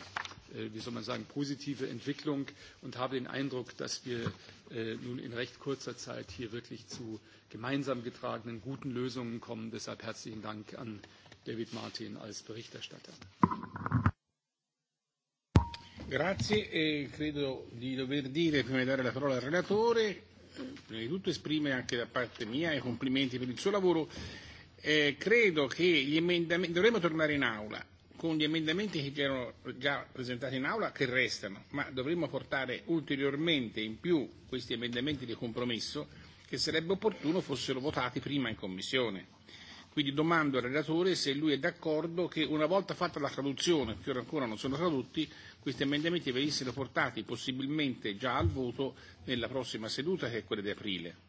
wie soll man sagen, positive Entwicklung und habe den Eindruck, dass wir äh, nun in recht kurzer Zeit hier wirklich zu äh, gemeinsam getragenen guten Lösungen kommen. Deshalb herzlichen Dank an David Martin als Berichterstatter. Grazie e credo di dover dire prima di dare la parola al relatore, prima di tutto esprimere anche da parte mia i complimenti per il suo lavoro. Eh, credo che gli emendamenti dovremmo tornare in aula con gli emendamenti che erano già presentati in aula che restano, ma dovremmo portare ulteriormente in più questi emendamenti di compromesso che sarebbe opportuno fossero votati prima in Commissione. Quindi domando al relatore se lui è d'accordo che una volta fatta la traduzione, che ora ancora non sono tradotti, questi emendamenti venissero portati possibilmente già al voto nella prossima seduta che è quella di aprile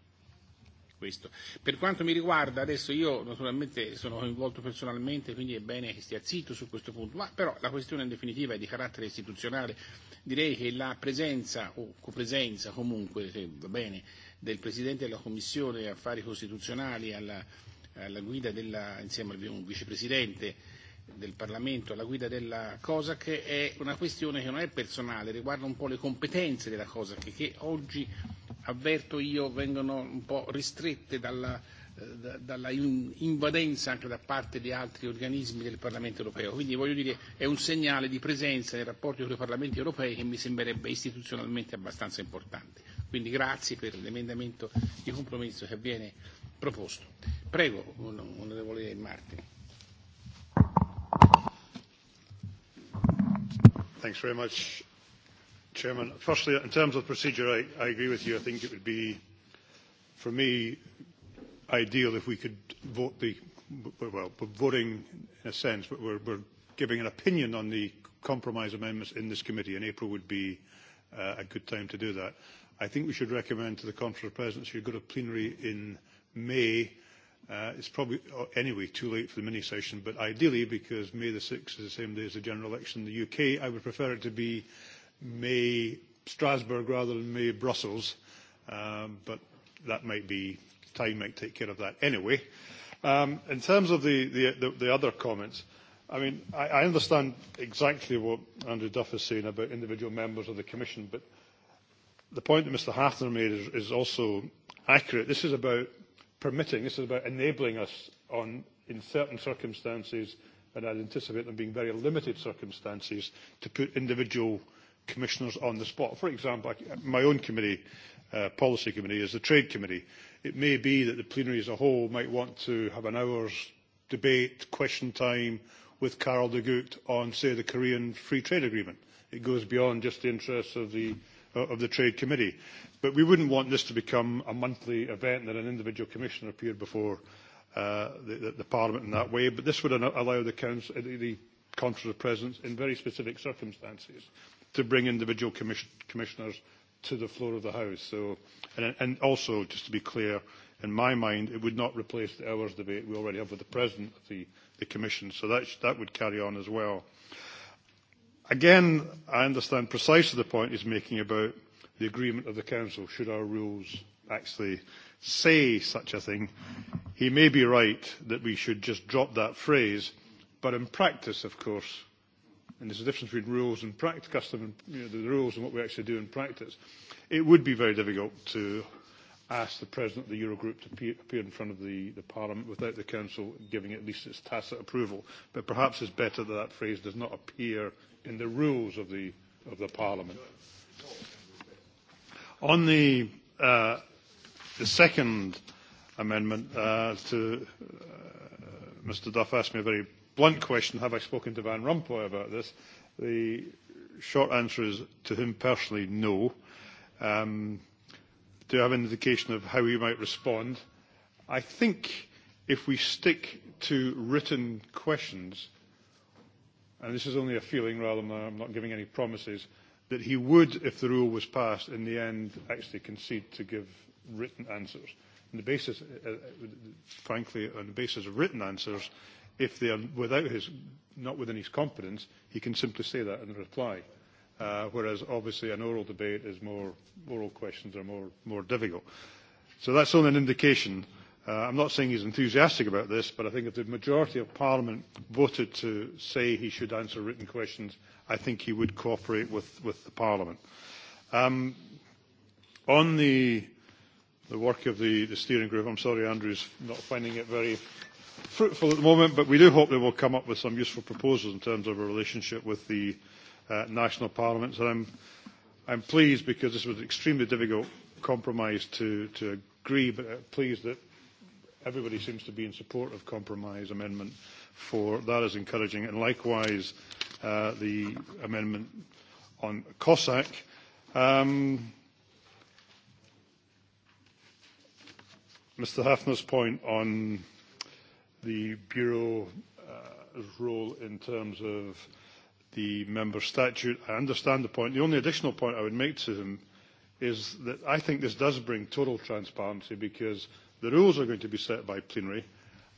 questo. Per quanto mi riguarda, adesso io naturalmente sono coinvolto personalmente, quindi è bene che stia zitto su questo punto, ma però la questione in definitiva è di carattere istituzionale. Direi che la presenza o copresenza comunque, se va bene, del Presidente della Commissione Affari Costituzionali alla, alla guida della, insieme al Vicepresidente del Parlamento alla guida della COSAC è una questione che non è personale, riguarda un po' le competenze della COSAC che oggi avverto io vengono un po' ristrette dalla, eh, dalla invadenza anche da parte di altri organismi del Parlamento europeo. Quindi voglio dire è un segnale di presenza nei rapporti con i Parlamenti europei che mi sembrerebbe istituzionalmente abbastanza importante. Quindi grazie per l'emendamento di compromesso che viene proposto. Prego, onorevole Martin. Thanks very much, Chairman. Firstly, in terms of procedure, I, I agree with you. I think it would be, for me, ideal if we could vote the, well, we're voting in a sense, but we're, we're giving an opinion on the compromise amendments in this committee, and April would be uh, a good time to do that. I think we should recommend to the Conference of Presidents you go to plenary in May. Uh, it's probably uh, anyway too late for the mini session, but ideally, because May the 6th is the same day as the general election in the UK, I would prefer it to be May Strasbourg rather than May Brussels. Um, but that might be, time might take care of that anyway. Um, in terms of the, the, the, the other comments, I mean, I, I understand exactly what Andrew Duff is saying about individual members of the Commission, but the point that Mr. Hafner made is, is also accurate. This is about permitting, this is about enabling us on, in certain circumstances, and I'd anticipate them being very limited circumstances, to put individual commissioners on the spot. For example, my own committee, uh, policy committee, is the trade committee. It may be that the plenary as a whole might want to have an hour's debate, question time with Carol de Gucht on, say, the Korean Free Trade Agreement. It goes beyond just the interests of the mm Uh, of the Trade Committee. But we wouldn't want this to become a monthly event that an individual commissioner appeared before uh, the, the, the Parliament in that way. But this would allow the, Council, uh, the, the Conference of Presidents in very specific circumstances to bring individual commission, commissioners to the floor of the House. So, and, and also, just to be clear, in my mind, it would not replace the hours debate we already have with the President of the, the Commission. So that, that would carry on as well. Again, I understand precisely the point he's making about the agreement of the Council. Should our rules actually say such a thing? He may be right that we should just drop that phrase, but in practice, of course, and there's a difference between rules and practice, custom and you know, the rules and what we actually do in practice, it would be very difficult to ask the President of the Eurogroup to appear, appear in front of the, the Parliament without the Council giving at least its tacit approval. But perhaps it's better that that phrase does not appear in the rules of the, of the Parliament. On the, uh, the second amendment, uh, to, uh, Mr Duff asked me a very blunt question, have I spoken to Van Rompuy about this? The short answer is, to him personally, no. Um, to have an indication of how we might respond. I think if we stick to written questions, and this is only a feeling rather than I'm not giving any promises, that he would, if the rule was passed, in the end actually concede to give written answers. On the basis, uh, uh, frankly, on the basis of written answers, if they are without his, not within his competence, he can simply say that in the reply. Uh, whereas obviously an oral debate is more, oral questions are more, more difficult. So that's only an indication. Uh, I'm not saying he's enthusiastic about this, but I think if the majority of Parliament voted to say he should answer written questions, I think he would cooperate with, with the Parliament. Um, on the, the work of the, the steering group, I'm sorry Andrew's not finding it very fruitful at the moment, but we do hope they will come up with some useful proposals in terms of a relationship with the uh, Uh, national parliaments. And I'm, I'm pleased because this was an extremely difficult compromise to, to agree, but I'm uh, pleased that everybody seems to be in support of compromise amendment for That is encouraging. And likewise, uh, the amendment on COSAC. Um, Mr. Hafner's point on the Bureau's uh, role in terms of the member's statute. I understand the point. The only additional point I would make to him is that I think this does bring total transparency because the rules are going to be set by plenary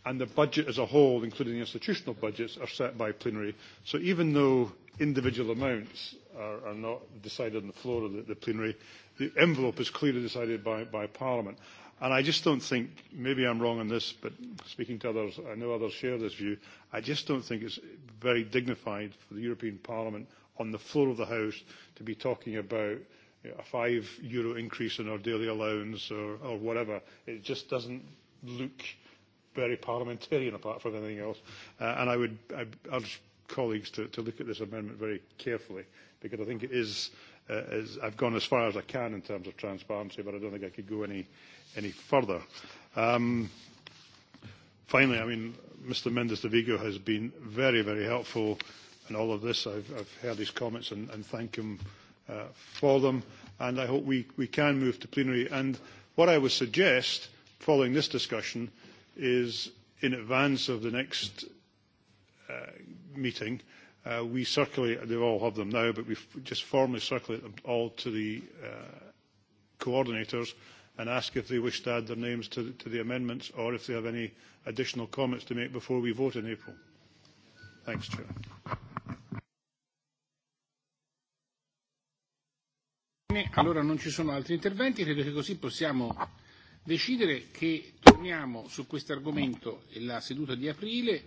and the budget as a whole, including the institutional budgets, are set by plenary. So even though individual amounts are, are not decided on the floor of the, the plenary, the envelope is clearly decided by, by Parliament. And I just don't think, maybe I'm wrong on this, but speaking to others, I know others share this view, I just don't think it's very dignified for the European Parliament on the floor of the House to be talking about you know, a five euro increase in our daily allowance or, or whatever. It just doesn't look very parliamentarian apart from anything else. Uh, and I would I urge colleagues to, to look at this amendment very carefully because I think it is uh, is I've gone as far as I can in terms of transparency, but I don't think I could go any, any further. Um, finally, I mean, Mr. Mendes de Vigo has been very, very helpful in all of this. I've, I've heard his comments and, and thank him uh, for them. And I hope we, we can move to plenary. And what I would suggest following this discussion is in advance of the next uh, meeting, Uh, we circulate, they all have them now, but we just formally circulate them all to the uh, coordinators and ask if they wish to add their names to, the, to the amendments or if they have any additional comments to make before we vote in April. Thanks, Chair. Allora non ci sono altri interventi, credo che così possiamo decidere che torniamo su questo argomento la seduta di aprile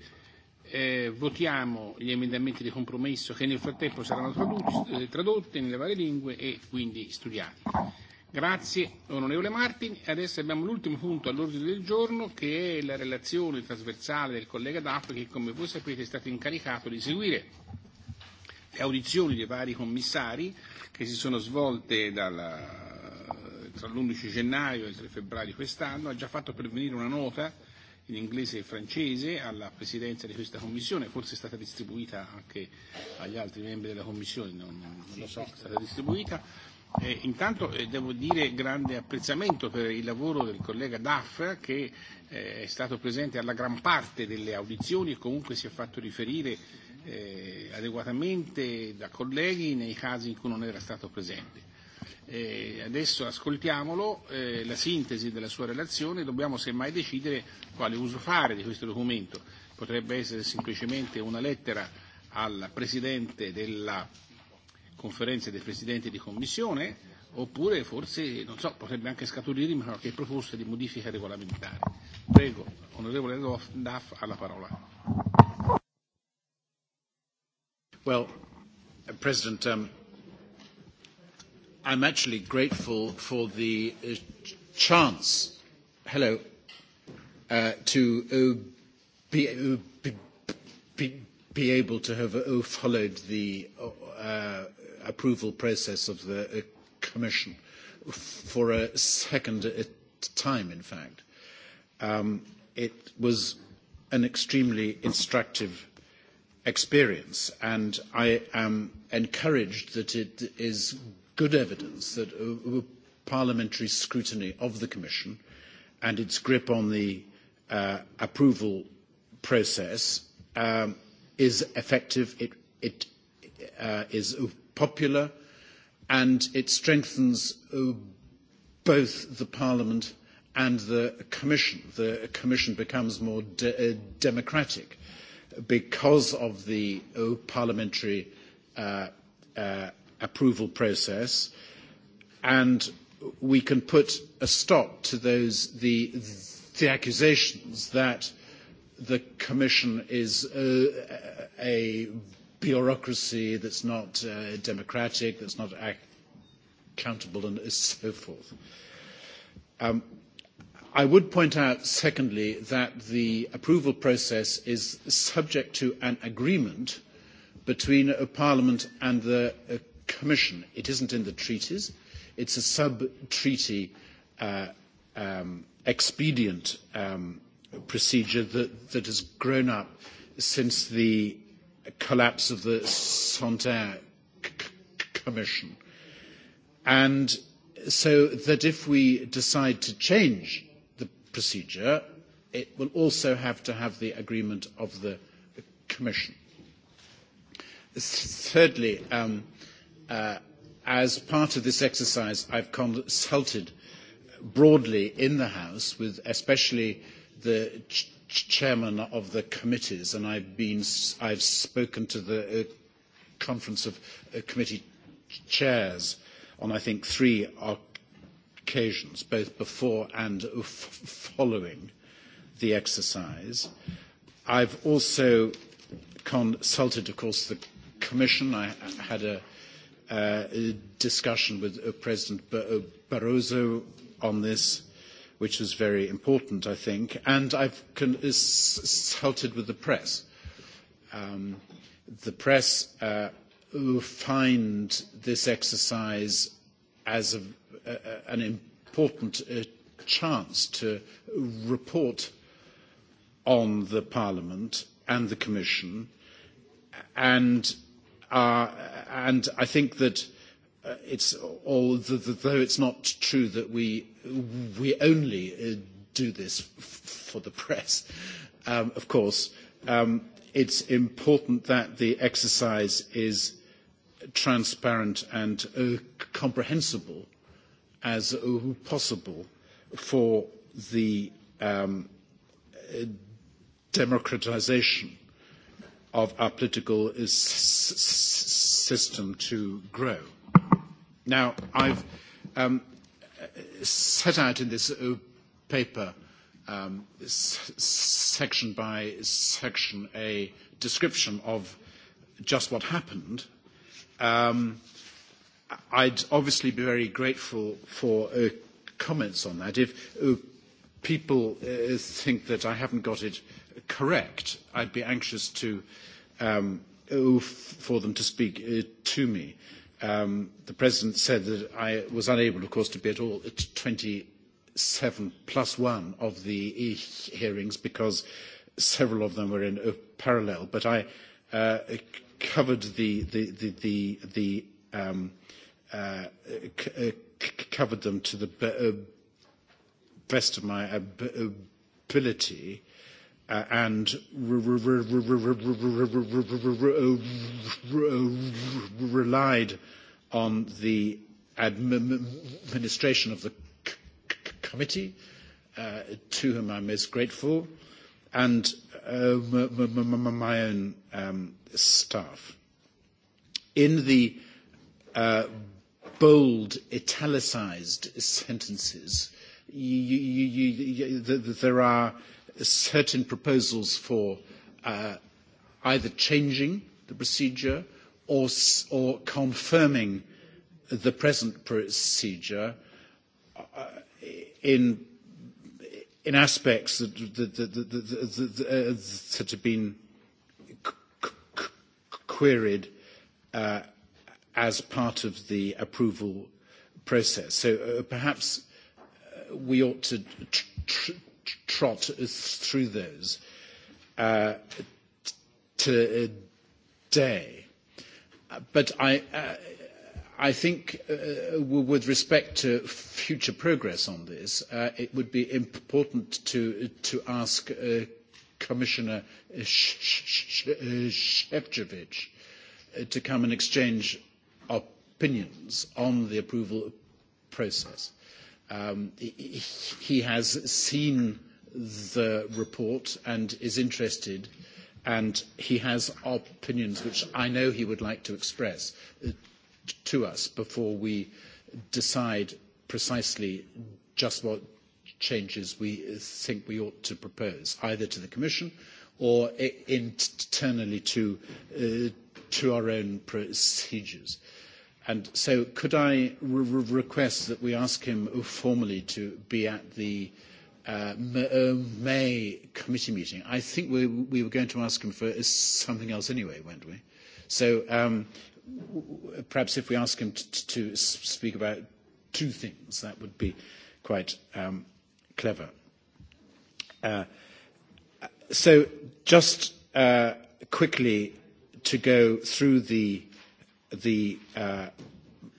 eh, votiamo gli emendamenti di compromesso che nel frattempo saranno tradotti, eh, tradotti nelle varie lingue e quindi studiati. Grazie onorevole Martin. Adesso abbiamo l'ultimo punto all'ordine del giorno che è la relazione trasversale del collega D'Affo che come voi sapete è stato incaricato di seguire le audizioni dei vari commissari che si sono svolte dalla, eh, tra l'11 gennaio e il 3 febbraio di quest'anno. Ha già fatto pervenire una nota in inglese e francese alla presidenza di questa commissione, forse è stata distribuita anche agli altri membri della commissione, non, non lo so, è stata distribuita. E intanto eh, devo dire grande apprezzamento per il lavoro del collega Duff che eh, è stato presente alla gran parte delle audizioni e comunque si è fatto riferire eh, adeguatamente da colleghi nei casi in cui non era stato presente. E adesso ascoltiamolo, eh, la sintesi della sua relazione e dobbiamo semmai decidere quale uso fare di questo documento. Potrebbe essere semplicemente una lettera al Presidente della conferenza dei Presidenti di Commissione oppure forse, non so, potrebbe anche scaturire una qualche proposta di modifica regolamentare. Prego, onorevole Daff, alla parola. Well, uh, President, um, I'm actually grateful for the uh, chance, hello, uh, to uh, be, uh, be, be, be, able to have uh, followed the uh, approval process of the Commission for a second time, in fact. Um, it was an extremely instructive experience, and I am encouraged that it is good evidence that uh, parliamentary scrutiny of the Commission and its grip on the uh, approval process um, is effective, it, it uh, is popular, and it strengthens uh, both the Parliament and the Commission. The Commission becomes more de uh, democratic because of the uh, parliamentary approval process, and we can put a stop to those the, the accusations that the Commission is uh, a bureaucracy that's not uh, democratic, that's not accountable, and so forth. Um, I would point out, secondly, that the approval process is subject to an agreement between uh, Parliament and the uh, Commission. It isn't in the treaties. It's a sub-treaty uh, um, expedient um, procedure that, that has grown up since the collapse of the Santin Commission. And so that if we decide to change the procedure, it will also have to have the agreement of the Commission. Thirdly, um, Uh, as part of this exercise, I've consulted broadly in the House with especially the ch chairman of the committees, and I've, been, I've spoken to the uh, Conference of uh, Committee Chairs on, I think, three occasions, both before and following the exercise. I've also consulted, of course, the Commission. I had a Uh, discussion with uh, President uh, Barroso on this, which was very important, I think. And I've consulted with the press. Um, the press uh, find this exercise as a, uh, an important uh, chance to report on the Parliament and the Commission and are and I think that uh, it's although it's not true that we we only uh, do this for the press, um, of course. Um, it's important that the exercise is transparent and uh, comprehensible as uh, possible for the um, uh, democratization of our political system to grow. Now, I've um, set out in this uh, paper um, section by section a description of just what happened. Um, I'd obviously be very grateful for uh, comments on that. If uh, people uh, think that I haven't got it correct, I'd be anxious to um, for them to speak uh, to me. Um, the president said that I was unable, of course, to be at all at 27 plus one of the e hearings because several of them were in uh, parallel. But I uh, covered the the the the, the um, uh, c- uh, covered them to the b- uh, best of my ability and relied on the administration of the committee, to whom I'm most grateful, and my own staff. In the bold, italicised sentences, there are certain proposals for uh, either changing the procedure or, or confirming the present procedure uh, in, in aspects that, that, that, that, that, that, that uh, have been queried uh, as part of the approval process. So uh, perhaps uh, we ought to tr- tr- trot through those uh, today. Uh, But I, uh, I think uh, with respect to future progress on this, uh, it would be important to, to ask uh, Commissioner Shevchevich uh, to come and exchange opinions on the approval process. Um, he has seen the report and is interested, and he has opinions which I know he would like to express uh, to us before we decide precisely just what changes we think we ought to propose, either to the Commission or internally to, uh, to our own procedures. And so could I request that we ask him formally to be at the uh, Uh, uh, May committee meeting, I think we, we were going to ask him for something else anyway, weren't we? So um, perhaps if we ask him to speak about two things, that would be quite um, clever. Uh, so just uh, quickly to go through the, the, uh,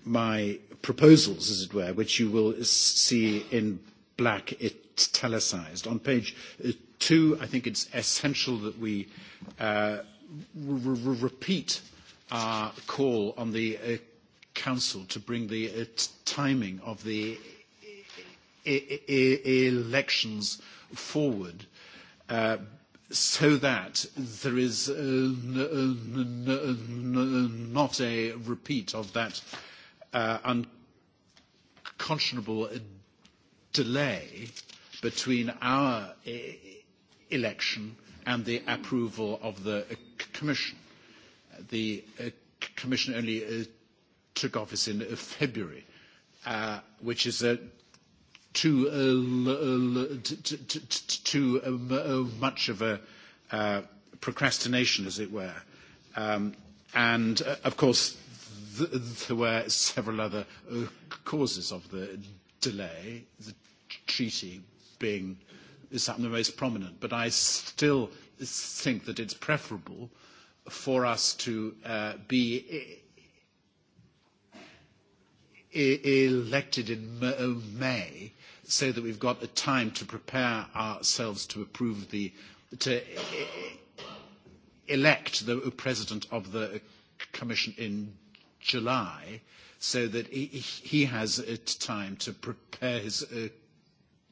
my proposals, as it were, which you will see in black it televised. On page uh, two, I think it's essential that we uh, repeat our call on the uh, Council to bring the uh, t- timing of the e- e-, e elections forward uh, so that there is uh, uh not a repeat of that uh, unconscionable uh, delay uh, between our e, election and the approval of the uh, Commission. Uh, the uh, Commission only took office in February, uh, which is a too, uh, too um, uh, much of a uh, procrastination, as it were. Um, and uh, of course, th- there were several other uh, causes of the delay. The treaty being is the most prominent. But I still think that it's preferable for us to uh, be e, e, elected in uh, May so that we've got the time to prepare ourselves to approve the to e, elect the president of the commission in July so that he has uh, time to prepare his uh,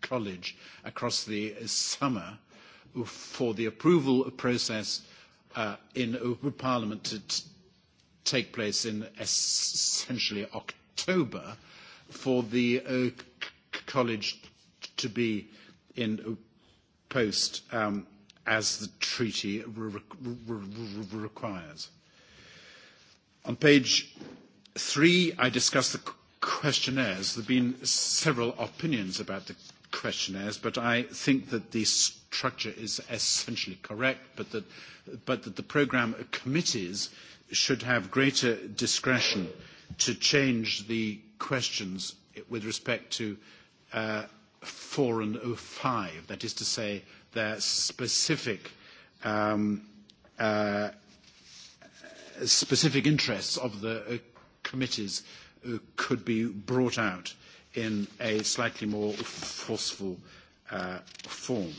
College across the summer for the approval process uh, in Parliament to take place in essentially October for the uh, college to be in uh, post um, as the treaty re re re requires. On page three, I discuss the questionnaires. There have been several opinions about the questionnaires, but I think that the structure is essentially correct, but that, but that the programme committees should have greater discretion to change the questions with respect to uh, 4 and 05, that is to say, their specific um, uh, specific interests of the uh, committees uh, could be brought out in a slightly more forceful uh, form.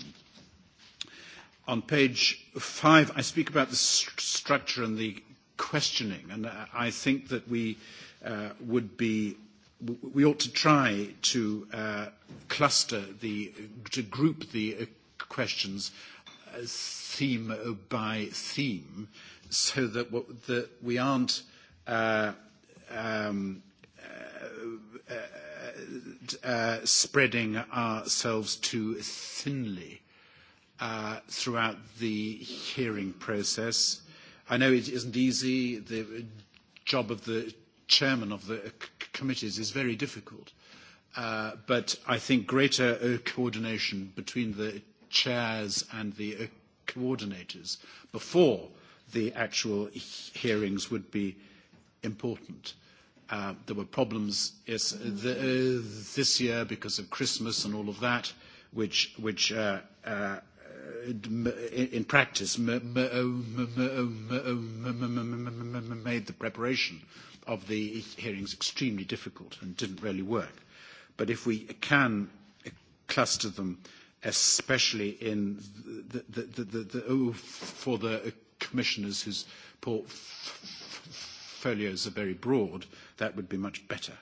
On page five, I speak about the st structure and the questioning, and uh, I think that we uh, would be we ought to try to uh, cluster the to group the uh, questions uh, theme by theme so that, that we aren't uh, um, uh, spreading ourselves too thinly uh, throughout the hearing process. I know it isn't easy. The job of the chairman of the committees is very difficult. Uh, but I think greater uh, coordination between the chairs and the uh, coordinators before the actual hearings would be important there were problems yes, this year because of Christmas and all of that, which, in practice made the preparation of the hearings extremely difficult and didn't really work. But if we can cluster them, especially in the, for the commissioners whose portfolios are very broad, that would be much better.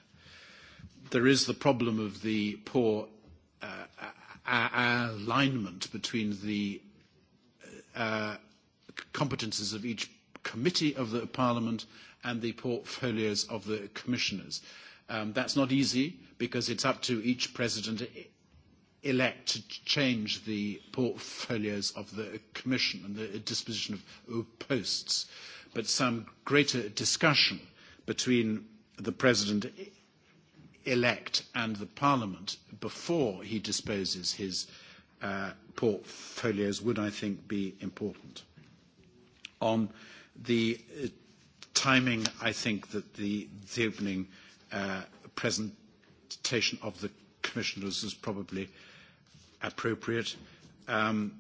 There is the problem of the poor uh, alignment between the uh, competences of each committee of the Parliament and the portfolios of the commissioners. Um, that's not easy because it's up to each president e, elect to change the portfolios of the commission and the disposition of posts. But some greater discussion between the President elect and the Parliament before he disposes his uh, portfolios would, I think, be important. On the uh, timing, I think that the, the opening uh, presentation of the commissioners is probably appropriate. Um,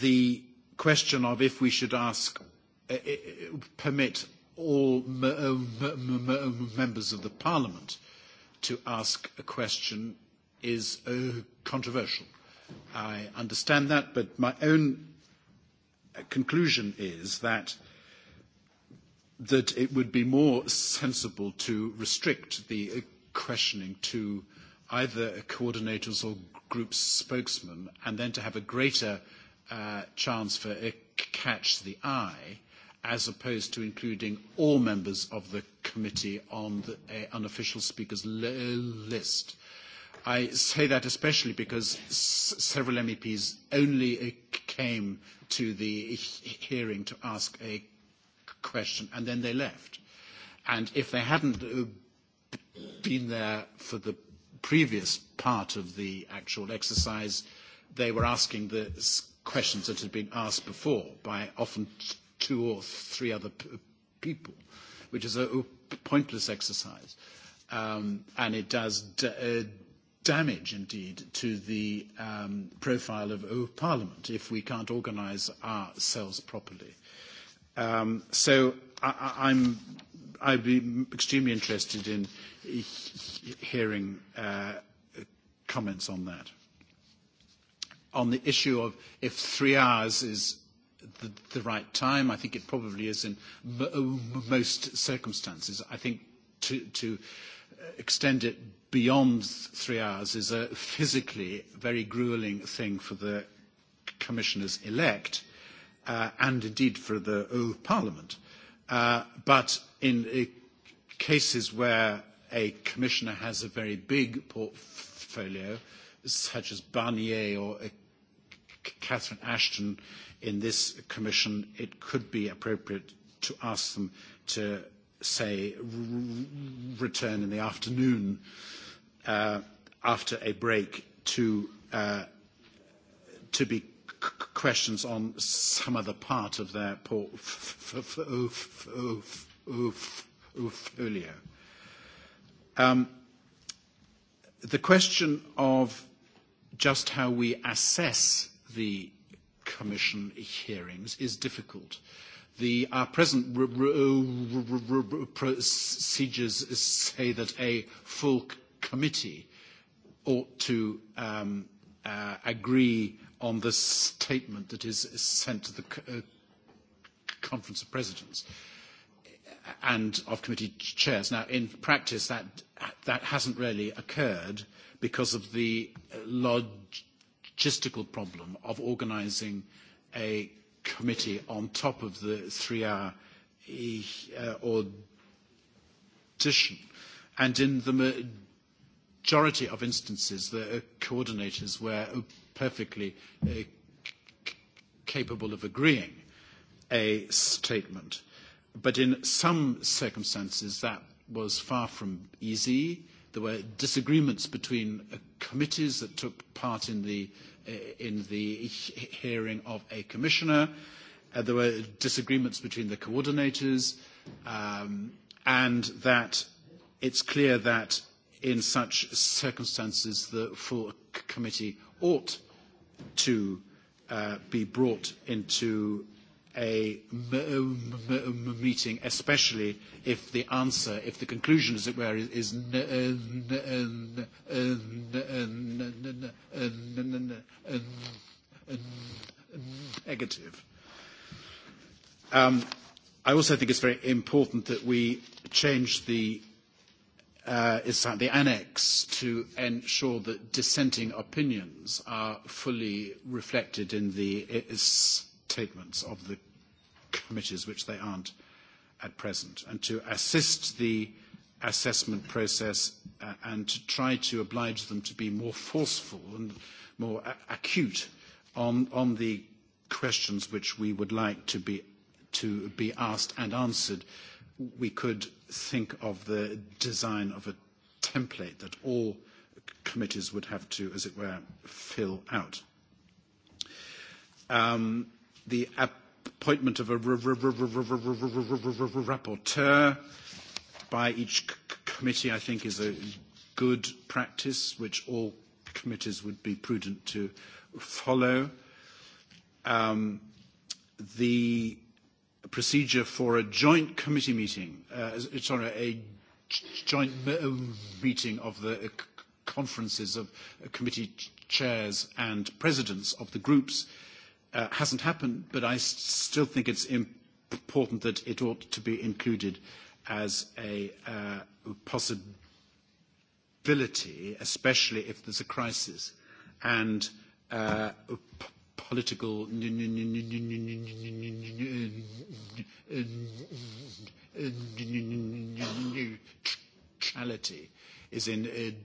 the question of if we should ask, uh, uh permit all uh, members of the parliament to ask a question is uh, controversial. I understand that, but my own uh, conclusion is that that it would be more sensible to restrict the uh, questioning to either coordinators or group spokesmen, and then to have a greater uh, chance for a catch the eye as opposed to including all members of the committee on the unofficial uh, speakers list. I say that especially because several MEPs only uh, came to the hearing to ask a question and then they left. And if they hadn't uh, been there for the previous part of the actual exercise, they were asking the questions that had been asked before by often two or three other uh, people, which is a, a pointless exercise. Um, and it does d- uh, damage, indeed, to the um, profile of, Parliament if we can't organise ourselves properly. Um, so I, I, I'm, I'd be extremely interested in hearing uh, comments on that. On the issue of if three hours is the, the right time. I think it probably is in m- uh, most circumstances. I think to, to extend it beyond three hours is a physically very grueling thing for the commissioners elect uh, and indeed for the oh, parliament. Uh, but in uh, cases where a commissioner has a very big portfolio, such as Barnier or uh, Catherine Ashton, in this commission, it could be appropriate to ask them to, say, return in the afternoon uh, after a break to, uh, to be questions on some other part of their portfolio. Um, the question of just how we assess the Commission hearings is difficult. The, our present procedures say that a full committee ought to um, uh, agree on the statement that is sent to the uh, Conference of Presidents uh, and of committee chairs. Now, in practice, that, that hasn't really occurred because of the uh, log logistical problem of organising a committee on top of the three-hour uh, audition. And in the majority of instances, the uh, coordinators were perfectly uh, capable of agreeing a statement. But in some circumstances, that was far from easy. There were disagreements between committees that took part in the, eh, in the hearing of a commissioner. Uh, there were disagreements between the coordinators, um, and that it's clear that in such circumstances the full committee ought to uh, be brought into a meeting, especially if the answer, if the conclusion, as it were, is negative. Um, I also think it's very important that we change the uh, is the annex to ensure that dissenting opinions are fully reflected in the is statements of the committees, which they aren't at present, and to assist the assessment process uh, and to try to oblige them to be more forceful and more acute on, on the questions which we would like to be, to be asked and answered. We could think of the design of a template that all committees would have to, as it were, fill out. Um, the appointment of a rapporteur by each committee, I think, is a good practice which all committees would be prudent to follow. Um, the procedure for a joint committee meeting, uh, sorry, a joint meeting of the conferences of committee chairs and presidents of the groups uh, hasn't happened, but I still think it's important that it ought to be included as a uh, possibility, especially if there's a crisis and uh, political neutrality is in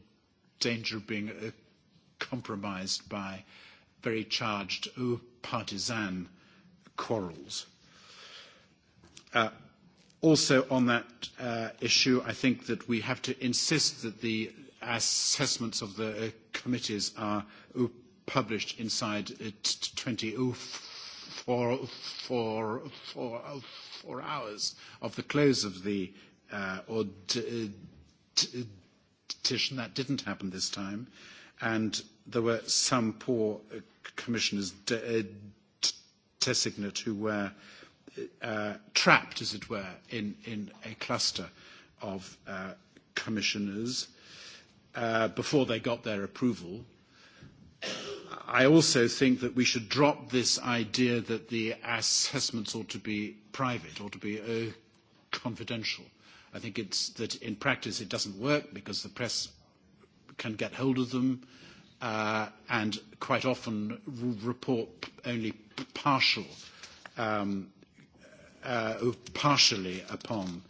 danger of being compromised by uh, very charged oh, partisan quarrels. Uh, also on that uh, issue, I think that we have to insist that the assessments of the uh, committees are oh, published inside 24 uh, four, four, four hours of the close of the uh, audition. Uh, that didn't happen this time. And there were some poor uh, commissioners uh, designate who were uh, trapped, as it were, in, in a cluster of uh, commissioners uh, before they got their approval. I also think that we should drop this idea that the assessments ought to be private, ought to be uh, confidential. I think it's that in practice it doesn't work because the press can get hold of them. Uh, uh, and quite often report only partial, um, uh, uh, partially upon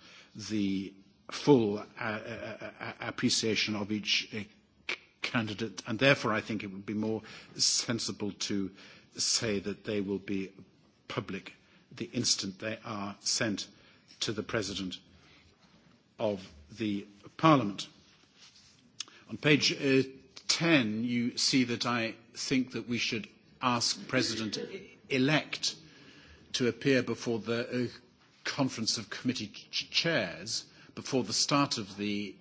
the full uh, uh, uh appreciation of each candidate, and therefore I think it would be more sensible to say that they will be public the instant they are sent to the President of the Parliament. On page uh, 10, you see that I think that we should ask President-elect to appear before the uh, Conference of Committee ch Chairs before the start of the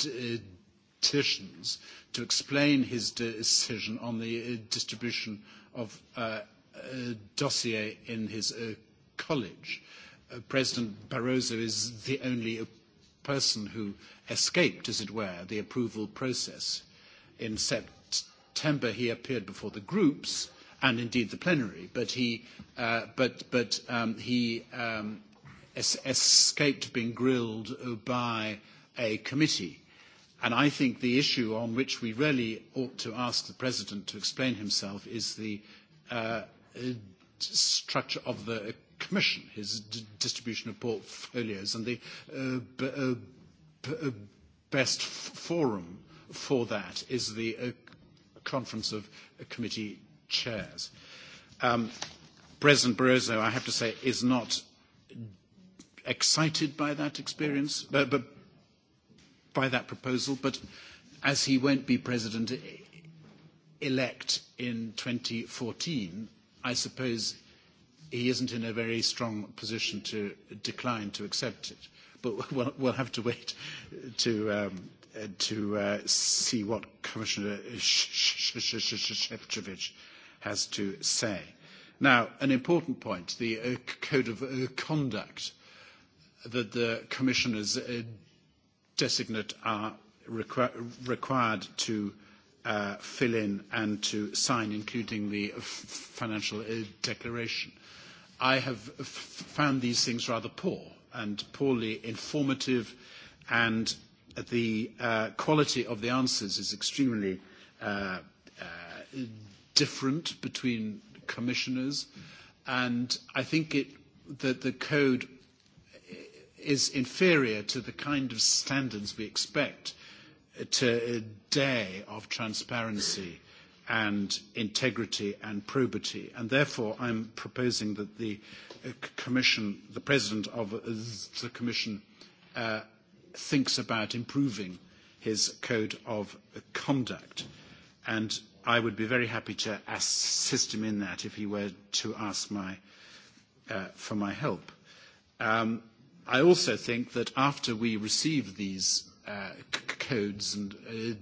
auditions to explain his decision on the uh, distribution of uh, a uh, dossier in his uh, college. Uh, President Barroso is the only person who escaped, as it were, the approval process. In September, he appeared before the groups and indeed the plenary, but he, uh, but, but, um, he um, es escaped being grilled by a committee. And I think the issue on which we really ought to ask the President to explain himself is the uh, structure of the Commission, his d- distribution of portfolios, and the uh, b- uh, b- uh, best f- forum for that is the uh, Conference of uh, Committee Chairs. Um, President Barroso, I have to say, is not excited by that experience, but, but by that proposal, but as he won't be president e, elect in 2014, I suppose he isn't in a very strong position to decline to accept it. But we'll, we'll have to wait to, um, to uh, see what Commissioner Shevchevich has to say. Now, an important point, the uh, code of uh, conduct that the commissioners uh, designate are requ required to uh, fill in and to sign, including the financial uh, declaration. I have found these things rather poor and poorly informative, and the uh, quality of the answers is extremely uh, uh, different between commissioners. And I think it, that the code is inferior to the kind of standards we expect today uh, of transparency and integrity and probity. And therefore, I'm proposing that the uh, Commission, the President of uh, the Commission, uh, thinks about improving his code of conduct. And I would be very happy to assist him in that if he were to ask my, uh, for my help. Um, I also think that after we receive these uh, codes and uh,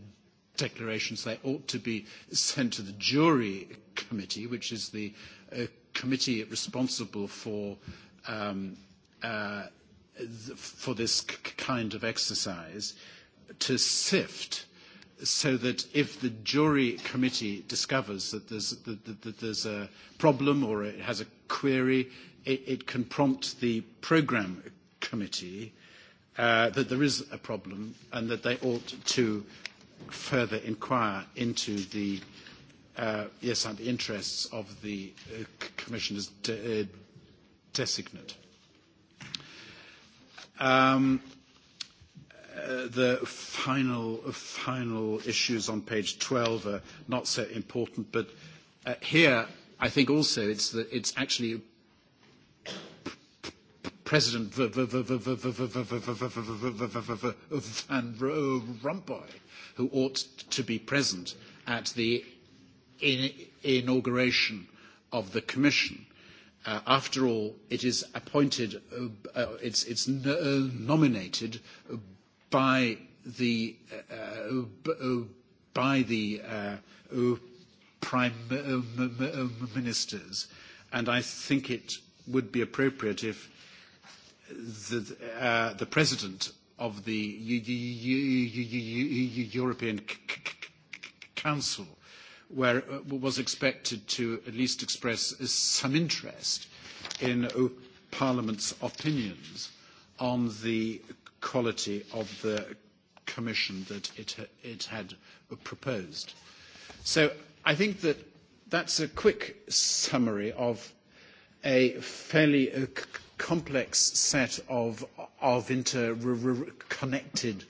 declarations, they ought to be sent to the jury committee, which is the uh, committee responsible for um, uh, th for this kind of exercise, to sift so that if the jury committee discovers that there's, that, that, that there's a problem or it has a query, it, it can prompt the program committee uh, that there is a problem and that they ought to further inquire into the uh, yes and the interests of the uh, commissioners de uh, designate. Um, uh, the final final issues on page 12 are not so important, but uh, here I think also it's the, it's actually President Van Rompuy, who ought to be present at the inauguration of the Commission. Uh, after all, it is appointed, uh, uh, it's, it's nominated by the, by the prime ministers, and I think it would be appropriate if the, uh, the president of the European Council where uh, was expected to at least express some interest in uh, Parliament's opinions on the quality of the Commission that it, it had proposed. So I think that that's a quick summary of a fairly complex set of, of interconnected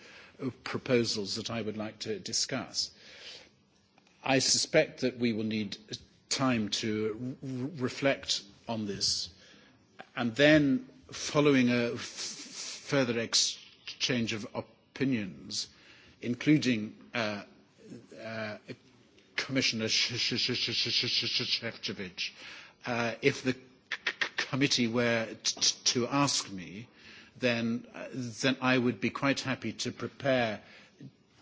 proposals that I would like to discuss. I suspect that we will need time to reflect on this and then following a further exchange of opinions, including uh, uh, Commissioner Shevchevich, uh, if the committee were to ask me, then, uh, then I would be quite happy to prepare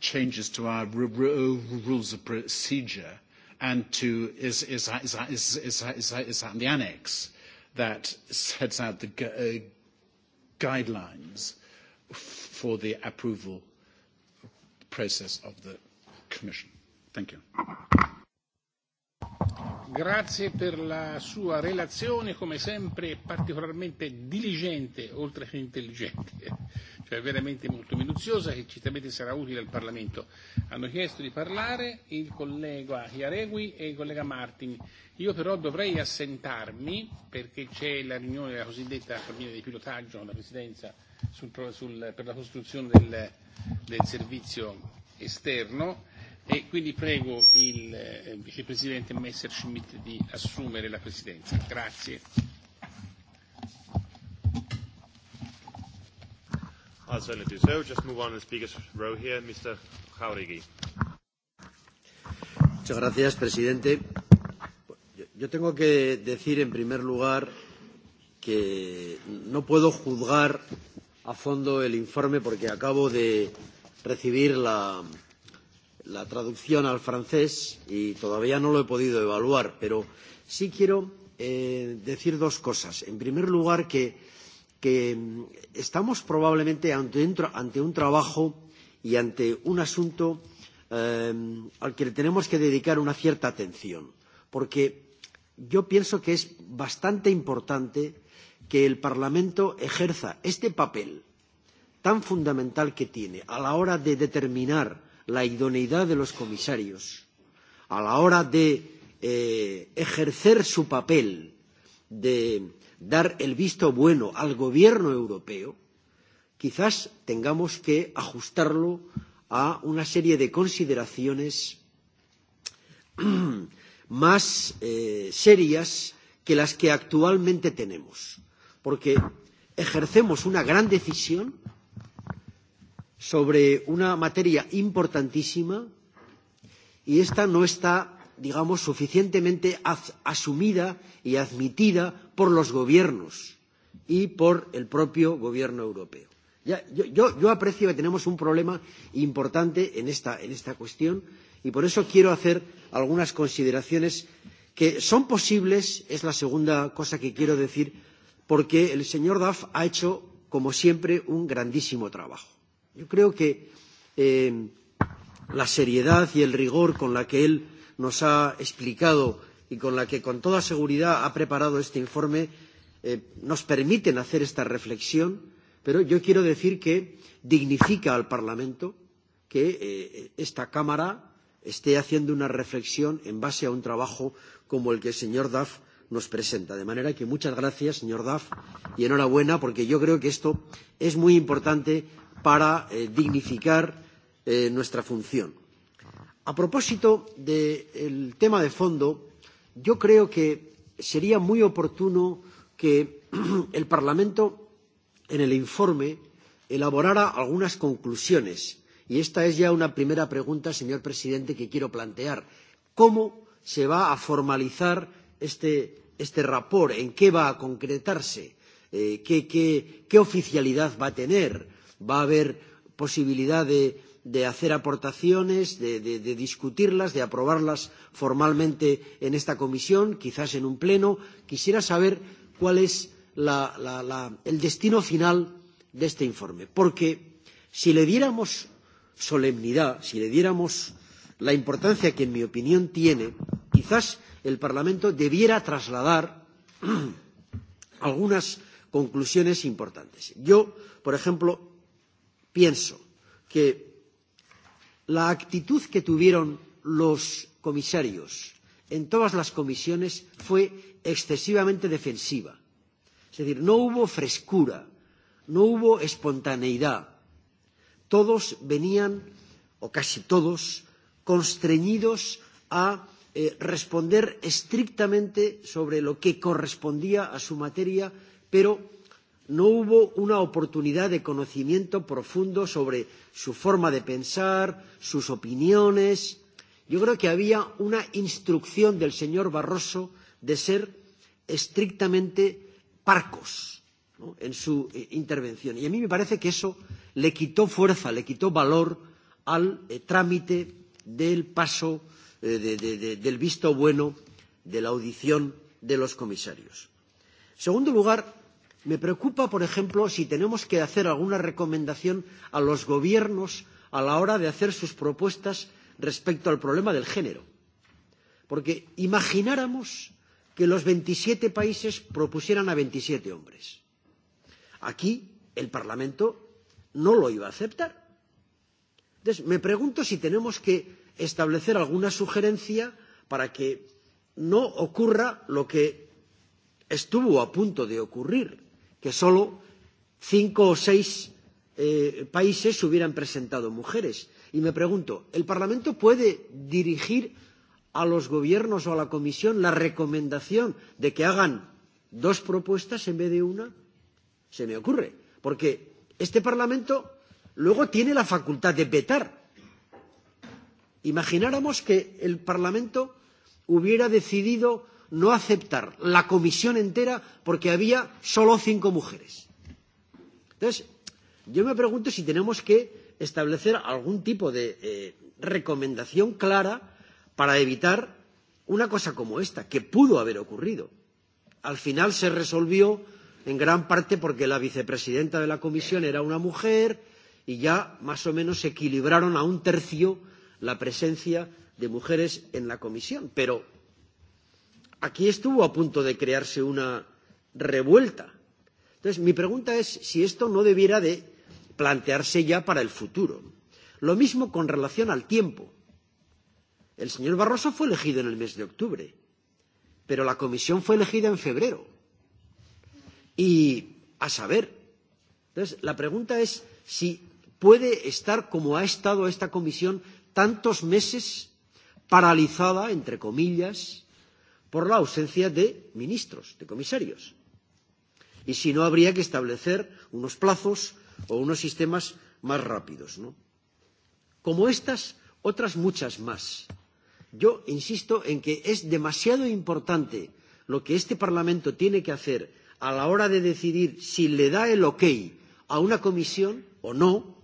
changes to our rules of procedure and to is, is, is, is, is, is, is, the annex that sets out the uh, guidelines for the approval process of the Commission. Thank you. Grazie per la sua relazione, come sempre particolarmente diligente, oltre che intelligente, cioè veramente molto minuziosa che certamente sarà utile al Parlamento. Hanno chiesto di parlare il collega Iaregui e il collega Martin. Io però dovrei assentarmi perché c'è la riunione la cosiddetta famiglia di pilotaggio, la Presidenza sul, sul, per la costruzione del, del servizio esterno e quindi prego il eh, vicepresidente Messerschmidt di assumere la presidenza. Grazie. I'll certainly do so. Just move on to the speaker's row here, Mr. Jauregui. Muchas gracias, presidente. Yo tengo que decir, en primer lugar, que no puedo juzgar a fondo el informe porque acabo de recibir la, la traducción al francés y todavía no lo he podido evaluar, pero sí quiero eh, decir dos cosas. En primer lugar, que, que mm, estamos probablemente ante un, ante un trabajo y ante un asunto eh, al que tenemos que dedicar una cierta atención, porque yo pienso que es bastante importante que el Parlamento ejerza este papel tan fundamental que tiene a la hora de determinar la idoneidad de los comisarios a la hora de eh, ejercer su papel de dar el visto bueno al gobierno europeo, quizás tengamos que ajustarlo a una serie de consideraciones más eh, serias que las que actualmente tenemos, porque ejercemos una gran decisión sobre una materia importantísima y esta no está, digamos, suficientemente asumida y admitida por los gobiernos y por el propio gobierno europeo. Ya, yo, yo, yo aprecio que tenemos un problema importante en esta, en esta cuestión y por eso quiero hacer algunas consideraciones que son posibles, es la segunda cosa que quiero decir, porque el señor Duff ha hecho, como siempre, un grandísimo trabajo. Yo creo que eh, la seriedad y el rigor con la que él nos ha explicado y con la que con toda seguridad ha preparado este informe eh, nos permiten hacer esta reflexión, pero yo quiero decir que dignifica al Parlamento que eh, esta Cámara esté haciendo una reflexión en base a un trabajo como el que el señor Duff nos presenta. De manera que muchas gracias, señor Duff, y enhorabuena, porque yo creo que esto es muy importante para eh, dignificar eh, nuestra función. A propósito del de tema de fondo, yo creo que sería muy oportuno que el Parlamento, en el informe, elaborara algunas conclusiones. Y esta es ya una primera pregunta, señor presidente, que quiero plantear. ¿Cómo se va a formalizar este, este rapport? ¿En qué va a concretarse? Eh, ¿qué, qué, ¿Qué oficialidad va a tener? va a haber posibilidad de, de hacer aportaciones, de, de, de discutirlas, de aprobarlas formalmente en esta comisión, quizás en un pleno. Quisiera saber cuál es la, la, la, el destino final de este informe, porque si le diéramos solemnidad, si le diéramos la importancia que, en mi opinión, tiene, quizás el Parlamento debiera trasladar algunas conclusiones importantes. Yo, por ejemplo, Pienso que la actitud que tuvieron los comisarios en todas las comisiones fue excesivamente defensiva. Es decir, no hubo frescura, no hubo espontaneidad. Todos venían, o casi todos, constreñidos a eh, responder estrictamente sobre lo que correspondía a su materia, pero no hubo una oportunidad de conocimiento profundo sobre su forma de pensar, sus opiniones. Yo creo que había una instrucción del señor Barroso de ser estrictamente parcos ¿no? en su eh, intervención. Y a mí me parece que eso le quitó fuerza, le quitó valor al eh, trámite del paso eh, de, de, de, del visto bueno de la audición de los comisarios. En segundo lugar, Me preocupa, por ejemplo, si tenemos que hacer alguna recomendación a los gobiernos a la hora de hacer sus propuestas respecto al problema del género. Porque imagináramos que los 27 países propusieran a 27 hombres. Aquí el Parlamento no lo iba a aceptar. Entonces, me pregunto si tenemos que establecer alguna sugerencia para que no ocurra lo que estuvo a punto de ocurrir que solo cinco o seis eh, países hubieran presentado mujeres. Y me pregunto, ¿el Parlamento puede dirigir a los gobiernos o a la Comisión la recomendación de que hagan dos propuestas en vez de una? Se me ocurre, porque este Parlamento luego tiene la facultad de vetar. Imagináramos que el Parlamento hubiera decidido no aceptar la comisión entera porque había solo cinco mujeres. Entonces, yo me pregunto si tenemos que establecer algún tipo de eh, recomendación clara para evitar una cosa como esta, que pudo haber ocurrido. Al final se resolvió en gran parte porque la vicepresidenta de la comisión era una mujer y ya más o menos se equilibraron a un tercio la presencia de mujeres en la comisión. Pero aquí estuvo a punto de crearse una revuelta. Entonces, mi pregunta es si esto no debiera de plantearse ya para el futuro. Lo mismo con relación al tiempo. El señor Barroso fue elegido en el mes de octubre, pero la comisión fue elegida en febrero. Y a saber. Entonces, la pregunta es si puede estar como ha estado esta comisión tantos meses paralizada, entre comillas, por la ausencia de ministros, de comisarios. Y si no, habría que establecer unos plazos o unos sistemas más rápidos. ¿no? Como estas, otras muchas más. Yo insisto en que es demasiado importante lo que este Parlamento tiene que hacer a la hora de decidir si le da el ok a una comisión o no,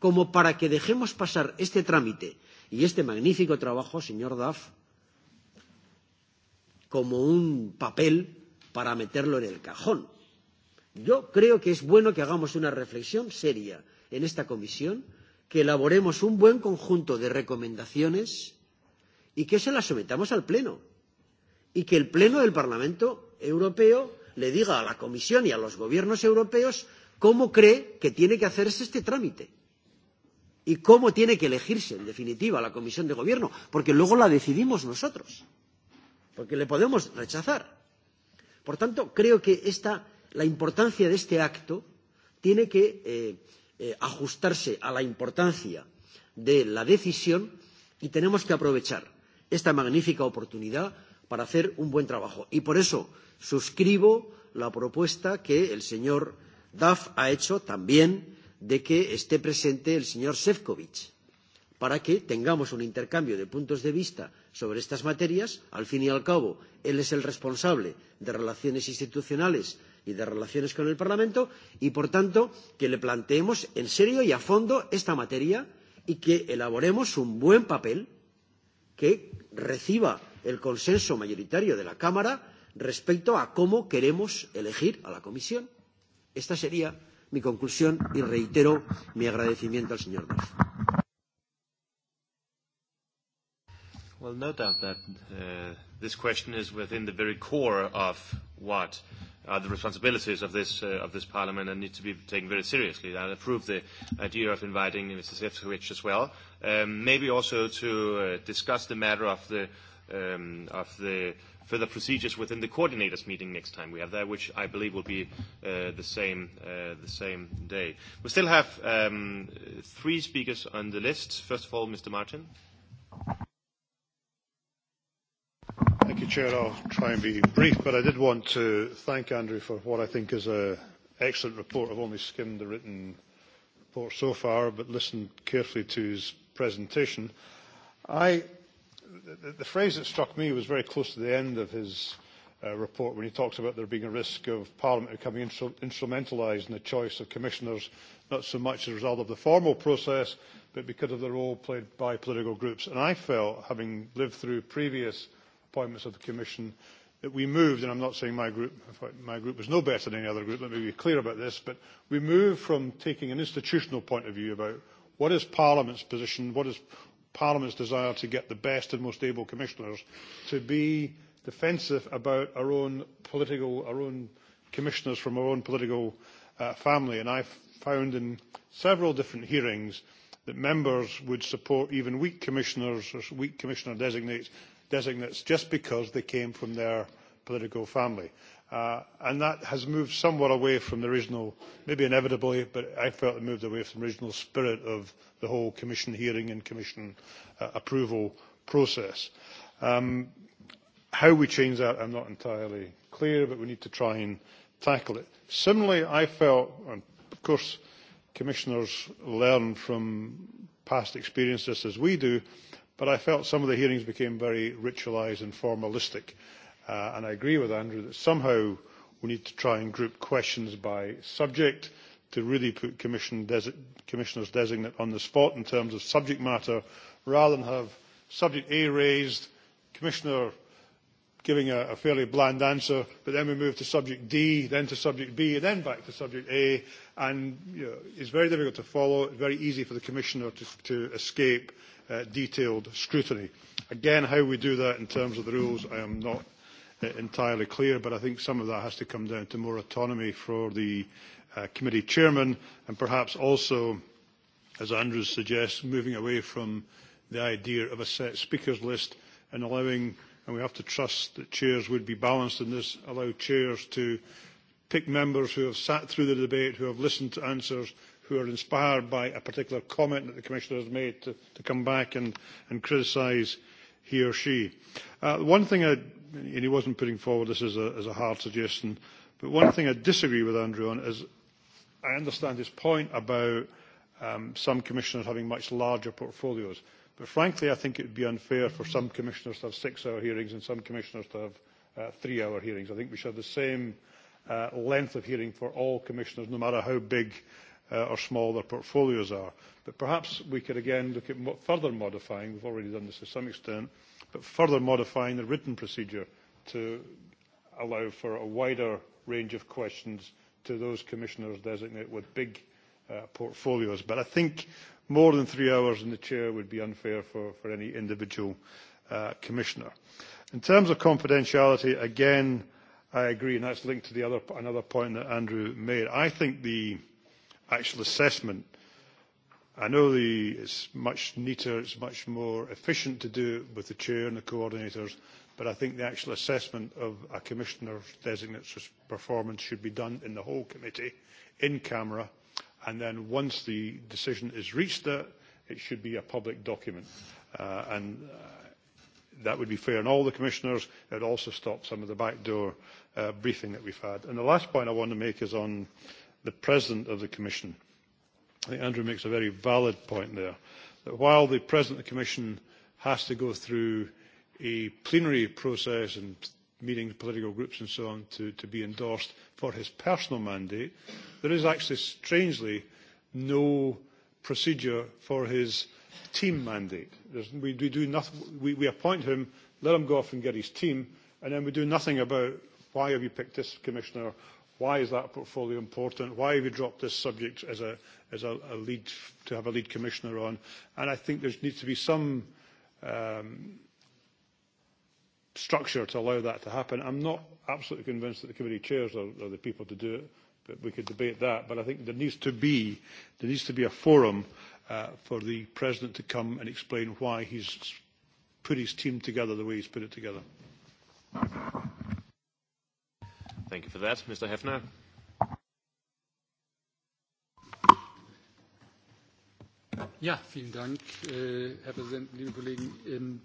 como para que dejemos pasar este trámite y este magnífico trabajo, señor Duff, como un papel para meterlo en el cajón. Yo creo que es bueno que hagamos una reflexión seria en esta comisión, que elaboremos un buen conjunto de recomendaciones y que se las sometamos al Pleno. Y que el Pleno del Parlamento Europeo le diga a la Comisión y a los gobiernos europeos cómo cree que tiene que hacerse este trámite y cómo tiene que elegirse, en definitiva, la Comisión de Gobierno, porque luego la decidimos nosotros porque le podemos rechazar. Por tanto, creo que esta, la importancia de este acto tiene que eh, eh, ajustarse a la importancia de la decisión y tenemos que aprovechar esta magnífica oportunidad para hacer un buen trabajo. Y por eso suscribo la propuesta que el señor Duff ha hecho también de que esté presente el señor Sefcovic Eh, para que tengamos un intercambio de puntos de vista sobre estas materias. Al fin y al cabo, él es el responsable de relaciones institucionales y de relaciones con el Parlamento y, por tanto, que le planteemos en serio y a fondo esta materia y que elaboremos un buen papel que reciba el consenso mayoritario de la Cámara respecto a cómo queremos elegir a la Comisión. Esta sería mi conclusión y reitero mi agradecimiento al señor Duff. Well, no doubt that uh, this question is within the very core of what are the responsibilities of this, uh, of this parliament and need to be taken very seriously. I approve the idea of inviting Mr. Sefcovic as well, um, maybe also to uh, discuss the matter of the, um, of the further procedures within the coordinators meeting next time we have there, which I believe will be uh, the, same, uh, the same day. We still have um, three speakers on the list. First of all, Mr. Martin. Thank you, Chair. I'll try and be brief, but I did want to thank Andrew for what I think is an excellent report. I've only skimmed the written report so far, but listened carefully to his presentation. I, the, the phrase that struck me was very close to the end of his uh, report when he talks about there being a risk of Parliament becoming instru- instrumentalised in the choice of commissioners, not so much as a result of the formal process, but because of the role played by political groups. And I felt, having lived through previous appointments of the Commission that we moved, and I'm not saying my group, my group was no better than any other group, let me be clear about this, but we moved from taking an institutional point of view about what is Parliament's position, what is Parliament's desire to get the best and most able commissioners, to be defensive about our own political, our own commissioners from our own political uh, family. And I found in several different hearings that members would support even weak commissioners or weak commissioner designates designates just because they came from their political family. Uh, and that has moved somewhat away from the original, maybe inevitably, but I felt it moved away from the original spirit of the whole Commission hearing and Commission uh, approval process. Um, how we change that, I'm not entirely clear, but we need to try and tackle it. Similarly, I felt, and of course, commissioners learn from past experiences as we do, But I felt some of the hearings became very ritualised and formalistic. Uh, and I agree with Andrew that somehow we need to try and group questions by subject to really put commission desi commissioners designate on the spot in terms of subject matter rather than have subject A raised, commissioner giving a, a fairly bland answer, but then we move to subject D, then to subject B, and then back to subject A. And you know, it's very difficult to follow, it's very easy for the commissioner to, to escape Uh, detailed scrutiny. Again, how we do that in terms of the rules, I am not uh, entirely clear, but I think some of that has to come down to more autonomy for the uh, committee chairman and perhaps also, as Andrews suggests, moving away from the idea of a set speakers list and allowing, and we have to trust that chairs would be balanced in this, allow chairs to pick members who have sat through the debate, who have listened to answers, who are inspired by a particular comment that the Commissioner has made to, to come back and, and criticise he or she. Uh, one thing, I, and he wasn't putting forward this as a, as a hard suggestion, but one thing I disagree with Andrew on is I understand his point about um, some commissioners having much larger portfolios. But frankly, I think it would be unfair for some commissioners to have six-hour hearings and some commissioners to have uh, three-hour hearings. I think we should have the same uh, length of hearing for all commissioners, no matter how big Uh, or smaller portfolios are. But perhaps we could again look at further modifying, we've already done this to some extent, but further modifying the written procedure to allow for a wider range of questions to those commissioners designate with big uh, portfolios. But I think more than three hours in the chair would be unfair for, any individual uh, commissioner. In terms of confidentiality, again, I agree, and that's linked to the other, another point that Andrew made. I think the, actual assessment. I know the, it's much neater, it's much more efficient to do it with the chair and the coordinators, but I think the actual assessment of a commissioner's designate's performance should be done in the whole committee, in camera, and then once the decision is reached that, it should be a public document. Uh, and uh, that would be fair on all the commissioners. It would also stop some of the backdoor uh, briefing that we've had. And the last point I want to make is on uh, the president of the commission. I think Andrew makes a very valid point there, that while the president of the commission has to go through a plenary process and meeting political groups and so on to, to be endorsed for his personal mandate, there is actually strangely no procedure for his team mandate. we, we, do nothing, we, we appoint him, let him go off and get his team, and then we do nothing about why have you picked this commissioner Why is that portfolio important? Why have you dropped this subject as a, as a, a lead, to have a lead commissioner on? And I think there needs to be some um, structure to allow that to happen. I'm not absolutely convinced that the committee chairs are, are the people to do it, but we could debate that. But I think there needs to be, there needs to be a forum uh, for the president to come and explain why he's put his team together the way he's put it together. Thank you for that. Mr. Hefner? Ja, vielen Dank, äh, Herr Präsident, liebe Kollegen. Ähm,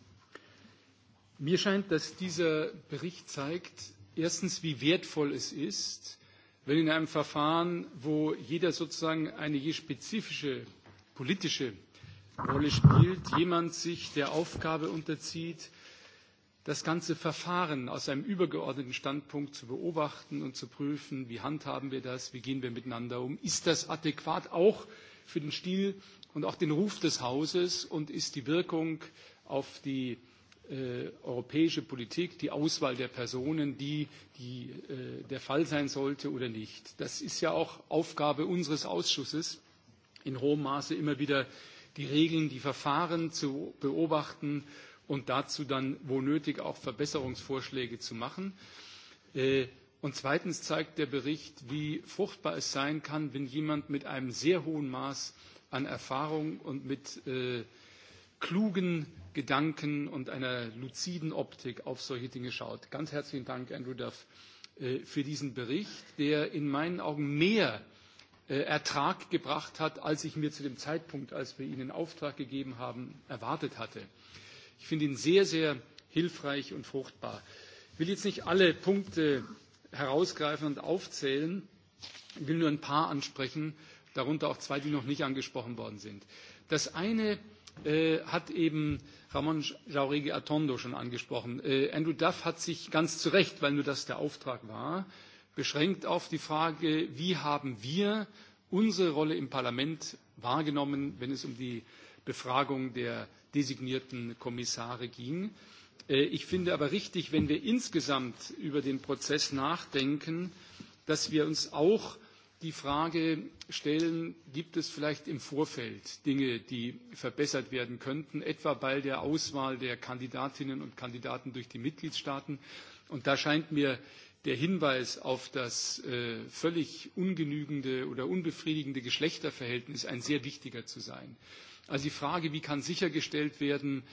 mir scheint, dass dieser Bericht zeigt, erstens, wie wertvoll es ist, wenn in einem Verfahren, wo jeder sozusagen eine je spezifische politische Rolle spielt, jemand sich der Aufgabe unterzieht, das ganze Verfahren aus einem übergeordneten Standpunkt zu beobachten und zu prüfen, wie handhaben wir das, wie gehen wir miteinander um, ist das adäquat auch für den Stil und auch den Ruf des Hauses und ist die Wirkung auf die äh, europäische Politik, die Auswahl der Personen, die, die äh, der Fall sein sollte oder nicht. Das ist ja auch Aufgabe unseres Ausschusses, in hohem Maße immer wieder die Regeln, die Verfahren zu beobachten und dazu dann, wo nötig, auch Verbesserungsvorschläge zu machen. Äh, und zweitens zeigt der Bericht, wie fruchtbar es sein kann, wenn jemand mit einem sehr hohen Maß an Erfahrung und mit äh, klugen Gedanken und einer luziden Optik auf solche Dinge schaut. Ganz herzlichen Dank, Andrew Duff, äh, für diesen Bericht, der in meinen Augen mehr äh, Ertrag gebracht hat, als ich mir zu dem Zeitpunkt, als wir ihn in Auftrag gegeben haben, erwartet hatte. Ich finde ihn sehr, sehr hilfreich und fruchtbar. Ich will jetzt nicht alle Punkte herausgreifen und aufzählen. Ich will nur ein paar ansprechen, darunter auch zwei, die noch nicht angesprochen worden sind. Das eine äh, hat eben Ramon Jauregui Atondo schon angesprochen. Äh, Andrew Duff hat sich ganz zu Recht, weil nur das der Auftrag war, beschränkt auf die Frage, wie haben wir unsere Rolle im Parlament wahrgenommen, wenn es um die Befragung der designierten Kommissare ging. Äh, ich finde aber richtig, wenn wir insgesamt über den Prozess nachdenken, dass wir uns auch die Frage stellen, gibt es vielleicht im Vorfeld Dinge, die verbessert werden könnten, etwa bei der Auswahl der Kandidatinnen und Kandidaten durch die Mitgliedstaaten. Und da scheint mir der Hinweis auf das äh, völlig ungenügende oder unbefriedigende Geschlechterverhältnis ein sehr wichtiger zu sein. Also die Frage, wie kann sichergestellt werden,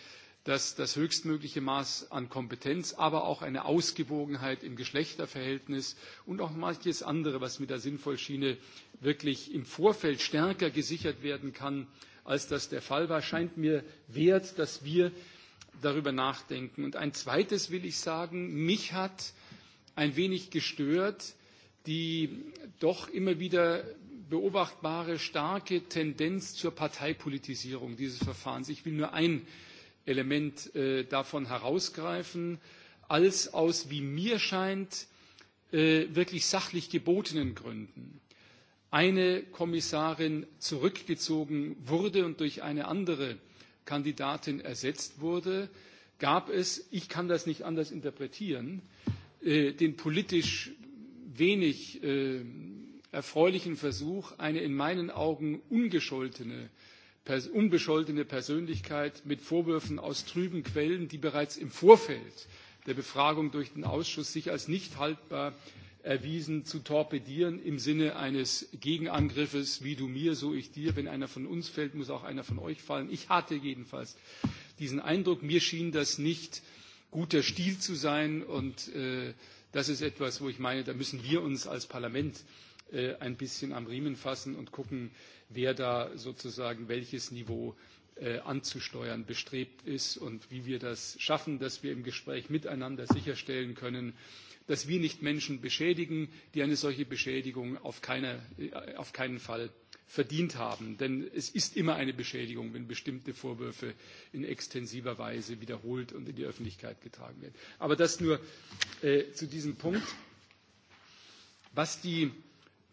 dass das höchstmögliche Maß an Kompetenz, aber auch eine Ausgewogenheit im Geschlechterverhältnis und auch manches andere, was mit der Sinnvollschiene wirklich im Vorfeld stärker gesichert werden kann, als das der Fall war, scheint mir wert, dass wir darüber nachdenken. Und ein zweites will ich sagen, mich hat ein wenig gestört die doch immer wieder beobachtbare starke Tendenz zur Parteipolitisierung dieses Verfahrens. Ich will nur ein Element äh, davon herausgreifen. Als aus, wie mir scheint, äh, wirklich sachlich gebotenen Gründen eine Kommissarin zurückgezogen wurde und durch eine andere Kandidatin ersetzt wurde, gab es, ich kann das nicht anders interpretieren, äh, den politisch wenig erfreulichen Versuch, eine in meinen Augen ungescholtene unbescholtene Persönlichkeit mit Vorwürfen aus trüben Quellen, die bereits im Vorfeld der Befragung durch den Ausschuss sich als nicht haltbar erwiesen, zu torpedieren im Sinne eines Gegenangriffes, wie du mir, so ich dir, wenn einer von uns fällt, muss auch einer von euch fallen. Ich hatte jedenfalls diesen Eindruck, mir schien das nicht guter Stil zu sein und äh, das ist etwas, wo ich meine, da müssen wir uns als Parlament Äh, ein bisschen am Riemen fassen und gucken, wer da sozusagen welches Niveau äh, anzusteuern bestrebt ist und wie wir das schaffen, dass wir im Gespräch miteinander sicherstellen können, dass wir nicht Menschen beschädigen, die eine solche Beschädigung auf, keine, äh, auf keinen Fall verdient haben. Denn es ist immer eine Beschädigung, wenn bestimmte Vorwürfe in extensiver Weise wiederholt und in die Öffentlichkeit getragen werden. Aber das nur äh, zu diesem Punkt. Was die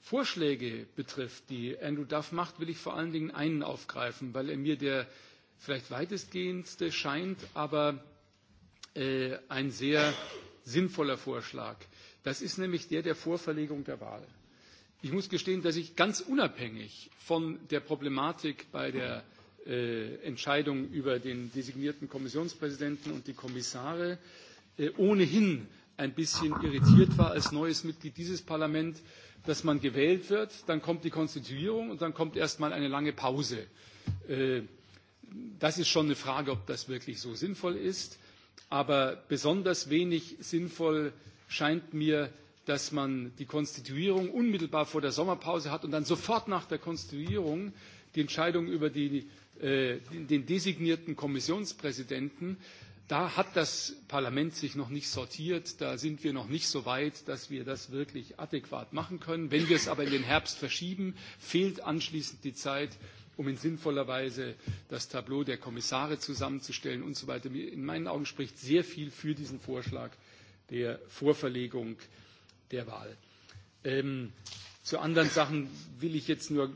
Vorschläge betrifft, die Andrew Duff macht, will ich vor allen Dingen einen aufgreifen, weil er mir der vielleicht weitestgehendste scheint, aber äh, ein sehr sinnvoller Vorschlag. Das ist nämlich der der Vorverlegung der Wahl. Ich muss gestehen, dass ich ganz unabhängig von der Problematik bei der äh, Entscheidung über den designierten Kommissionspräsidenten und die Kommissare äh, ohnehin ein bisschen irritiert war als neues Mitglied dieses Parlaments dass man gewählt wird, dann kommt die Konstituierung und dann kommt erstmal eine lange Pause. Äh, das ist schon eine Frage, ob das wirklich so sinnvoll ist. Aber besonders wenig sinnvoll scheint mir, dass man die Konstituierung unmittelbar vor der Sommerpause hat und dann sofort nach der Konstituierung die Entscheidung über die, äh, den designierten Kommissionspräsidenten Da hat das Parlament sich noch nicht sortiert. Da sind wir noch nicht so weit, dass wir das wirklich adäquat machen können. Wenn wir es aber in den Herbst verschieben, fehlt anschließend die Zeit, um in sinnvoller Weise das Tableau der Kommissare zusammenzustellen und so weiter. In meinen Augen spricht sehr viel für diesen Vorschlag der Vorverlegung der Wahl. Ähm, zu anderen Sachen will ich jetzt nur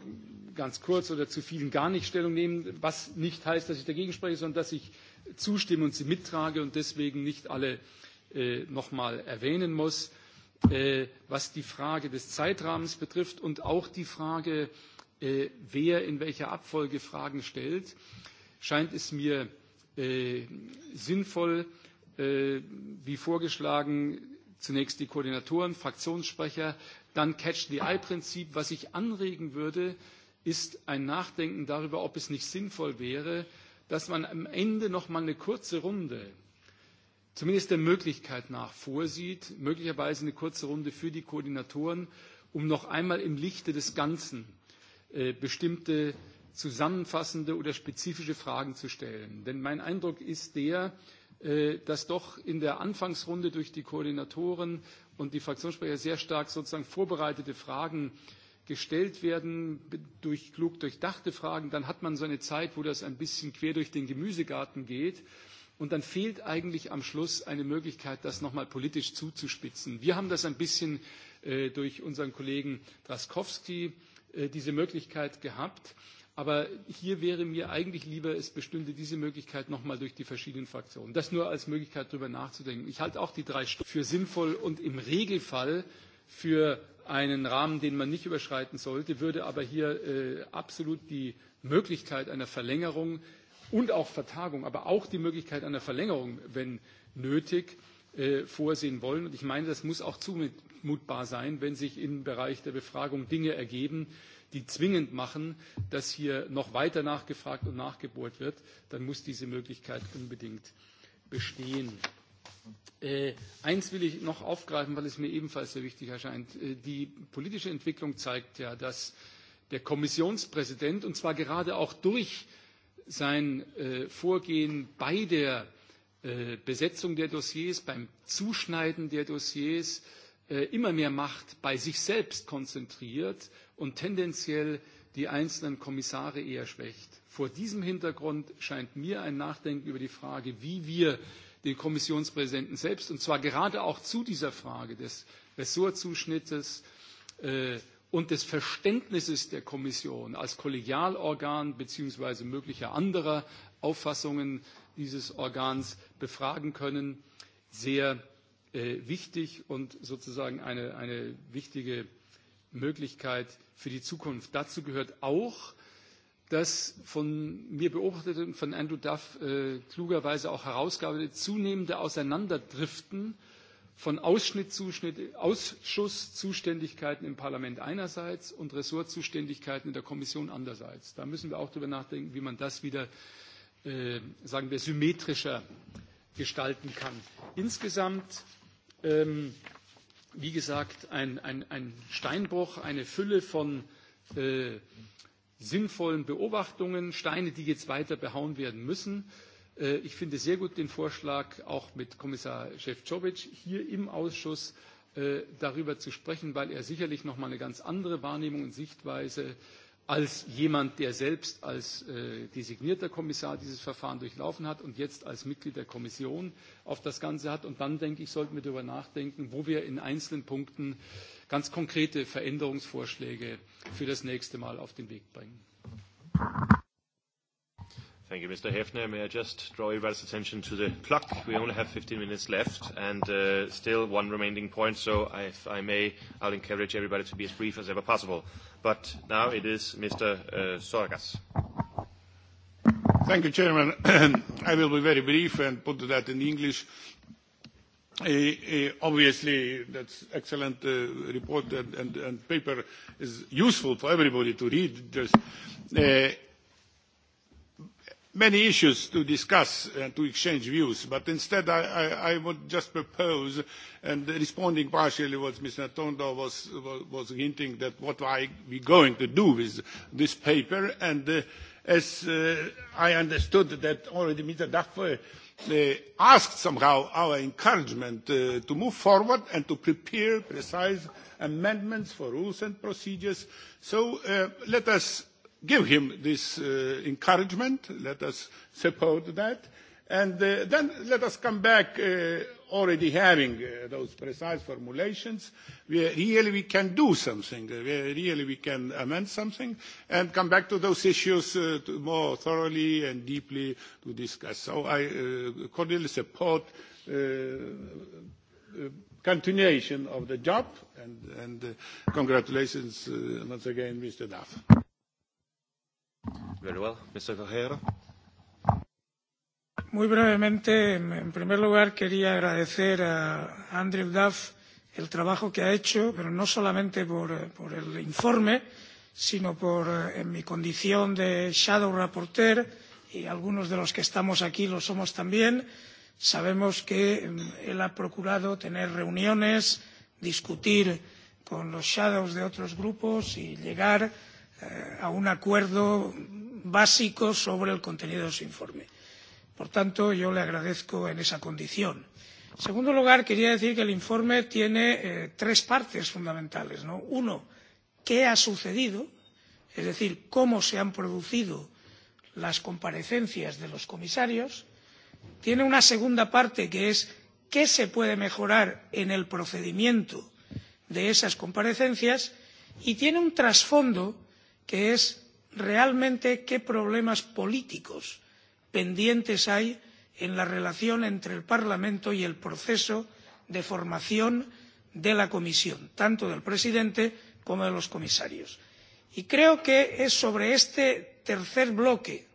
ganz kurz oder zu vielen gar nicht Stellung nehmen, was nicht heißt, dass ich dagegen spreche, sondern dass ich zustimme und sie mittrage und deswegen nicht alle äh, noch einmal erwähnen muss. Äh, was die Frage des Zeitrahmens betrifft und auch die Frage, äh, wer in welcher Abfolge Fragen stellt, scheint es mir sinnvoll, wie vorgeschlagen, zunächst die Koordinatoren, Fraktionssprecher, dann Catch the Eye Prinzip. Was ich anregen würde, ist ein Nachdenken darüber, ob es nicht sinnvoll wäre, dass man am Ende noch mal eine kurze Runde zumindest der Möglichkeit nach vorsieht, möglicherweise eine kurze Runde für die Koordinatoren, um noch einmal im Lichte des Ganzen äh, bestimmte zusammenfassende oder spezifische Fragen zu stellen. Denn mein Eindruck ist der, äh, dass doch in der Anfangsrunde durch die Koordinatoren und die Fraktionssprecher sehr stark sozusagen vorbereitete Fragen äh, gestellt werden durch klug durchdachte Fragen, dann hat man so eine Zeit, wo das ein bisschen quer durch den Gemüsegarten geht. Und dann fehlt eigentlich am Schluss eine Möglichkeit, das nochmal politisch zuzuspitzen. Wir haben das ein bisschen äh, durch unseren Kollegen Draskowski äh, diese Möglichkeit gehabt. Aber hier wäre mir eigentlich lieber, es bestünde diese Möglichkeit nochmal durch die verschiedenen Fraktionen. Das nur als Möglichkeit, darüber nachzudenken. Ich halte auch die drei Stunden für sinnvoll und im Regelfall für einen Rahmen, den man nicht überschreiten sollte, würde aber hier äh, absolut die Möglichkeit einer Verlängerung und auch Vertagung, aber auch die Möglichkeit einer Verlängerung, wenn nötig, äh, vorsehen wollen. Und ich meine, das muss auch zumutbar sein, wenn sich im Bereich der Befragung Dinge ergeben, die zwingend machen, dass hier noch weiter nachgefragt und nachgebohrt wird, dann muss diese Möglichkeit unbedingt bestehen. Äh, eins will ich noch aufgreifen, weil es mir ebenfalls sehr wichtig erscheint. Äh, die politische Entwicklung zeigt ja, dass der Kommissionspräsident, und zwar gerade auch durch sein äh, Vorgehen bei der äh, Besetzung der Dossiers, beim Zuschneiden der Dossiers, immer mehr Macht bei sich selbst konzentriert und tendenziell die einzelnen Kommissare eher schwächt. Vor diesem Hintergrund scheint mir ein Nachdenken über die Frage, wie wir den Kommissionspräsidenten selbst, und zwar gerade auch zu dieser Frage des Ressortzuschnittes äh, und des Verständnisses der Kommission als Kollegialorgan bzw. möglicher anderer Auffassungen dieses Organs befragen können, sehr äh, wichtig und sozusagen eine, eine wichtige Möglichkeit für die Zukunft. Dazu gehört auch, das von mir beobachtete und von Andrew Duff äh, klugerweise auch herausgearbeitete zunehmende Auseinanderdriften von Ausschnitt, Ausschusszuständigkeiten im Parlament einerseits und Ressortzuständigkeiten in der Kommission andererseits. Da müssen wir auch darüber nachdenken, wie man das wieder, äh, sagen wir, symmetrischer gestalten kann. Insgesamt, ähm, wie gesagt, ein, ein, ein Steinbruch, eine Fülle von äh, sinnvollen Beobachtungen, Steine, die jetzt weiter behauen werden müssen. Äh, ich finde sehr gut den Vorschlag, auch mit Kommissar Šefčovič hier im Ausschuss äh, darüber zu sprechen, weil er sicherlich noch mal eine ganz andere Wahrnehmung und Sichtweise als jemand, der selbst als äh, designierter Kommissar dieses Verfahren durchlaufen hat und jetzt als Mitglied der Kommission auf das Ganze hat. Und dann, denke ich, sollten wir darüber nachdenken, wo wir in einzelnen Punkten ganz konkrete Veränderungsvorschläge für das nächste Mal auf den Weg bringen. Thank you, Mr. Hefner. May I just draw everybody's attention to the clock? We only have 15 minutes left and uh, still one remaining point, so if I may, I'll encourage everybody to be as brief as ever possible. But now it is Mr. Uh, Sorgas. Thank you, Chairman. I will be very brief and put that in English Eh, eh, obviously that's excellent uh, report and, and, and paper is useful for everybody to read. There's uh, many issues to discuss and to exchange views, but instead I, I, I would just propose, and responding partially what Mr. Tondo was, was, was hinting, that what are we going to do with this paper, and uh, as uh, I understood that already Mr. Duff asked somehow our encouragement uh, to move forward and to prepare precise amendments for rules and procedures. So uh, let us give him this uh, encouragement. Let us support that. And uh, then let us come back uh, already having uh, those precise formulations where really we can do something, where really we can amend something and come back to those issues uh, to more thoroughly and deeply to discuss. So I uh, cordially support uh, uh, continuation of the job and, and uh, congratulations uh, once again, Mr. Duff. Very well. Mr. Cajero. Muy brevemente, en primer lugar, quería agradecer a Andrew Duff el trabajo que ha hecho, pero no solamente por, eh, por el informe, sino por, eh, en mi condición de shadow rapporteur, y algunos de los que estamos aquí lo somos también, sabemos que mm, él ha procurado tener reuniones, discutir con los shadows de otros grupos y llegar eh, a un acuerdo básico sobre el contenido de su informe por tanto yo le agradezco en esa condición. en segundo lugar quería decir que el informe tiene eh, tres partes fundamentales ¿no? uno qué ha sucedido es decir cómo se han producido las comparecencias de los comisarios tiene una segunda parte que es qué se puede mejorar en el procedimiento de esas comparecencias y tiene un trasfondo que es realmente qué problemas políticos pendientes hay en la relación entre el parlamento y el proceso de formación de la comisión tanto del presidente como de los comisarios. y creo que es sobre este tercer bloque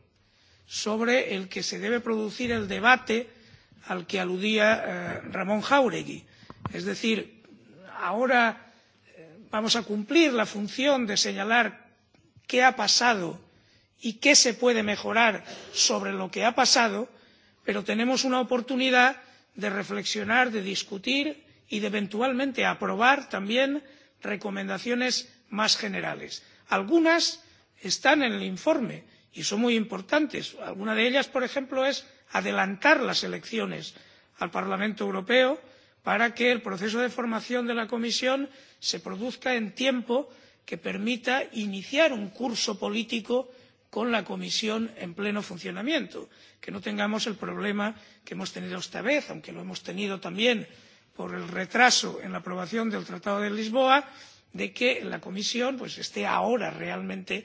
sobre el que se debe producir el debate al que aludía eh, ramón jáuregui es decir ahora eh, vamos a cumplir la función de señalar qué ha pasado y qué se puede mejorar sobre lo que ha pasado pero tenemos una oportunidad de reflexionar de discutir y de eventualmente aprobar también recomendaciones más generales. algunas están en el informe y son muy importantes. alguna de ellas por ejemplo es adelantar las elecciones al parlamento europeo para que el proceso de formación de la comisión se produzca en tiempo que permita iniciar un curso político con la comisión en pleno funcionamiento que no tengamos el problema que hemos tenido esta vez aunque lo hemos tenido también por el retraso en la aprobación del tratado de lisboa de que la comisión esté ahora realmente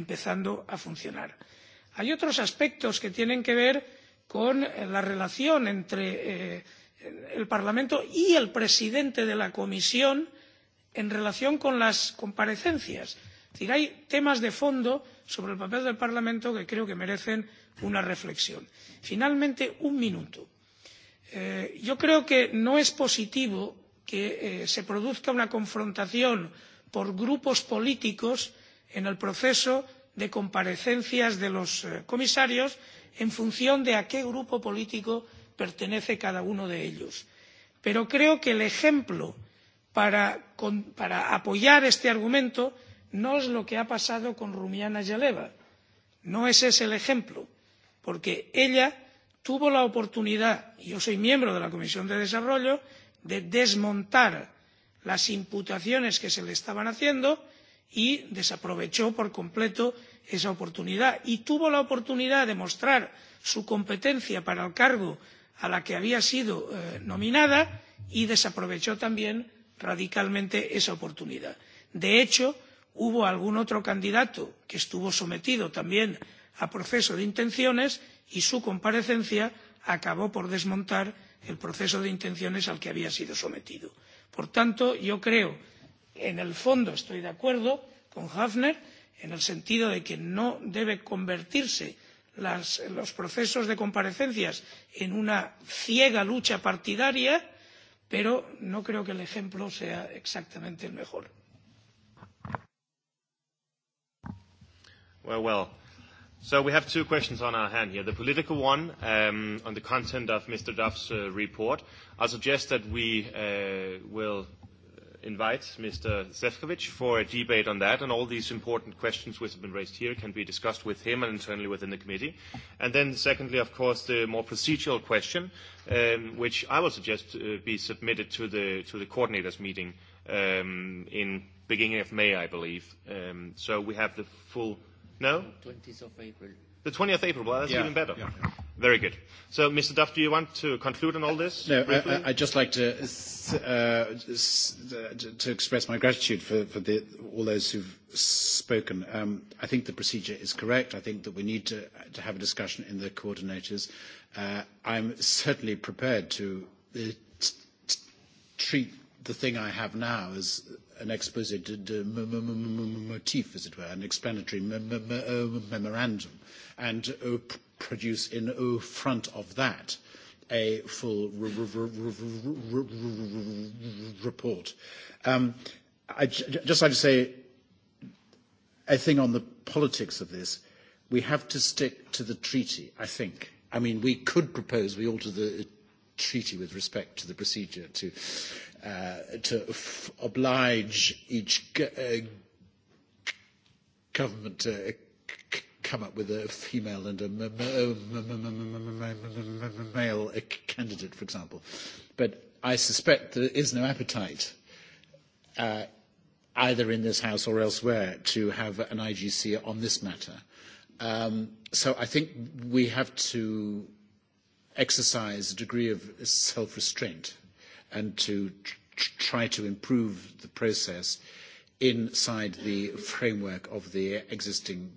empezando a funcionar. hay otros aspectos que tienen que ver con eh, la relación entre eh, el parlamento y el presidente de la comisión en relación con las comparecencias es decir hay temas de fondo sobre el papel del parlamento que creo que merecen una reflexión. finalmente un minuto. Eh, yo creo que no es positivo que eh, se produzca una confrontación por grupos políticos en el proceso de comparecencias de los eh, comisarios en función de a qué grupo político pertenece cada uno de ellos pero creo que el ejemplo para apoyar este argumento no es lo que ha pasado con rumiana yaleva no es ese el ejemplo porque ella tuvo la oportunidad y yo soy miembro de la comisión de desarrollo de desmontar las imputaciones que se le estaban haciendo y desaprovechó por completo esa oportunidad y tuvo la oportunidad de mostrar su competencia para el cargo a la que había sido eh, nominada y desaprovechó también radicalmente esa oportunidad. de hecho hubo algún otro candidato que estuvo sometido también a proceso de intenciones y su comparecencia acabó por desmontar el proceso de intenciones al que había sido sometido. por tanto yo creo en el fondo estoy de acuerdo con hfner en el sentido de que no deben convertirse las, los procesos de comparecencias en una ciega lucha partidaria pero no creo que el ejemplo sea exactamente el mejor. Well, well. So we have two questions on our hand here. The political one, um, on the content of Mr. Duff's uh, report. I suggest that we uh, will invite Mr. Zefkovic for a debate on that, and all these important questions which have been raised here can be discussed with him and internally within the committee. And then secondly, of course, the more procedural question, um, which I will suggest uh, be submitted to the, to the coordinators meeting um, in beginning of May, I believe. Um, so we have the full No? 20th of April. The 20th of April, well, that's yeah, even better. Yeah. Very good. So, Mr. Duff, do you want to conclude on all this? No, briefly? I, I'd just like to, uh, to express my gratitude for, for the, all those who've spoken. Um, I think the procedure is correct. I think that we need to, to have a discussion in the coordinators. Uh, I'm certainly prepared to uh, t- t- treat the thing I have now as an expose de motif, as it were, an explanatory memorandum, and produce in front of that a full report. Um, I'd just like to say a thing on the politics of this. We have to stick to the treaty, I think. I mean, we could propose we alter the treaty with respect to the procedure to uh, to f- oblige each g- uh, government to uh, c- come up with a female and a m- m- m- male uh, candidate, for example. But I suspect there is no appetite uh, either in this House or elsewhere to have an IGC on this matter. Um, so I think we have to exercise a degree of self-restraint and to tr try to improve the process inside the framework of the existing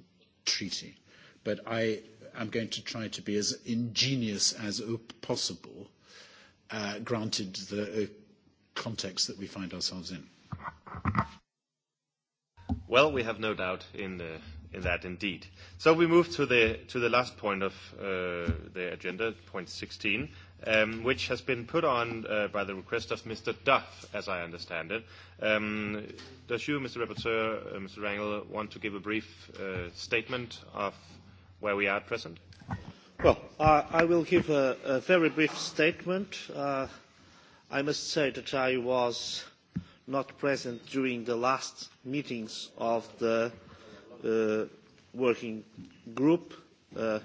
treaty. But I am going to try to be as ingenious as possible, uh, granted the uh, context that we find ourselves in. Well, we have no doubt in, uh, in that indeed. So we move to the, to the last point of uh, the agenda, point 16, um, which has been put on uh, by the request of Mr. Duff, as I understand it. Um, does you, Mr. Rapporteur, uh, Mr. Rangel, want to give a brief uh, statement of where we are at present? Well, uh, I will give a, a very brief statement. Uh, I must say that I was not present during the last meetings of the uh, working group uh,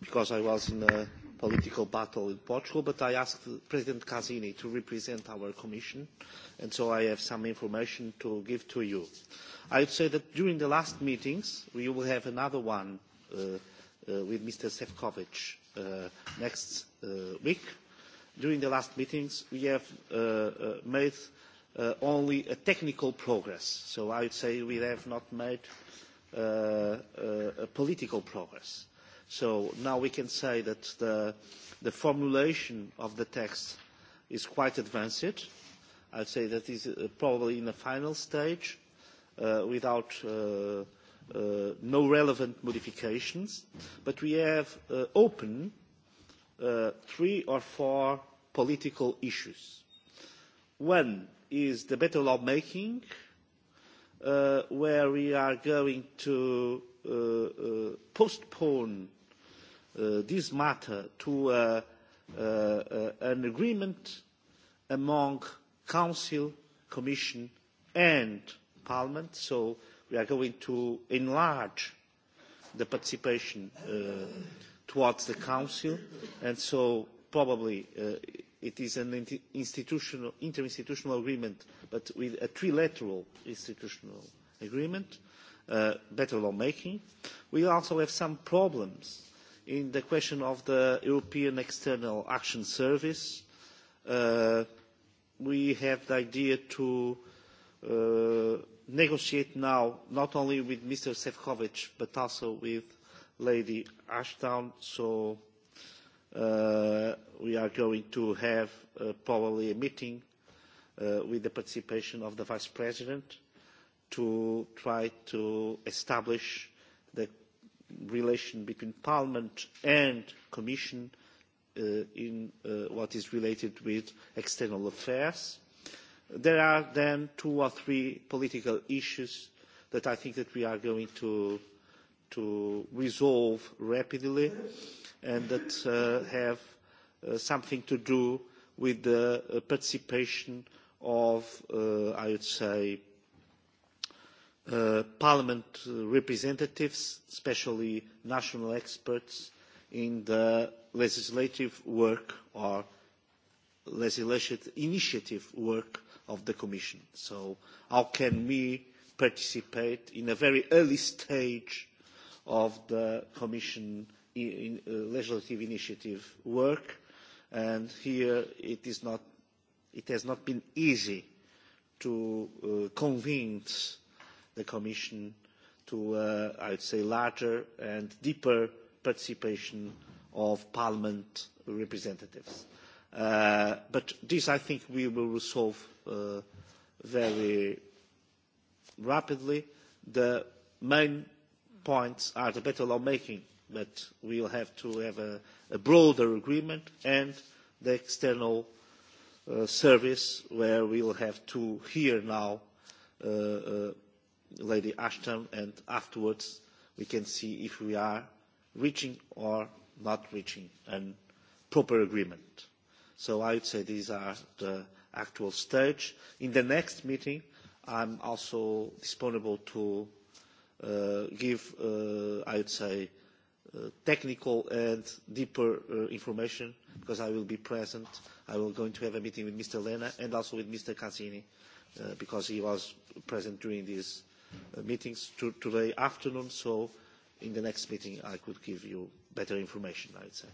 because I was in a political battle in Portugal, but I asked President Casini to represent our Commission, and so I have some information to give to you. I would say that during the last meetings, we will have another one uh, uh, with Mr. Sefcovic uh, next uh, week. During the last meetings, we have uh, uh, made uh, only a technical progress. So I would say we have not made uh, uh, a political progress So now we can say that the, the formulation of the text is quite advanced. I'd say that is uh, probably in the final stage uh, without uh, uh, no relevant modifications. But we have uh, open uh, three or four political issues. One is the better lawmaking, uh, where we are going to uh, uh, postpone Uh, this matter to uh, uh, uh, an agreement among Council, Commission and Parliament. So we are going to enlarge the participation uh, towards the Council and so probably uh, it is an institutional, interinstitutional agreement but with a trilateral institutional agreement, uh, better lawmaking. We also have some problems in the question of the European External Action Service, uh, we have the idea to uh, negotiate now not only with Mr. Sefcovic but also with Lady Ashton. So uh, we are going to have uh, probably a meeting uh, with the participation of the Vice President to try to establish the relation between Parliament and Commission uh, in uh, what is related with external affairs. There are then two or three political issues that I think that we are going to, to resolve rapidly and that uh, have uh, something to do with the uh, participation of, uh, I would say, Uh, parliament representatives, especially national experts in the legislative work or legislative initiative work of the Commission. So how can we participate in a very early stage of the Commission in, uh, legislative initiative work? And here it, is not, it has not been easy to uh, convince uh, the Commission to, uh, I would say, larger and deeper participation of Parliament representatives. Uh, but this, I think, we will resolve uh, very rapidly. The main points are the better lawmaking, but we will have to have a, a broader agreement and the external uh, service where we will have to hear now uh, uh, Lady Ashton, and afterwards we can see if we are reaching or not reaching a proper agreement. So I would say these are the actual stage. In the next meeting, I'm also disponible to uh, give, uh, I would say, uh, technical and deeper uh, information because I will be present. I will going to have a meeting with Mr. Lena and also with Mr. Cassini uh, because he was present during this Uh, meetings today afternoon, so in the next meeting I could give you better information, I would say.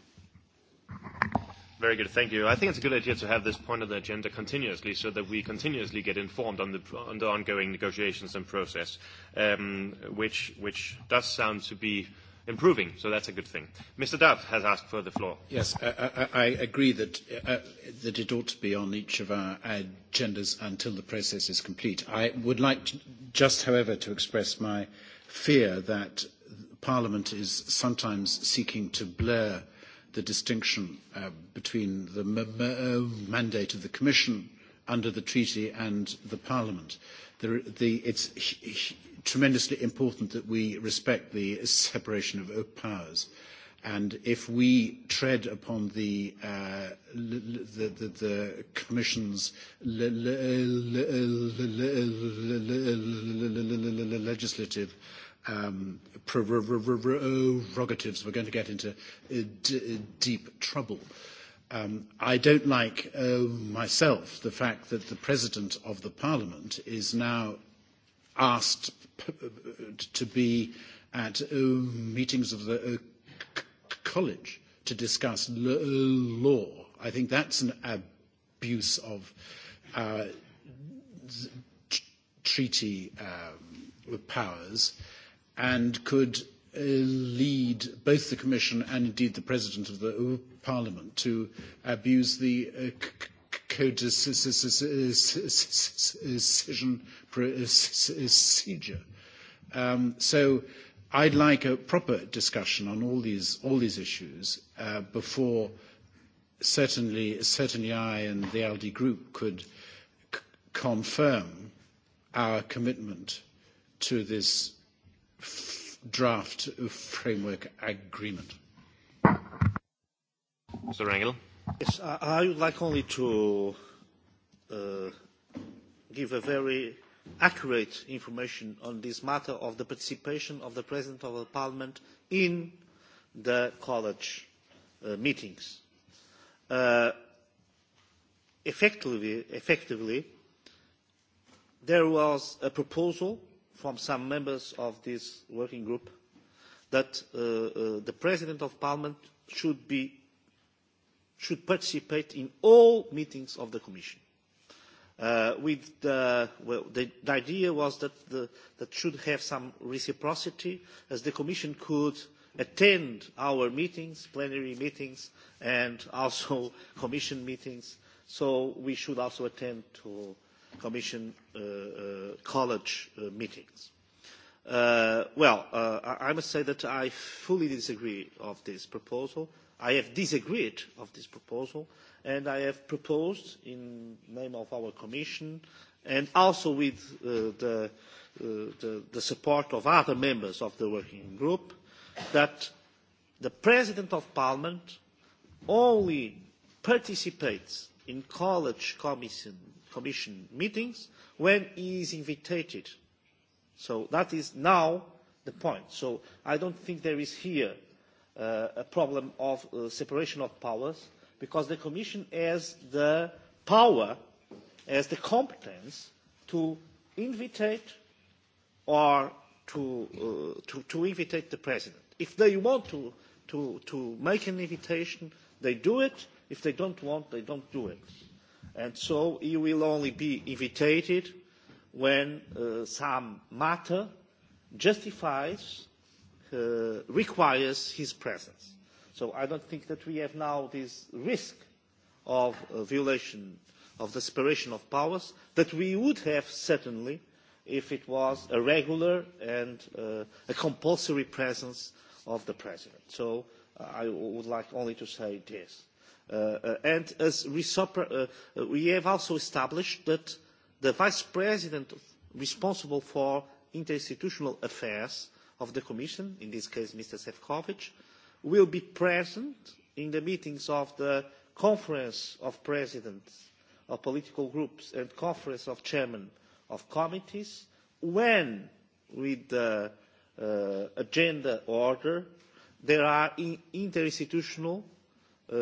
Very good, thank you. I think it's a good idea to have this point on the agenda continuously so that we continuously get informed on the, on the ongoing negotiations and process, um, which, which does sound to be improving, so that's a good thing. Mr. Duff has asked for the floor. Yes, I, I, I agree that, uh, that it ought to be on each of our agendas until the process is complete. I would like to, just, however, to express my fear that Parliament is sometimes seeking to blur the distinction uh, between the mandate of the Commission under the treaty and the Parliament. The, the, it's tremendously important that we respect the separation of powers. And if we tread upon the, uh, the, the, the Commission's legislative um, prerogatives, we're going to get into uh, uh, deep trouble. Um, I don't like uh, myself the fact that the President of the Parliament is now asked to be at uh, meetings of the uh, college to discuss uh, law. I think that's an abuse of uh, treaty um, powers and could uh, lead both the Commission and indeed the President of the uh, Parliament to abuse the co-decision procedure. Um, so I'd like a proper discussion on all these, all these issues uh, before certainly, certainly I and the LD group could c- confirm our commitment to this f- draft framework agreement. Mr. Rangel. Yes, I, I would like only to uh, give a very accurate information on this matter of the participation of the President of the Parliament in the college uh, meetings. Uh, effectively, effectively, there was a proposal from some members of this working group that uh, uh, the President of Parliament should be should participate in all meetings of the Commission. Uh, with the, well, the, the idea was that the, that should have some reciprocity, as the Commission could attend our meetings, plenary meetings, and also Commission meetings. So we should also attend to Commission uh, uh, college uh, meetings. Uh, well, uh, I must say that I fully disagree of this proposal. I have disagreed of this proposal and I have proposed in name of our Commission and also with uh, uh, the, support of other members of the working group that the President of Parliament only participates in college commission, commission meetings when he is invited. So that is now the point. So I don't think there is here Uh, a problem of uh, separation of powers because the Commission has the power, has the competence to invite or to, uh, to, to invitate the President. If they want to, to, to make an invitation, they do it. If they don't want, they don't do it. And so you will only be invited when uh, some matter justifies uh, requires his presence. So I don't think that we have now this risk of a uh, violation of the separation of powers that we would have certainly if it was a regular and uh, a compulsory presence of the president. So uh, I would like only to say this. Uh, uh and as uh, we have also established that the vice president responsible for interinstitutional affairs of the Commission, in this case Mr. efovi will be present in the meetings of the Conference of Presidents of Political Groups and Conference of Chairmen of Committees when, with the uh, agenda order, there are interinstitutional uh, uh,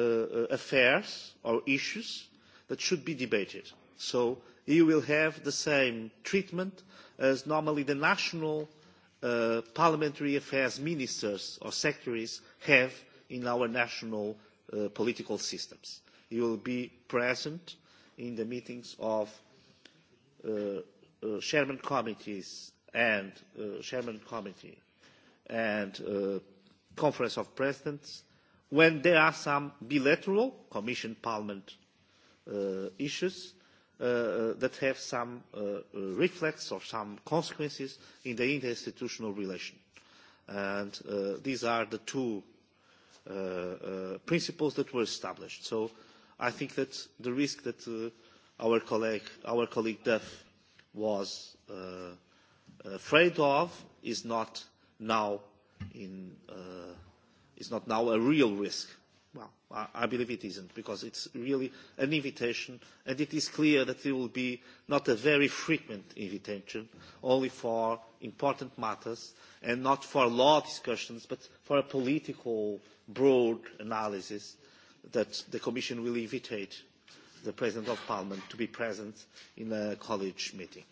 affairs or issues that should be debated. So he will have the same treatment as normally the national Uh, parliamentary affairs ministers or secretaries have in our national uh, political systems. You will be present in the meetings of uh, uh, chairman committees and uh, chairman committee and uh, conference of presidents when there are some bilateral commission parliament uh, issues Uh, uh, that have some uh, uh, reflex or some consequences in the interinstitutional relation. And uh, these are the two uh, uh, principles that were established. So I think that the risk that uh, our colleague, our colleague Duff was uh, afraid of is not now in, uh, is not now a real risk I, believe it isn't, because it's really an invitation, and it is clear that it will be not a very frequent invitation, only for important matters, and not for law discussions, but for a political, broad analysis that the Commission will invite the President of Parliament to be present in a college meeting.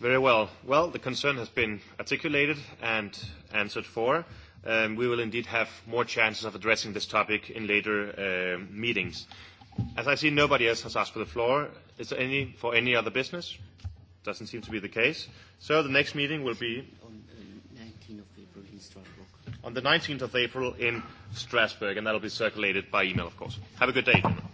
Very well. Well, the concern has been articulated and answered for um, we will indeed have more chances of addressing this topic in later uh, meetings. As I see, nobody else has asked for the floor. Is there any for any other business? Doesn't seem to be the case. So the next meeting will be on um, the 19th of April in Strasbourg. On the 19th of April in Strasbourg, and that will be circulated by email, of course. Have a good day. Gentlemen.